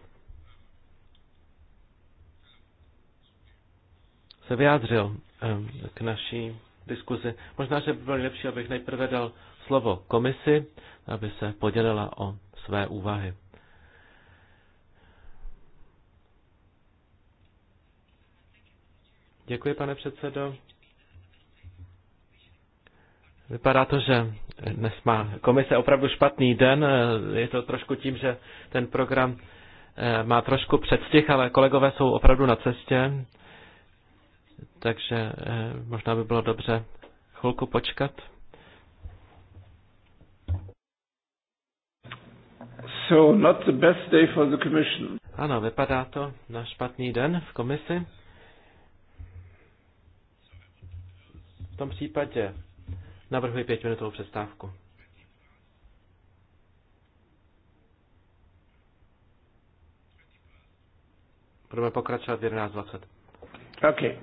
se vyjádřil k naší diskuzi. Možná, že by bylo lepší, abych nejprve dal slovo komisi, aby se podělila o své úvahy. Děkuji, pane předsedo. Vypadá to, že dnes má komise opravdu špatný den. Je to trošku tím, že ten program eh, má trošku předstih, ale kolegové jsou opravdu na cestě. Takže eh, možná by bylo dobře chvilku počkat. So not the best day for the commission. Ano, vypadá to na špatný den v komisi. V tom případě Navrhuji minutovou přestávku. Budeme pokračovat v 11.20. Okay.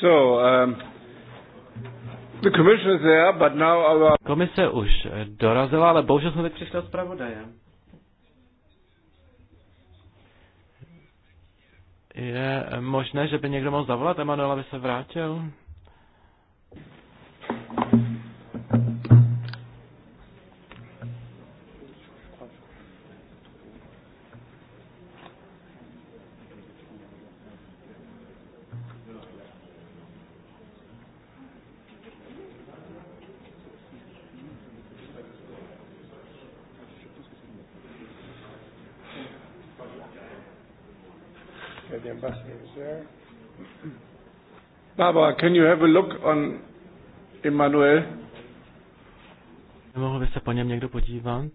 So, um, the commission is there, but now our... Komise už dorazila, ale bohužel jsme teď přišli od zpravodaje. Je možné, že by někdo mohl zavolat Emanuel, aby se vrátil? Barbara, can you have a look on Emmanuel? Nemohl by se po něm někdo podívat?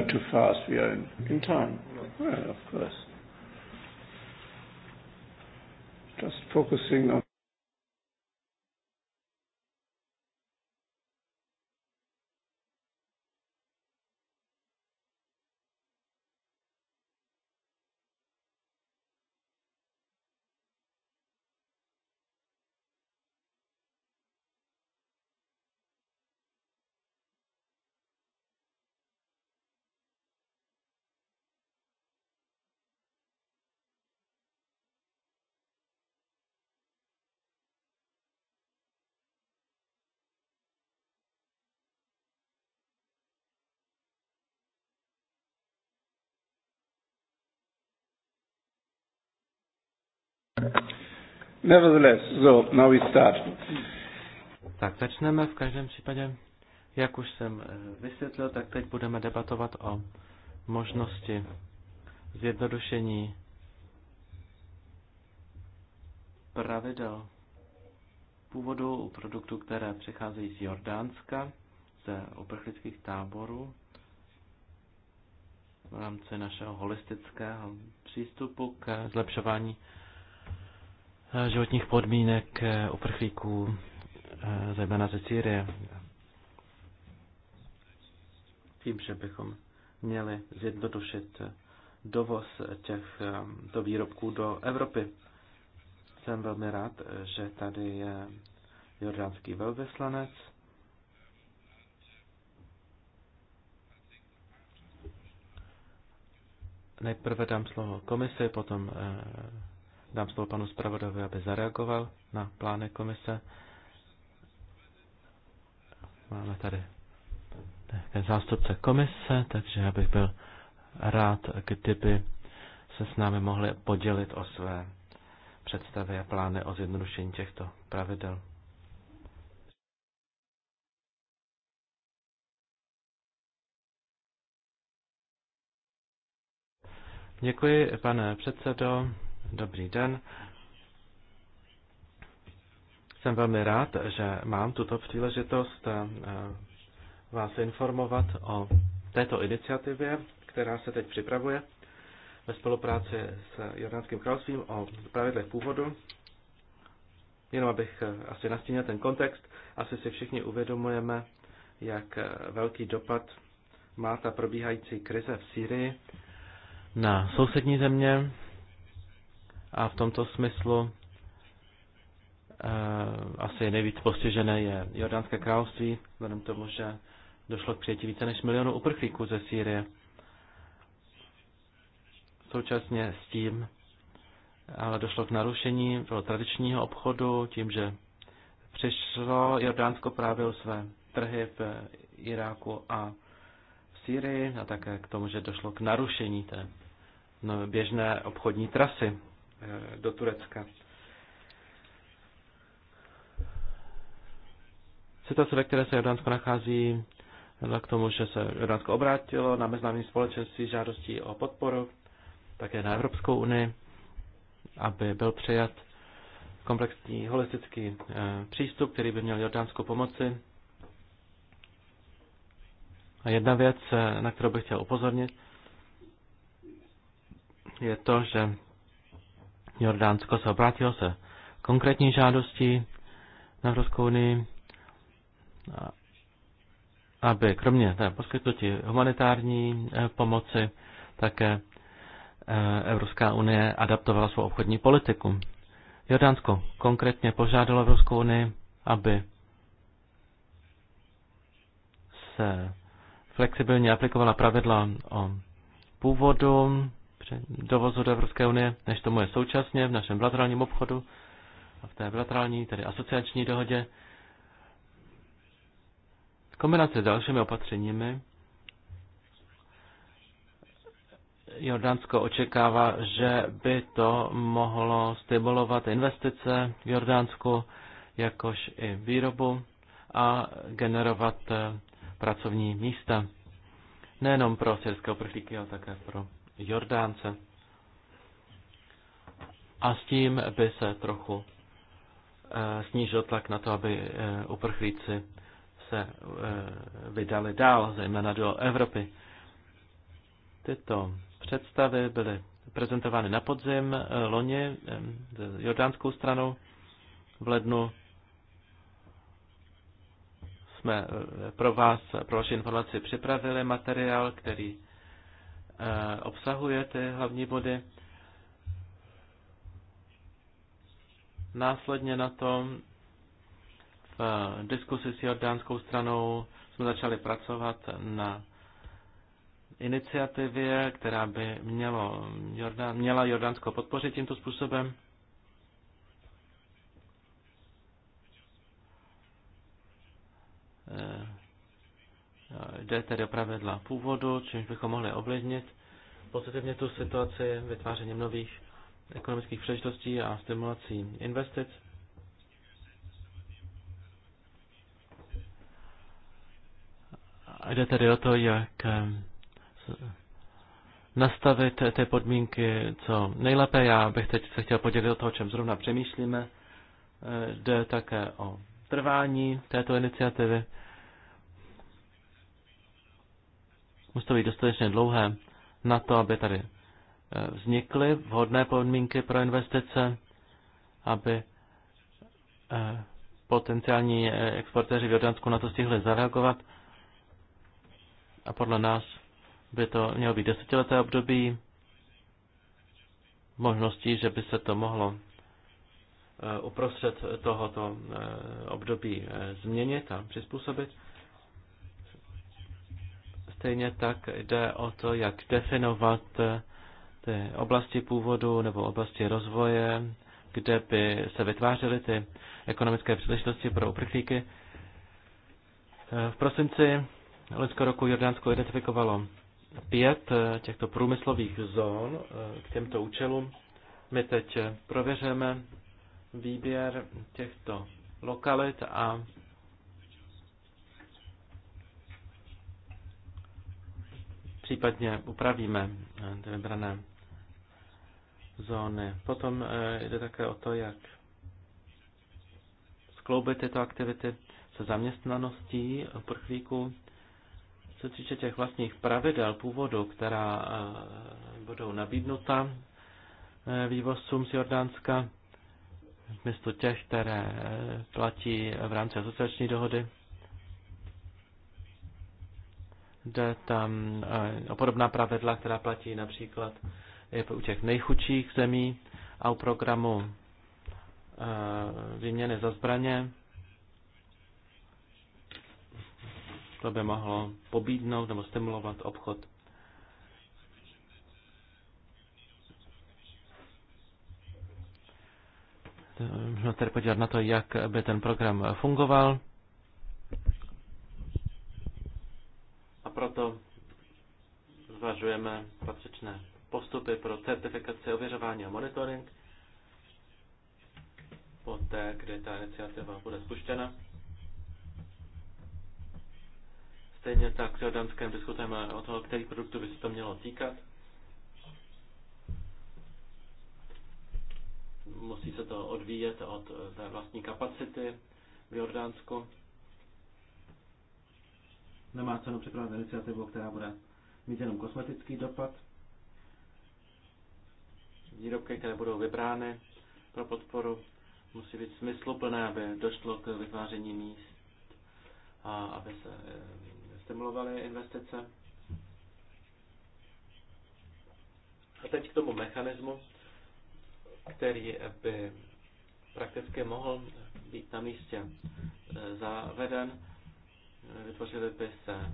not too fast. We are in, in time. Mm-hmm. Well, of course. Just focusing on. Nevertheless, so now we start. Tak začneme v každém případě. Jak už jsem eh, vysvětlil, tak teď budeme debatovat o možnosti zjednodušení pravidel původu u produktů, které přicházejí z Jordánska, ze uprchlických táborů, v rámci našeho holistického přístupu k zlepšování Eh, životních podmínek eh, uprchlíků, eh, zejména ze Sýrie. Tím, že bychom měli zjednodušit dovoz těchto výrobků do Evropy. Jsem velmi rád, že tady je jordánský velvyslanec. Nejprve dám slovo komisi, potom Dám slovo panu zpravodovi, aby zareagoval na plány komise. Máme tady ten zástupce komise, takže já bych byl rád, kdyby se s námi mohli podělit o své představy a plány o zjednodušení těchto pravidel. Děkuji, pane předsedo. Dobrý den. Jsem velmi rád, že mám tuto příležitost eh, vás informovat o této iniciativě, která se teď připravuje ve spolupráci s Jordánským královstvím o pravidlech původu. Jenom abych eh, asi nastínil ten kontext, asi si všichni uvědomujeme, jak eh, velký dopad má ta probíhající krize v Sýrii na sousední země, a v tomto smyslu eh, asi nejvíc postižené je Jordánské království, vzhledem tomu, že došlo k přijetí více než milionu uprchlíků ze Sýrie. Současně s tím ale došlo k narušení toho tradičního obchodu tím, že přišlo Jordánsko právě o své trhy v Iráku a v Sýrii a také k tomu, že došlo k narušení té běžné obchodní trasy. Eh, do Turecka. Situace, ve které se Jordánsko nachází, k tomu, že se Jordánsko obrátilo na mezinárodní společenství žádostí o podporu, také na Evropskou unii, aby byl přijat komplexní holistický eh, přístup, který by měl Jordánsku pomoci. A jedna věc, eh, na kterou bych chtěl upozornit, je to, že Jordánsko se obrátilo se konkrétní žádosti na Evropskou unii, aby kromě té poskytnutí humanitární eh, pomoci také eh, Evropská unie adaptovala svou obchodní politiku. Jordánsko konkrétně požádalo Evropskou unii, aby se flexibilně aplikovala pravidla o původu při dovozu do Evropské unie, než tomu je současně v našem bilaterálním obchodu a v té bilaterální, tedy asociační dohodě. Kombinace s dalšími opatřeními Jordánsko očekává, že by to mohlo stimulovat investice v Jordánsku, jakož i výrobu a generovat eh, pracovní místa. Nejenom pro syrské uprchlíky, ale také pro Jordánce. A s tím by se trochu eh, snížil tlak na to, aby eh, uprchlíci se eh, vydali dál, zejména do Evropy. Tyto představy byly prezentovány na podzim loni jordánskou stranou. V lednu jsme pro vás, pro vaši informaci připravili materiál, který Eh, obsahuje ty hlavní body. Následně na tom v eh, diskusi s jordánskou stranou jsme začali pracovat na iniciativě, která by mělo, Jordán, měla Jordánsko podpořit tímto způsobem. Uh. Eh, jde tedy o pravidla původu, čímž bychom mohli ovlivnit pozitivně tu situaci vytvářením nových ekonomických příležitostí a stimulací investic. jde tedy o to, jak eh, nastavit ty podmínky co nejlépe. Já bych teď se chtěl podělit o to, o čem zrovna přemýšlíme. Eh, jde také o trvání této iniciativy. Musí být dostatečně dlouhé na to, aby tady eh, vznikly vhodné podmínky pro investice, aby eh, potenciální eh, exportéři v Jordánsku na to stihli zareagovat. A podle nás by to mělo být desetileté období možností, že by se to mohlo uprostřed tohoto období změnit a přizpůsobit. Stejně tak jde o to, jak definovat eh, ty oblasti původu nebo oblasti rozvoje, kde by se vytvářely ty ekonomické příležitosti pro uprchlíky. Eh, v prosinci loňského roku Jordánsko identifikovalo pět eh, těchto průmyslových zón k těmto účelům. My teď prověřujeme výběr těchto lokalit a případně upravíme eh, ty vybrané zóny. Potom eh, jde také o to, jak skloubit tyto aktivity se zaměstnaností prchlíků, Co týče těch vlastních pravidel původu, která eh, budou nabídnuta vývozcům z Jordánska, místo těch, které platí v rámci asociační dohody, Jde tam eh, o podobná pravidla, která platí například je u těch nejchudších zemí a u programu eh, výměny za zbraně. To by mohlo pobídnout nebo stimulovat obchod. Můžeme tedy podívat na to, jak by ten program fungoval. proto zvažujeme patřičné postupy pro certifikaci, ověřování a monitoring poté, kdy ta iniciativa bude spuštěna. Stejně tak s Jordanskem diskutujeme o toho, který produktu by se to mělo týkat. Musí se to odvíjet od té vlastní kapacity v Jordánsku. Nemá cenu připravit iniciativu, která bude mít jenom kosmetický dopad. Výrobky, které budou vybrány pro podporu, musí být smysluplné, aby došlo k vytváření míst a aby se eh, stimulovaly investice. A teď k tomu mechanismu, který by prakticky mohl být na místě eh, zaveden. Vytvořili by se e,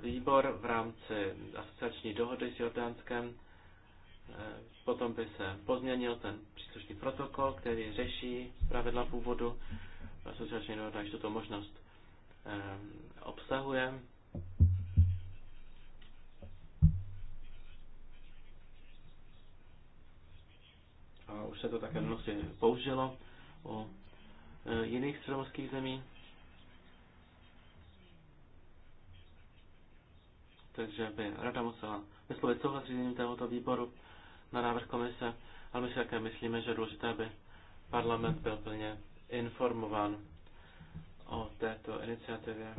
výbor v rámci asociační dohody s Jordánskem. E, potom by se pozměnil ten příslušný protokol, který řeší pravidla původu. Asociační dohoda již tuto možnost e, obsahuje. A už se to také množství použilo u jiných středomorských zemí. takže by rada musela vyslovit souhlas s řízením tohoto výboru na návrh komise, ale my si také myslíme, že je důležité, aby parlament byl plně informován o této iniciativě.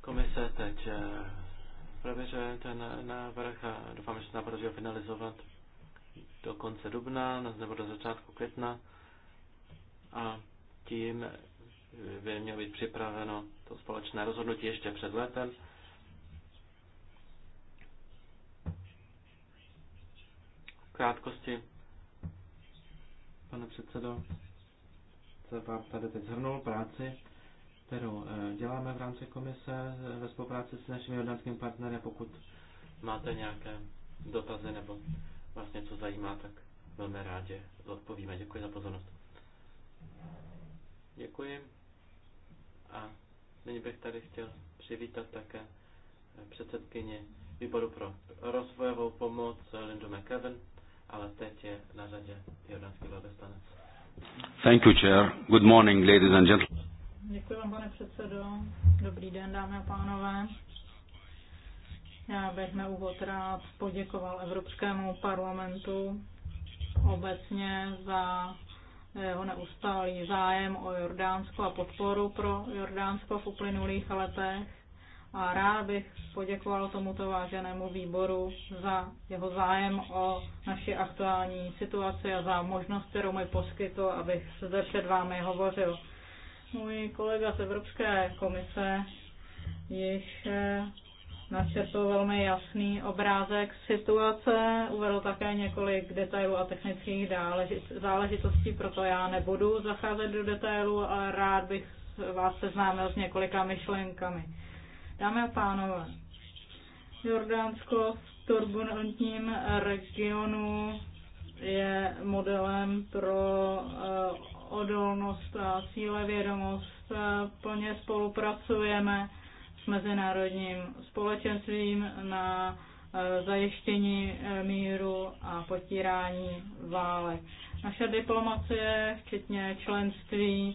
Komise teď eh, prověřuje ten návrh a doufám, že se nám podaří ho finalizovat do konce dubna nebo do začátku května a tím by mělo být připraveno to společné rozhodnutí ještě před letem. V krátkosti, pane předsedo, se vám tady teď zhrnul práci, kterou eh, děláme v rámci komise ve spolupráci s našimi jordanskými partnery, pokud máte nějaké dotazy nebo vás něco zajímá, tak velmi rádi odpovíme. Děkuji za pozornost. Děkuji. A nyní bych tady chtěl přivítat také předsedkyně výboru pro rozvojovou pomoc Lindu McKevin, ale teď je na řadě jordanský velvyslanec. Thank you, Chair. Good morning, ladies and gentlemen. Děkuji vám, pane předsedo. Dobrý den, dámy a pánové. Já bych na úvod rád poděkoval Evropskému parlamentu obecně za jeho neustálý zájem o Jordánsko a podporu pro Jordánsko v uplynulých letech. A rád bych poděkoval tomuto váženému výboru za jeho zájem o naši aktuální situaci a za možnost, kterou mi poskytl, abych se zde před vámi hovořil. Můj kolega z Evropské komise již eh, načetl velmi jasný obrázek situace, uvedl také několik detailů a technických záležitostí, proto já nebudu zacházet do detailů, a rád bych vás seznámil s několika myšlenkami. Dámy a pánové, Jordánsko v turbulentním regionu je modelem pro eh, odolnost a síle vědomost. Eh, plně spolupracujeme mezinárodním společenstvím na e, zajištění e, míru a potírání válek. Naše diplomacie, včetně členství e,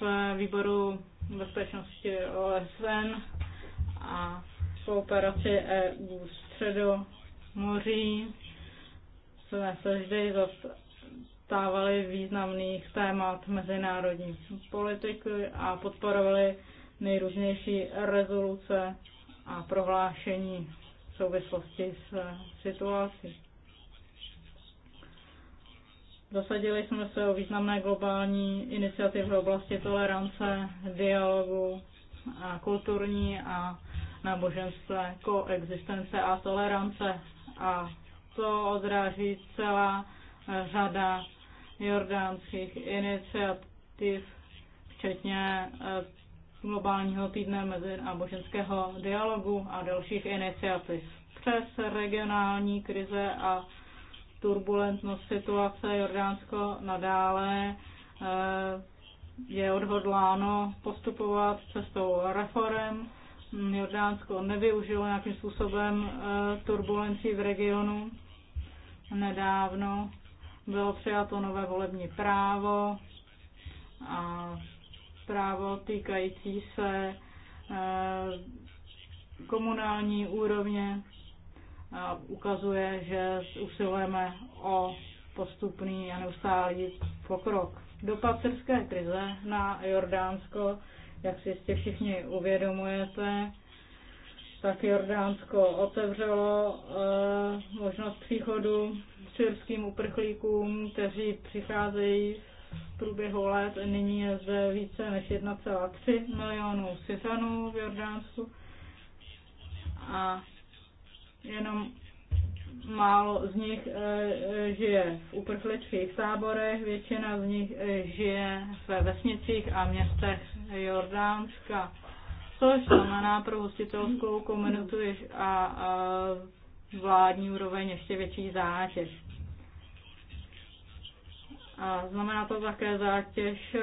v výboru bezpečnosti OSN a kooperaci EU moří, jsme se vždy zastávali významných témat mezinárodní politiky a podporovali nejrůznější rezoluce a prohlášení v souvislosti s eh, situací. Zasadili jsme se o významné globální iniciativy v oblasti tolerance, dialogu a kulturní a náboženské koexistence a tolerance. A to odráží celá eh, řada jordánských iniciativ, včetně eh, globálního týdne náboženského dialogu a dalších iniciativ. Přes regionální krize a turbulentnost situace Jordánsko nadále eh, je odhodláno postupovat cestou reform. Jordánsko nevyužilo nějakým způsobem eh, turbulenci v regionu. Nedávno bylo přijato nové volební právo a právo týkající se eh, komunální úrovně a ukazuje, že usilujeme o postupný a neustálý pokrok. Dopad syrské krize na Jordánsko, jak si jistě všichni uvědomujete, tak Jordánsko otevřelo eh, možnost příchodu syrským uprchlíkům, kteří přicházejí z průběhu let. Nyní je zde více než 1,3 milionů Syřanů v Jordánsku a jenom málo z nich eh, eh, žije v uprchlických táborech, většina z nich eh, žije ve vesnicích a městech Jordánska, což znamená pro hostitelskou komunitu a, a vládní úroveň ještě větší zátěž. A znamená to také zátěž eh,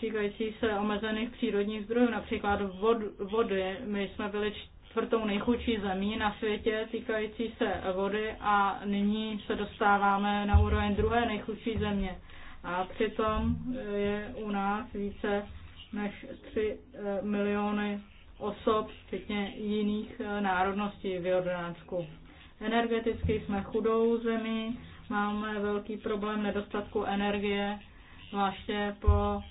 týkající se omezených přírodních zdrojů, například vod, vody. My jsme byli čtvrtou nejchudší zemí na světě týkající se vody a nyní se dostáváme na úroveň druhé nejchudší země. A přitom eh, je u nás více než 3 eh, miliony osob, včetně jiných národností v Jordánsku. Energeticky jsme chudou zemí, Máme velký problém nedostatku energie, zvláště po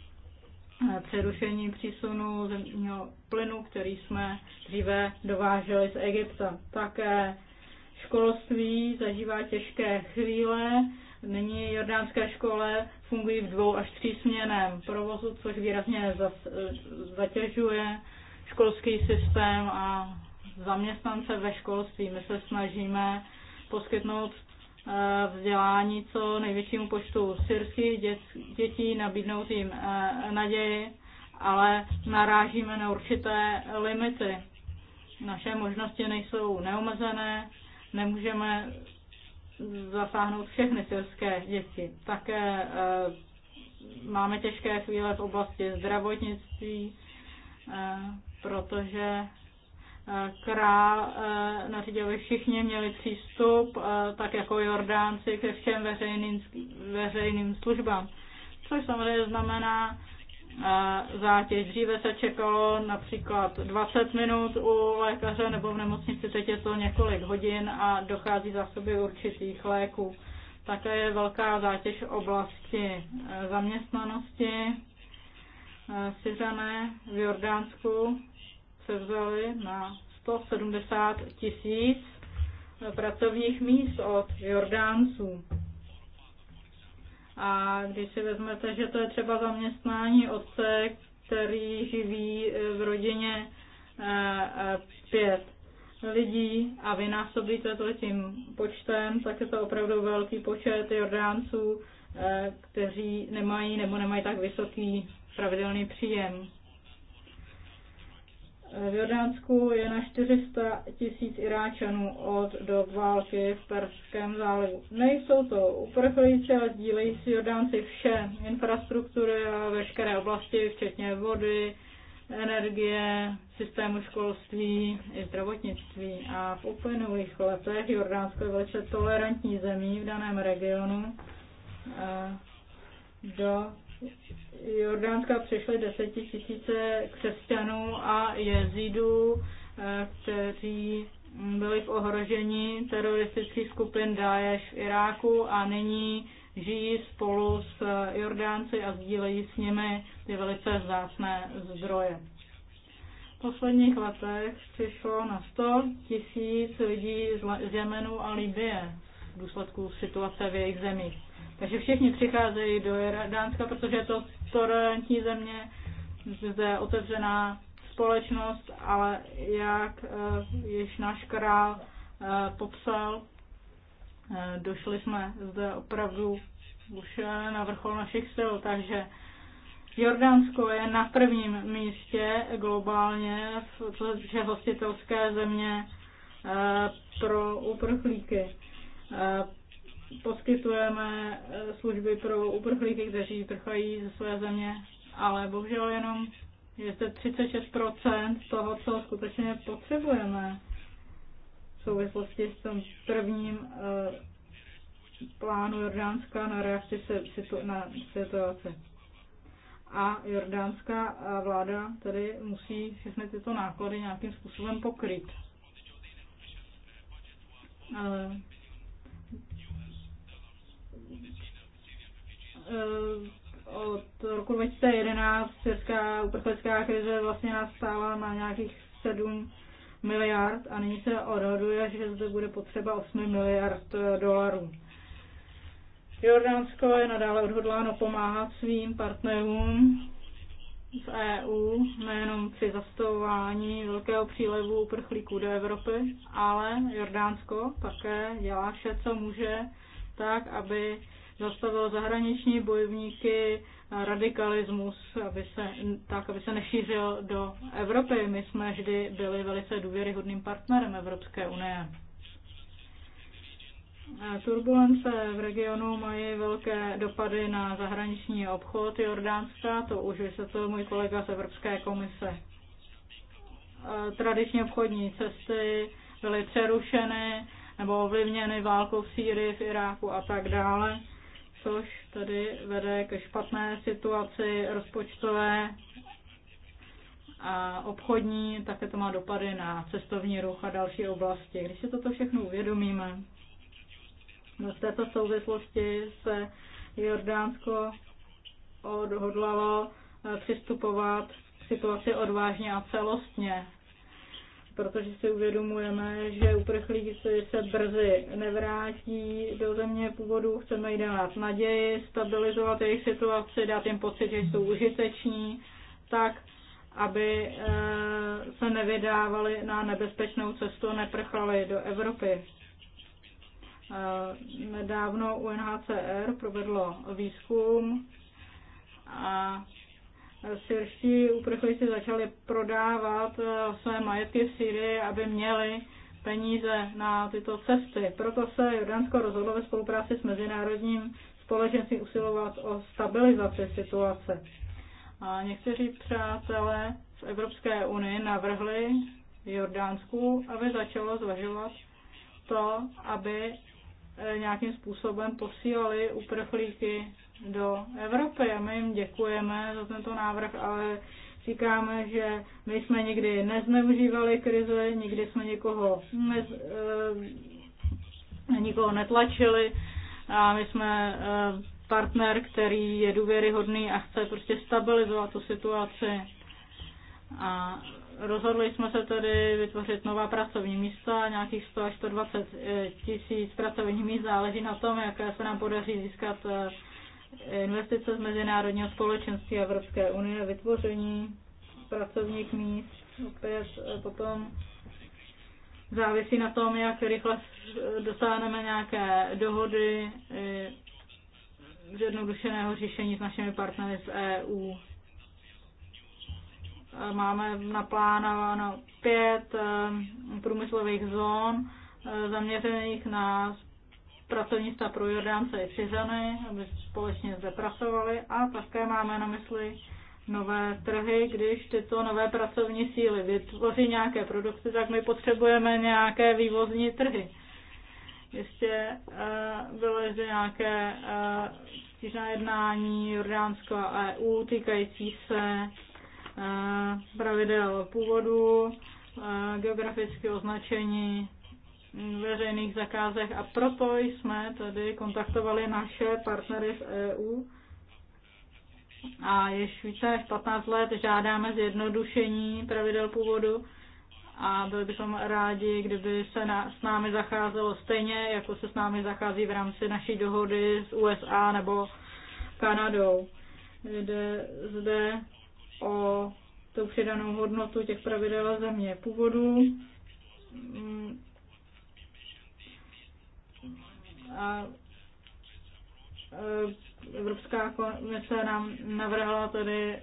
eh, přerušení přísunu zemního plynu, který jsme dříve dováželi z Egypta. Také školství zažívá těžké chvíle. Nyní jordánské škole fungují v dvou až tří směném provozu, což výrazně zatěžuje školský systém a zaměstnance ve školství. My se snažíme poskytnout Eh, vzdělání co největšímu počtu syrských dět, dětí, nabídnout jim eh, naději, ale narážíme na určité limity. Naše možnosti nejsou neomezené, nemůžeme zasáhnout všechny syrské děti. Také eh, máme těžké chvíle v oblasti zdravotnictví, protože král eh, nařídil, aby všichni měli přístup, eh, tak jako Jordánci, ke všem veřejným, veřejným službám. Což samozřejmě znamená eh, zátěž. Dříve se čekalo například 20 minut u lékaře nebo v nemocnici, teď je to několik hodin a dochází zásoby určitých léků. Také je velká zátěž v oblasti zaměstnanosti. Syřané v Jordánsku převzali na 170 tisíc pracovních míst od Jordánců. A když si vezmete, že to je třeba zaměstnání otce, který živí v rodině eh, eh, pět lidí a vynásobíte to tím počtem, tak je to opravdu velký počet Jordánců, eh, kteří nemají nebo nemají tak vysoký pravidelný příjem. V Jordánsku je na 400 tisíc Iráčanů od do války v Perském zálivu. Nejsou to uprchlíci, ale sdílejí si Jordánci vše, infrastruktury a veškeré oblasti, včetně vody, energie, systému školství i zdravotnictví. A v uplynulých letech Jordánsko je velice tolerantní zemí v daném regionu eh, do Jordánska přišly desetitisíce křesťanů a jezidů, eh, kteří byli v ohrožení teroristických skupin Daesh v Iráku a nyní žijí spolu s eh, Jordánci a sdílejí s nimi ty velice vzácné zdroje. V posledních letech přišlo na 100 tisíc lidí z Jemenu a Libie v důsledku situace v jejich zemích. Takže všichni přicházejí do Dánska, protože je to tolerantní země, zde je otevřená společnost, ale jak eh, již náš král eh, popsal, eh, došli jsme zde opravdu už na vrchol našich sil, takže Jordánsko je na prvním místě globálně, v je hostitelské země pro uprchlíky poskytujeme eh, služby pro uprchlíky, kteří prchají ze své země, ale bohužel jenom je zde 36% toho, co skutečně potřebujeme v souvislosti s tím prvním eh, plánu Jordánska na reakci situ- na situaci. A jordánská eh, vláda tedy musí všechny tyto náklady nějakým způsobem pokryt. Eh, od roku 2011 česká uprchlická krize vlastně nastála na nějakých 7 miliard a nyní se odhaduje, že zde bude potřeba 8 miliard eh, dolarů. Jordánsko je nadále odhodláno pomáhat svým partnerům v EU, nejenom při zastavování velkého přílevu uprchlíků do Evropy, ale Jordánsko také dělá vše, co může tak, aby zastavil zahraniční bojovníky radikalismus, aby se, tak, aby se nešířil do Evropy. My jsme vždy byli velice důvěryhodným partnerem Evropské unie. Turbulence v regionu mají velké dopady na zahraniční obchod Jordánska, to už to můj kolega z Evropské komise. Tradiční obchodní cesty byly přerušeny, nebo ovlivněny válkou v Sýrii, v Iráku a tak dále, což tedy vede ke špatné situaci rozpočtové a obchodní, také to má dopady na cestovní ruch a další oblasti. Když si toto všechno uvědomíme, no, v této souvislosti se Jordánsko odhodlalo eh, přistupovat k situaci odvážně a celostně protože si uvědomujeme, že uprchlíci se brzy nevrátí do země původu, chceme jim dát naději, stabilizovat jejich situaci, dát jim pocit, že jsou užiteční, tak, aby eh, se nevydávali na nebezpečnou cestu, neprchali do Evropy. Eh, nedávno UNHCR provedlo výzkum a syrští uprchlíci začali prodávat eh, své majetky v Syrii, aby měli peníze na tyto cesty. Proto se Jordánsko rozhodlo ve spolupráci s mezinárodním společenstvím usilovat o stabilizaci situace. A někteří přátelé z Evropské unie navrhli Jordánsku, aby začalo zvažovat to, aby eh, nějakým způsobem posílali uprchlíky do Evropy a my jim děkujeme za tento návrh, ale říkáme, že my jsme nikdy nezneužívali krize, nikdy jsme nikoho, nez, e, eh, nikoho netlačili a my jsme e, partner, který je důvěryhodný a chce prostě stabilizovat tu situaci. A rozhodli jsme se tedy vytvořit nová pracovní místa, nějakých 100 až 120 eh, tisíc pracovních míst, záleží na tom, jaké se nám podaří získat e, investice z mezinárodního společenství Evropské unie, vytvoření pracovních míst, opět e, potom závisí na tom, jak rychle dosáhneme nějaké dohody e, zjednodušeného řešení s našimi partnery z EU. E, máme naplánováno pět průmyslových zón zaměřených na pracovnictva pro Jordánce i Syřany, aby společně zapracovali a také máme na mysli nové trhy, když tyto nové pracovní síly vytvoří nějaké produkty, tak my potřebujeme nějaké vývozní trhy. uh, eh, bylo zde nějaké stížná eh, jednání Jordánsko a EU týkající se eh, pravidel původu, geografické označení veřejných zakázech a proto jsme tedy kontaktovali naše partnery v EU. A již více než 15 let žádáme zjednodušení pravidel původu a byli bychom rádi, kdyby se na, s námi zacházelo stejně, jako se s námi zachází v rámci naší dohody s USA nebo Kanadou. Jde zde o tu přidanou hodnotu těch pravidel země původu mm, a e, Evropská komise nám navrhla tedy e,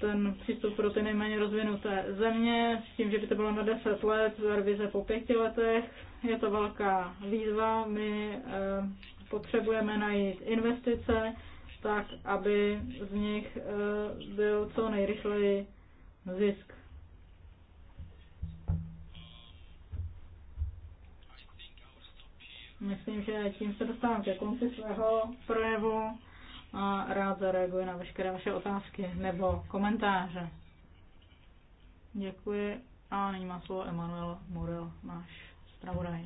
ten přístup pro ty nejméně rozvinuté země, s tím, že by to bylo na 10 let, revize po 5 letech. Je to velká výzva, my e, potřebujeme najít investice, tak aby z nich byl co nejrychleji zisk. Myslím, že tím se dostávám ke konci svého projevu a rád zareaguji na veškeré vaše otázky nebo komentáře. Děkuji a nyní má slovo Emanuel Morel, náš zpravodaj.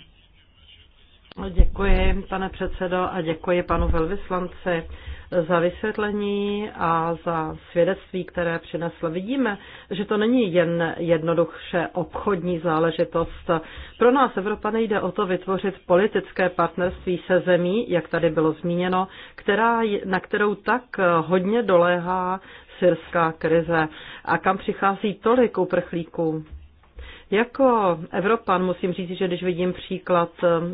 Děkuji, pane předsedo, a děkuji panu velvyslanci za vysvětlení a za svědectví, které přinesl. Vidíme, že to není jen jednoduše obchodní záležitost. Pro nás Evropa nejde o to vytvořit politické partnerství se zemí, jak tady bylo zmíněno, která, na kterou tak hodně doléhá syrská krize a kam přichází tolik uprchlíků. Jako Evropan musím říct, že když vidím příklad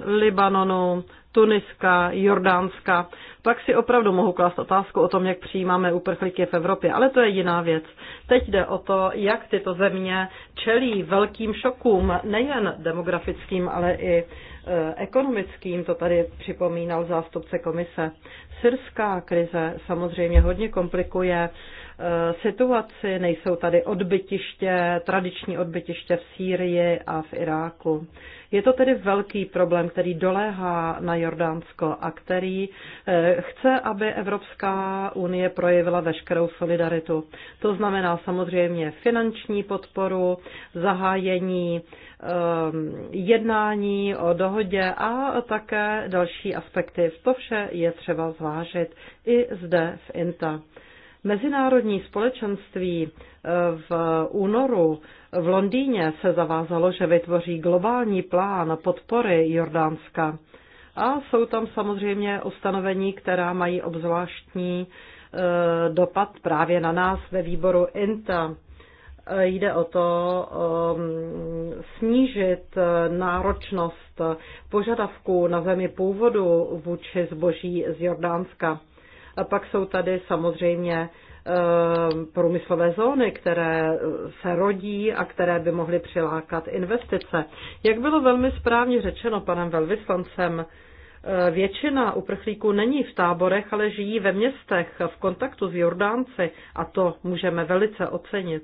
Libanonu, Tuniska, Jordánska, pak si opravdu mohu klást otázku o tom, jak přijímáme uprchlíky v Evropě. Ale to je jiná věc. Teď jde o to, jak tyto země čelí velkým šokům, nejen demografickým, ale i e, ekonomickým, to tady připomínal zástupce komise. Syrská krize samozřejmě hodně komplikuje e, situaci, nejsou tady odbytiště, tradiční odbytiště v Sýrii a v Iráku. Je to tedy velký problém, který doléhá na Jordánsko a který eh, chce, aby Evropská unie projevila veškerou solidaritu. To znamená samozřejmě finanční podporu, zahájení ehm, jednání o dohodě a také další aspekty. To vše je třeba zvážit i zde v INTA. Mezinárodní společenství eh, v únoru v Londýně se zavázalo, že vytvoří globální plán podpory Jordánska. A jsou tam samozřejmě ustanovení, která mají obzvláštní e, dopad právě na nás ve výboru INTA. E, jde o to e, snížit náročnost požadavků na zemi původu vůči zboží z Jordánska. A pak jsou tady samozřejmě Eh, průmyslové zóny, které se rodí a které by mohly přilákat investice. Jak bylo velmi správně řečeno panem velvyslancem, eh, Většina uprchlíků není v táborech, ale žijí ve městech v kontaktu s Jordánci a to můžeme velice ocenit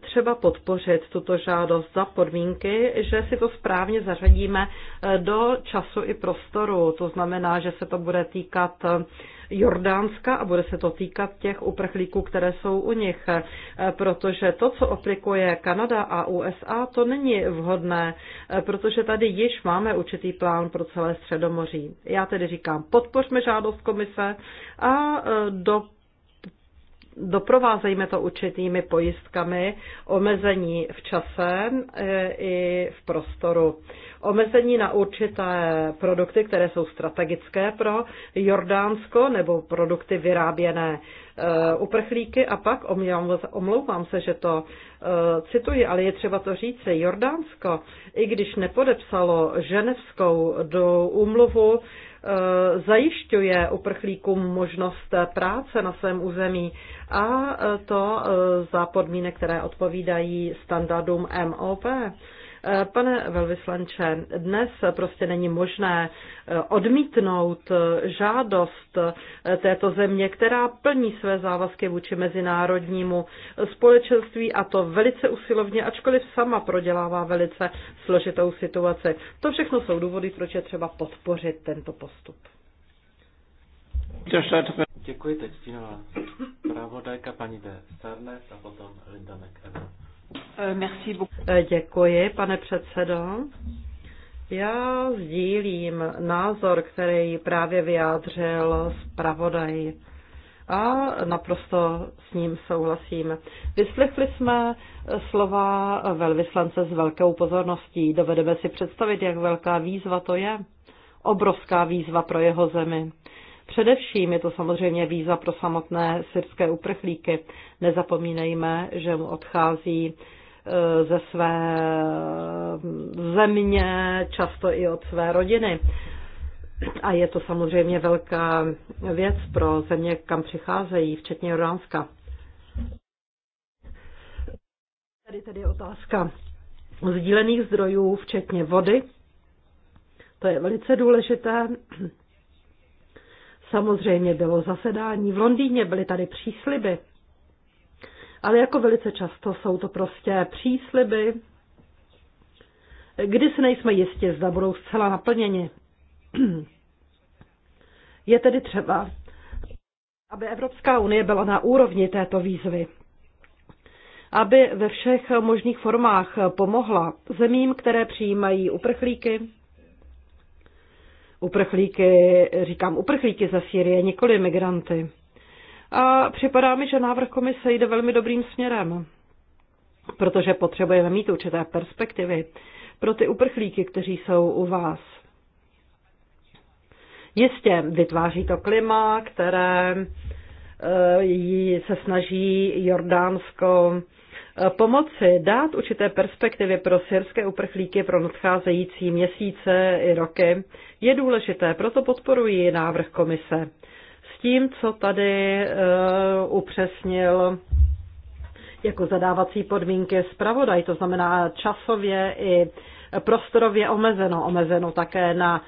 třeba podpořit tuto žádost za podmínky, že si to správně zařadíme e, do času i prostoru. To znamená, že se to bude týkat e, Jordánska a bude se to týkat těch uprchlíků, které jsou u nich, e, protože to, co aplikuje Kanada a USA, to není vhodné, protože tady již máme určitý plán pro celé Středomoří. Já tedy říkám, podpořme žádost komise a do doprovázejme to určitými pojistkami, omezení v čase e, i v prostoru. Omezení na určité produkty, které jsou strategické pro Jordánsko nebo produkty vyráběné e, uprchlíky a pak, omlouvám se, že to e, cituji, ale je třeba to říci, Jordánsko, i když nepodepsalo ženevskou do úmluvu, Eh, zajišťuje uprchlíkům možnost práce na svém území a eh, to eh, za podmínek, které odpovídají standardům MOP. Eh, pane velvyslanče, dnes prostě není možné eh, odmítnout eh, žádost této země, která plní své závazky vůči mezinárodnímu společenství a to velice usilovně, ačkoliv sama prodělává velice složitou situaci. To všechno jsou důvody, proč je třeba podpořit tento postup. Děkuji, teď stínová pravodajka paní D. Sarnes a potom Linda McEwen. Eh, merci eh, Děkuji, pane předsedo. Já sdílím názor, který právě vyjádřil zpravodaj a naprosto s ním souhlasím. Vyslechli jsme slova velvyslance s velkou pozorností. Dovedeme si představit, jak velká výzva to je. Obrovská výzva pro jeho zemi. Především je to samozřejmě víza pro samotné syrské uprchlíky. Nezapomínejme, že mu odchází e, ze své země, často i od své rodiny. A je to samozřejmě velká věc pro země, kam přicházejí, včetně Jordánska. Tady tedy je otázka sdílených zdrojů, včetně vody. To je velice důležité. Samozřejmě bylo zasedání v Londýně, byly tady přísliby. Ale jako velice často jsou to prostě přísliby, kdy si nejsme jistě, zda budou zcela naplněni. Je tedy třeba, aby Evropská unie byla na úrovni této výzvy, aby ve všech možných formách pomohla zemím, které přijímají uprchlíky, uprchlíky, říkám uprchlíky ze Sýrie, nikoli migranty. A připadá mi, že návrh komise jde velmi dobrým směrem, protože potřebujeme mít určité perspektivy pro ty uprchlíky, kteří jsou u vás. Jistě vytváří to klima, které eh, se snaží Jordánsko Eh, pomoci dát určité perspektivy pro syrské uprchlíky pro nadcházející měsíce i roky je důležité, proto podporuji návrh komise. S tím, co tady uh, upřesnil jako zadávací podmínky zpravodaj, to znamená časově i prostorově omezeno, omezeno také na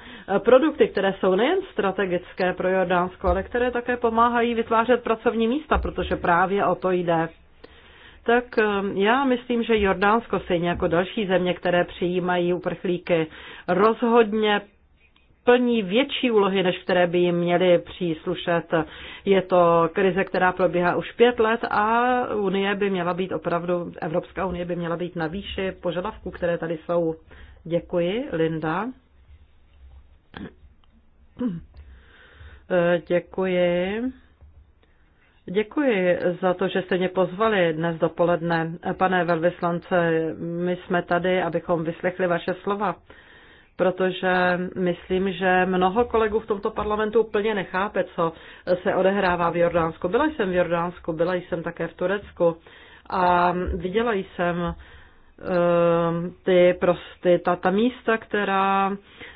produkty, které jsou nejen strategické pro Jordánsko, ale které také pomáhají vytvářet pracovní místa, protože právě o to jde tak ehm, já myslím, že Jordánsko stejně jako další země, které přijímají uprchlíky, rozhodně plní větší úlohy, než které by jim měly příslušet. Je to krize, která probíhá už pět let a Unie by měla být opravdu, Evropská unie by měla být na výši požadavků, které tady jsou. Děkuji, Linda. Ehm, děkuji. Děkuji za to, že jste mě pozvali dnes dopoledne. Pane velvyslance, my jsme tady, abychom vyslechli vaše slova, protože myslím, že mnoho kolegů v tomto parlamentu úplně nechápe, co se odehrává v Jordánsku. Byla jsem v Jordánsku, byla jsem také v Turecku a viděla jsem eh, ty prostě, ta, ta místa, která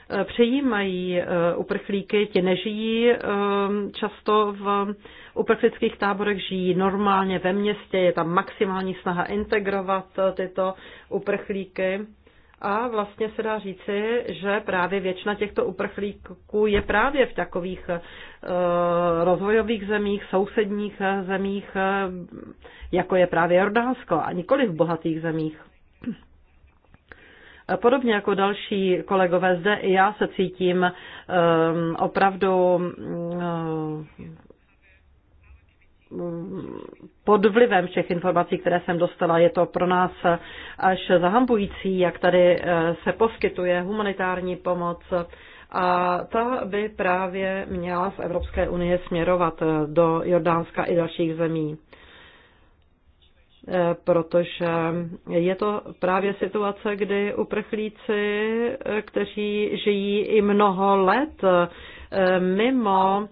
eh, přijímají eh, uprchlíky, ti nežijí často v uprchlických táborech žijí normálně ve městě, je tam maximální snaha integrovat eh, tyto uprchlíky. A vlastně se dá říci, že právě většina těchto uprchlíků je právě v takových eh, rozvojových zemích, sousedních eh, zemích, jako je právě Jordánsko, a nikoli v bohatých zemích. Podobně jako další kolegové zde, i já se cítím opravdu mm, pod vlivem všech informací, které jsem dostala. Je to pro nás až zahambující, jak tady eh, se poskytuje humanitární pomoc a ta by právě měla z Evropské unie směrovat eh, do Jordánska i dalších zemí. Eh, protože je to právě situace, kdy uprchlíci, kteří žijí i mnoho let mimo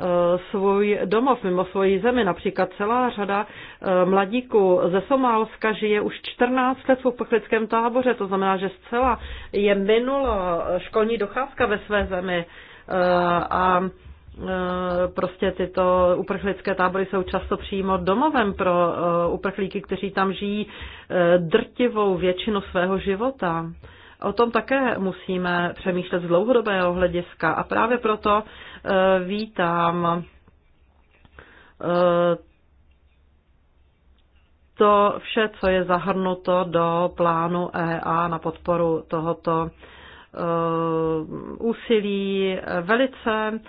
Eh, svůj domov, mimo svoji zemi. Například celá řada eh, mladíků ze Somálska žije už 14 let v uprchlickém táboře, to znamená, že zcela je minula školní docházka ve své zemi eh, a prostě tyto uprchlické tábory jsou často přímo domovem pro uprchlíky, kteří tam žijí drtivou většinu svého života. O tom také musíme přemýšlet z dlouhodobého hlediska a právě proto eh, vítám eh, to vše, co je zahrnuto do plánu EA na podporu tohoto eh, úsilí. Velice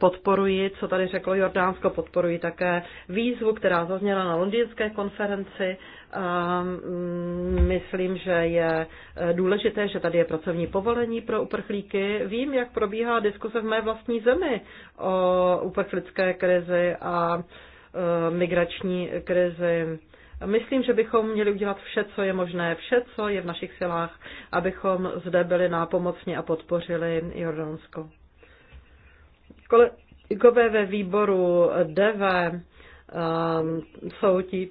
podporuji, co tady řeklo Jordánsko, podporuji také výzvu, která zazněla na londýnské konferenci a mm, myslím, že je e, důležité, že tady je pracovní povolení pro uprchlíky. Vím, jak probíhá diskuse v mé vlastní zemi o uprchlické krizi a e, migrační krizi. Myslím, že bychom měli udělat vše, co je možné, vše, co je v našich silách, abychom zde byli nápomocni a podpořili Jordánsko. Kolegové ve výboru DV um, e, jsou ti,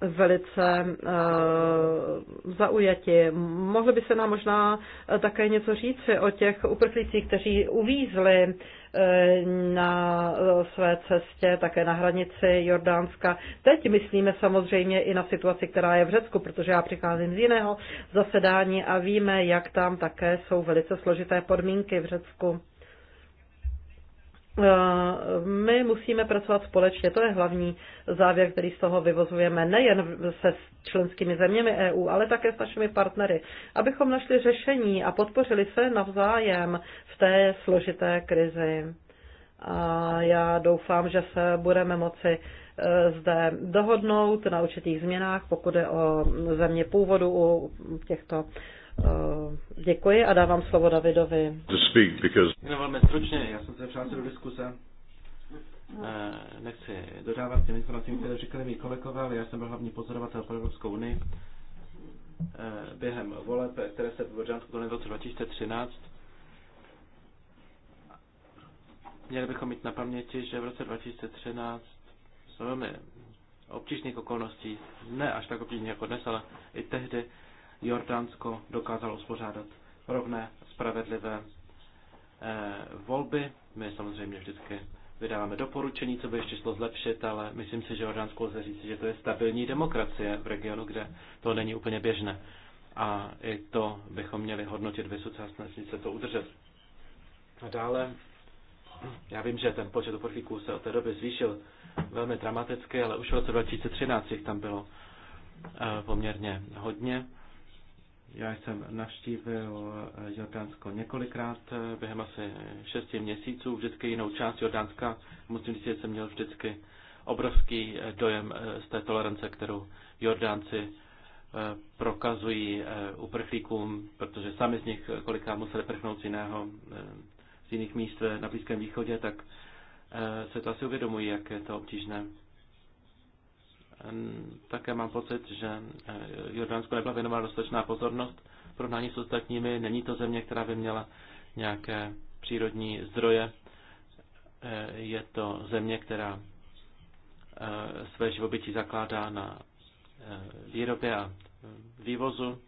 velice uh, zaujati. Mohli by se nám možná eh, také něco říci o těch uprchlících, kteří uvízli eh, na své cestě, také na hranici Jordánska. Teď myslíme samozřejmě i na situaci, která je v Řecku, protože já přicházím z jiného zasedání a víme, jak tam také jsou velice složité podmínky v Řecku. Eh, my musíme pracovat společně. To je hlavní závěr, který z toho vyvozujeme nejen se členskými zeměmi EU, ale také s našimi partnery, abychom našli řešení a podpořili se navzájem v té složité krizi. A já doufám, že se budeme moci eh, zde dohodnout na určitých změnách, pokud je o země původu u těchto Eh, děkuji a dávám slovo Davidovi. Jenom velmi stručně, já jsem se přihlásil do diskuse. Eh, nechci dodávat těm informacím, které říkali mý kolegové, ale já jsem byl hlavní pozorovatel pro Evropskou unii eh, během voleb, které se v Žánsku konaly v roce 2013. Měli bychom mít na paměti, že v roce 2013 jsme velmi obtížných okolností, ne až tak obtížných jako dnes, ale i tehdy Jordánsko dokázalo uspořádat rovné, spravedlivé eh, volby. My samozřejmě vždycky vydáváme doporučení, co by ještě šlo zlepšit, ale myslím si, že Jordánsko lze říct, že to je stabilní demokracie v regionu, kde to není úplně běžné. A i to bychom měli hodnotit vysoce a snažit se to udržet. A dále, já vím, že ten počet uprchlíků se od té doby zvýšil velmi dramaticky, ale už v roce 2013 jich tam bylo eh, poměrně hodně. Já jsem navštívil eh, Jordánsko několikrát eh, během asi šesti měsíců, vždycky jinou část Jordánska. Musím říct, že jsem měl vždycky obrovský eh, dojem z té tolerance, kterou Jordánci prokazují uprchlíkům, protože sami z nich kolikrát museli prchnout z jiného, z jiných míst na Blízkém východě, tak se to asi uvědomují, jak je to obtížné Ehm, také mám pocit, že eh, Jordánsko nebyla věnována dostatečná pozornost Pro s ostatními. Není to země, která by měla nějaké přírodní zdroje. Eh, je to země, která eh, své živobytí zakládá na výrobě a vývozu.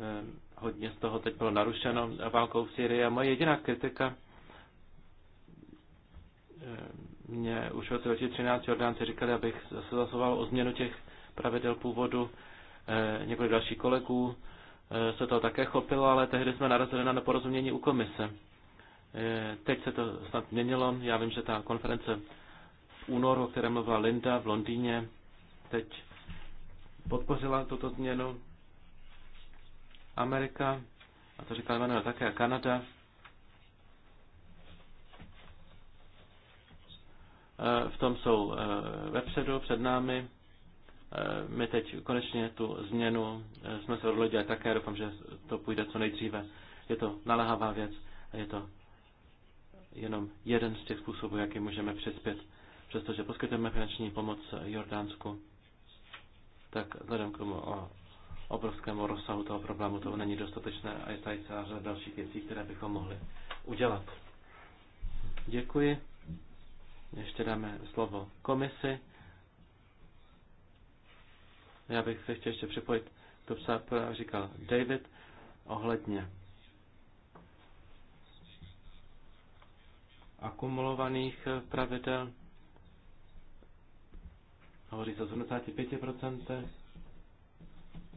Ehm, hodně z toho teď bylo narušeno válkou v Syrii. A moje jediná kritika mě už od 2013 Jordánci říkali, abych se zasoval o změnu těch pravidel původu. Eh, několik dalších kolegů eh, se to také chopilo, ale tehdy jsme narazili na neporozumění u komise. Eh, teď se to snad měnilo. Já vím, že ta konference v únoru, o které mluvila Linda v Londýně, teď podpořila tuto změnu. Amerika, a to říká Emanuel také, Kanada, Eh, v tom jsou eh, vepředu, před námi. Eh, my teď konečně tu změnu jsme se odhodli dělat také, doufám, že to půjde co nejdříve. Je to naléhavá věc a je to jenom jeden z těch způsobů, jaký můžeme přispět. Přestože poskytujeme finanční pomoc Jordánsku, tak vzhledem k tomu o obrovskému rozsahu toho problému to není dostatečné a je tady celá řada dalších věcí, které bychom mohli udělat. Děkuji. Ještě dáme slovo komisi. Já bych se chtěl ještě připojit to psát, říkal David, ohledně akumulovaných eh, pravidel. Hovoří se o 75%.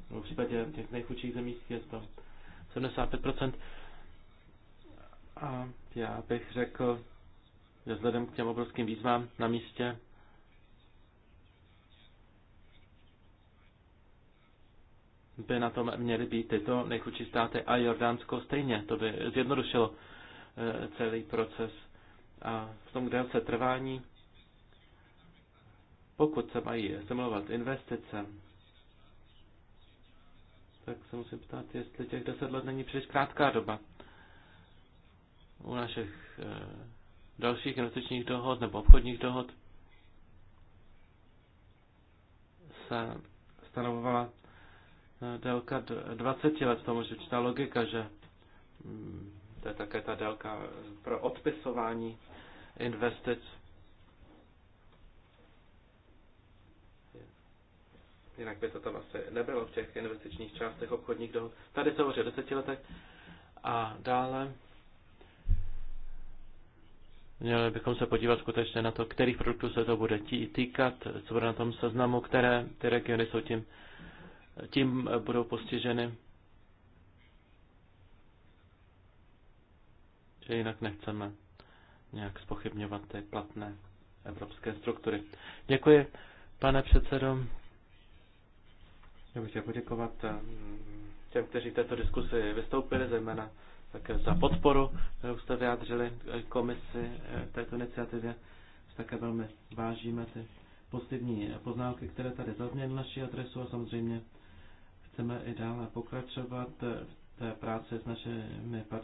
No, v případě těch nejchudších zemí je to 75%. A já bych řekl, že vzhledem k těm obrovským výzvám na místě by na tom měly být tyto nejchudší státy a Jordánsko stejně. To by zjednodušilo eh, celý proces. A v tom délce trvání, pokud se mají simulovat investice, tak se musím ptát, jestli těch deset let není příliš krátká doba u našich eh, dalších investičních dohod nebo obchodních dohod se stanovovala eh, délka 20 let, tomu je ta logika, že mm, to je také ta délka eh, pro odpisování investic. Jinak by to tam asi nebylo v těch investičních částech obchodních dohod. Tady se hovoří o deseti letech a dále Měli bychom se podívat skutečně na to, kterých produktů se to bude týkat, co bude na tom seznamu, které ty regiony jsou tím, tím budou postiženy. Že jinak nechceme nějak spochybňovat ty platné evropské struktury. Děkuji, pane předsedo. Já bych chtěl poděkovat eh, těm, kteří v této diskusi vystoupili, zejména také za podporu, kterou jste vyjádřili komisi eh, této iniciativě. Také velmi vážíme ty pozitivní poznámky, které tady zazněly naší adresu a samozřejmě chceme i dále pokračovat v té práci s našimi par-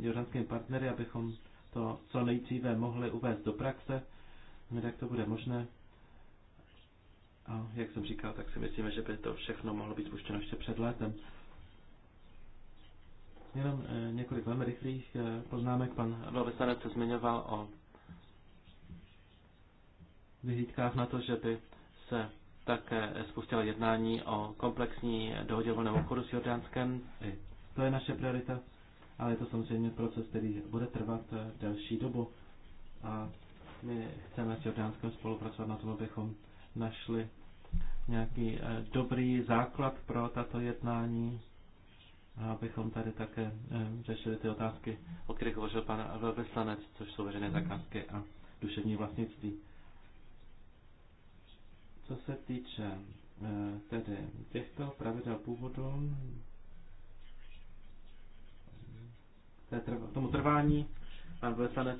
jordanskými partnery, abychom to co nejdříve mohli uvést do praxe, jak to bude možné. A jak jsem říkal, tak si myslíme, že by to všechno mohlo být spuštěno ještě před létem. Jenom eh, několik velmi rychlých eh, poznámek. Pan velvyslanec se zmiňoval o vyhlídkách na to, že by se také spustila jednání o komplexní dohodě o volném obchodu s Jordánskem. To je naše priorita, ale je to samozřejmě proces, který bude trvat eh, delší dobu. A my chceme s Jordánskem spolupracovat na tom, abychom našli nějaký dobrý základ pro tato jednání a abychom tady také eh, řešili ty otázky, o kterých hovořil pan Veslanec, což jsou veřejné zakázky a duševní vlastnictví. Co se týče eh, tedy těchto pravidel původu, tomu trvání, pan velvyslanec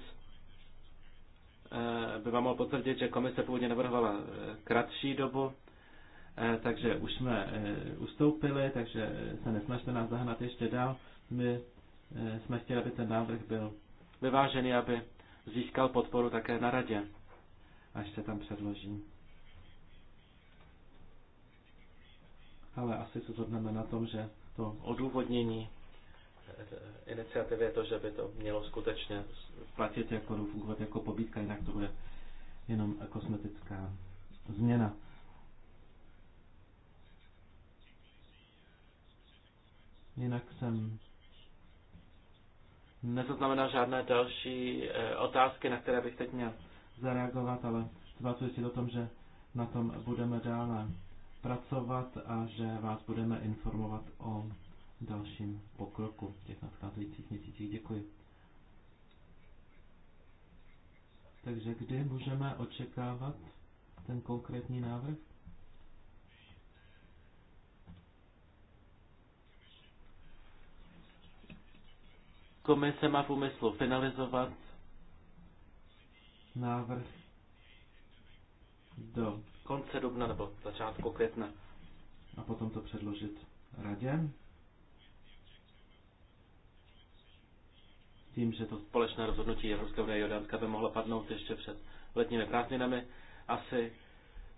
eh, by vám mohl potvrdit, že komise původně navrhovala kratší dobu, Eh, takže už jsme eh, ustoupili, takže eh, se nesnažte nás zahnat ještě dál. My jsme chtěli, aby ten návrh byl vyvážený, aby získal podporu také na radě, až se tam předloží. Ale asi se zhodneme na tom, že to odůvodnění iniciativy je to, že by to mělo skutečně platit jako, fungovat jako pobítka, jinak to bude jenom kosmetická změna. Jinak jsem nezaznamenal žádné další eh, otázky, na které bych teď měl zareagovat, ale zvacuji si o tom, že na tom budeme dále pracovat a že vás budeme informovat o dalším pokroku v těch nadcházejících měsících. Děkuji. Takže kdy můžeme očekávat ten konkrétní návrh? Komise má v úmyslu finalizovat návrh do konce dubna nebo začátku května. A potom to předložit radě. Tím, že to společné rozhodnutí Evropské unie a Jordánska by mohlo padnout ještě před letními prázdninami, asi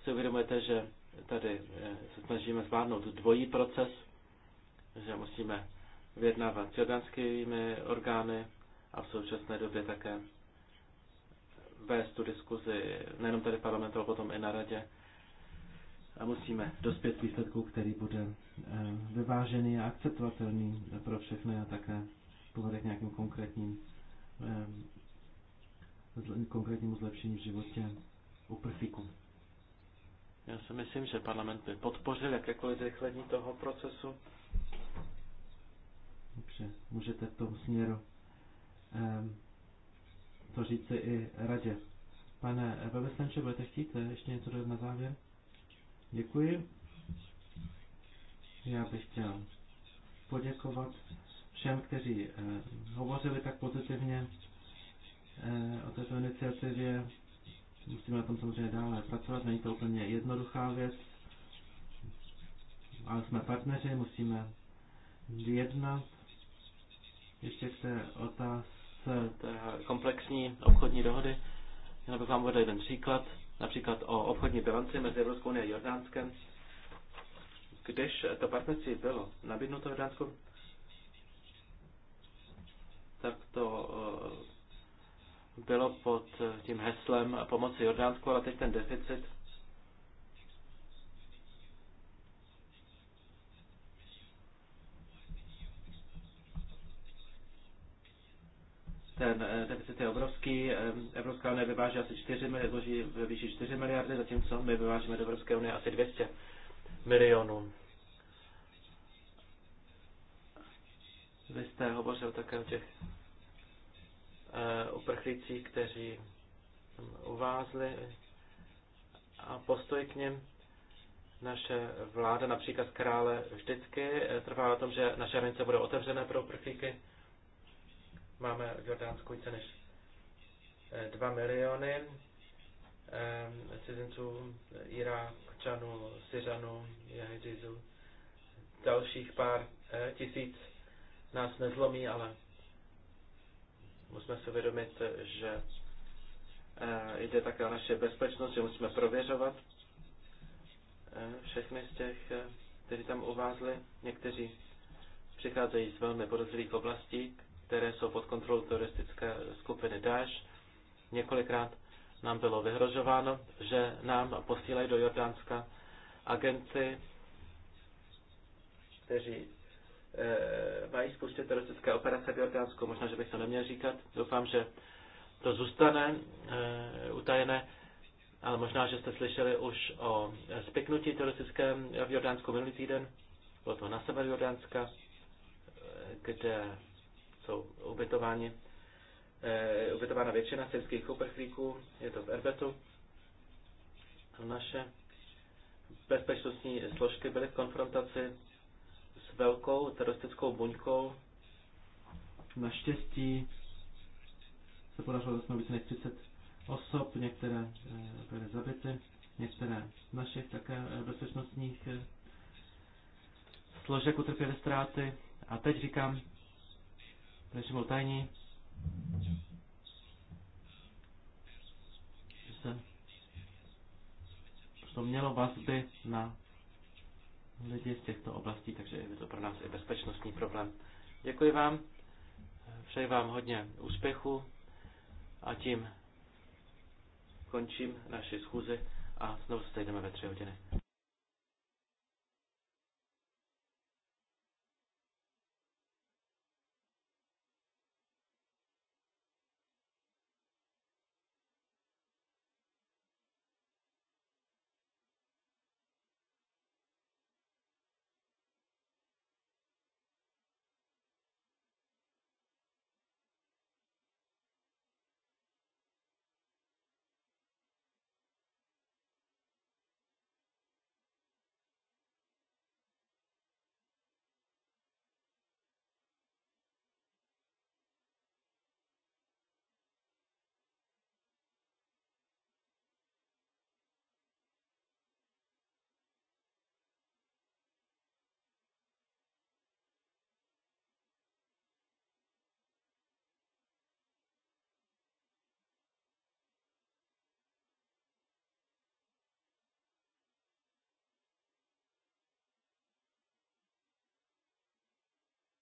si uvědomujete, že tady eh, se snažíme zvládnout dvojí proces, že musíme vyjednávat s jordánskými orgány a v současné době také vést tu diskuzi nejenom tady parlamentu, ale potom i na radě. A musíme dospět výsledku, který bude eh, vyvážený a akceptovatelný pro všechny a také povede k nějakým konkrétním eh, konkrétnímu zlepšení v životě uprchlíků. Já si myslím, že parlament by podpořil jakékoliv zrychlení toho procesu takže můžete v tom směru to říci i radě. Pane velvyslanče, budete chtít eh, ještě něco dodat na závěr? Děkuji. Já bych chtěl poděkovat všem, kteří eh, hovořili tak pozitivně eh, o této iniciativě. Musíme na tom samozřejmě dále pracovat, není to úplně jednoduchá věc, ale jsme partneři, musíme jednat ještě k té otázce té komplexní obchodní dohody. Já bych vám uvedl jeden příklad, například o obchodní bilanci mezi Evropskou unii a Jordánskem. Když to partnerství bylo nabídnuto Jordánsku, tak to eh, bylo pod tím heslem pomoci Jordánsku, ale teď ten deficit ten eh, deficit je obrovský. Eh, Evropská unie vyváží asi 4 miliardy, zloží ve výši 4 miliardy, zatímco my vyvážíme do Evropské unie asi 200 milionů. Vy jste hovořil také o těch uh, uprchlících, kteří mm, uvázli a postoj k něm. Naše vláda například krále vždycky trvá na tom, že naše hranice budou otevřené pro uprchlíky. Máme v Jordánsku více než 2 eh, miliony eh, cizinců, Irákčanů, Syřanů, Jahidizů. Dalších pár eh, tisíc nás nezlomí, ale musíme si uvědomit, že jde také o naše bezpečnost, že musíme prověřovat všechny z těch, kteří tam uvázli. Někteří přicházejí z velmi podozřelých oblastí, které jsou pod kontrolou teroristické skupiny Daesh. Několikrát nám bylo vyhrožováno, že nám posílají do Jordánska agenci, kteří e, mají spustit teroristické operace v Jordánsku. Možná, že bych to neměl říkat. Doufám, že to zůstane e, utajené, ale možná, že jste slyšeli už o spiknutí teroristickém v Jordánsku minulý týden. Bylo to na sever Jordánska, eh, kde jsou ubytováni, e, ubytována většina syrských uprchlíků, je to v Erbetu. Naše bezpečnostní složky byly v konfrontaci s velkou teroristickou buňkou. Naštěstí se podařilo zasnout než 30 osob, některé eh, byly zabity, některé z našich také eh, bezpečnostních složek utrpěly ztráty. A teď říkám, byli že, se to mělo vazby na lidi z těchto oblastí, takže je to pro nás i bezpečnostní problém. Děkuji vám, přeji vám hodně úspěchu a tím končím naši schůzi a znovu se sejdeme ve tři hodiny.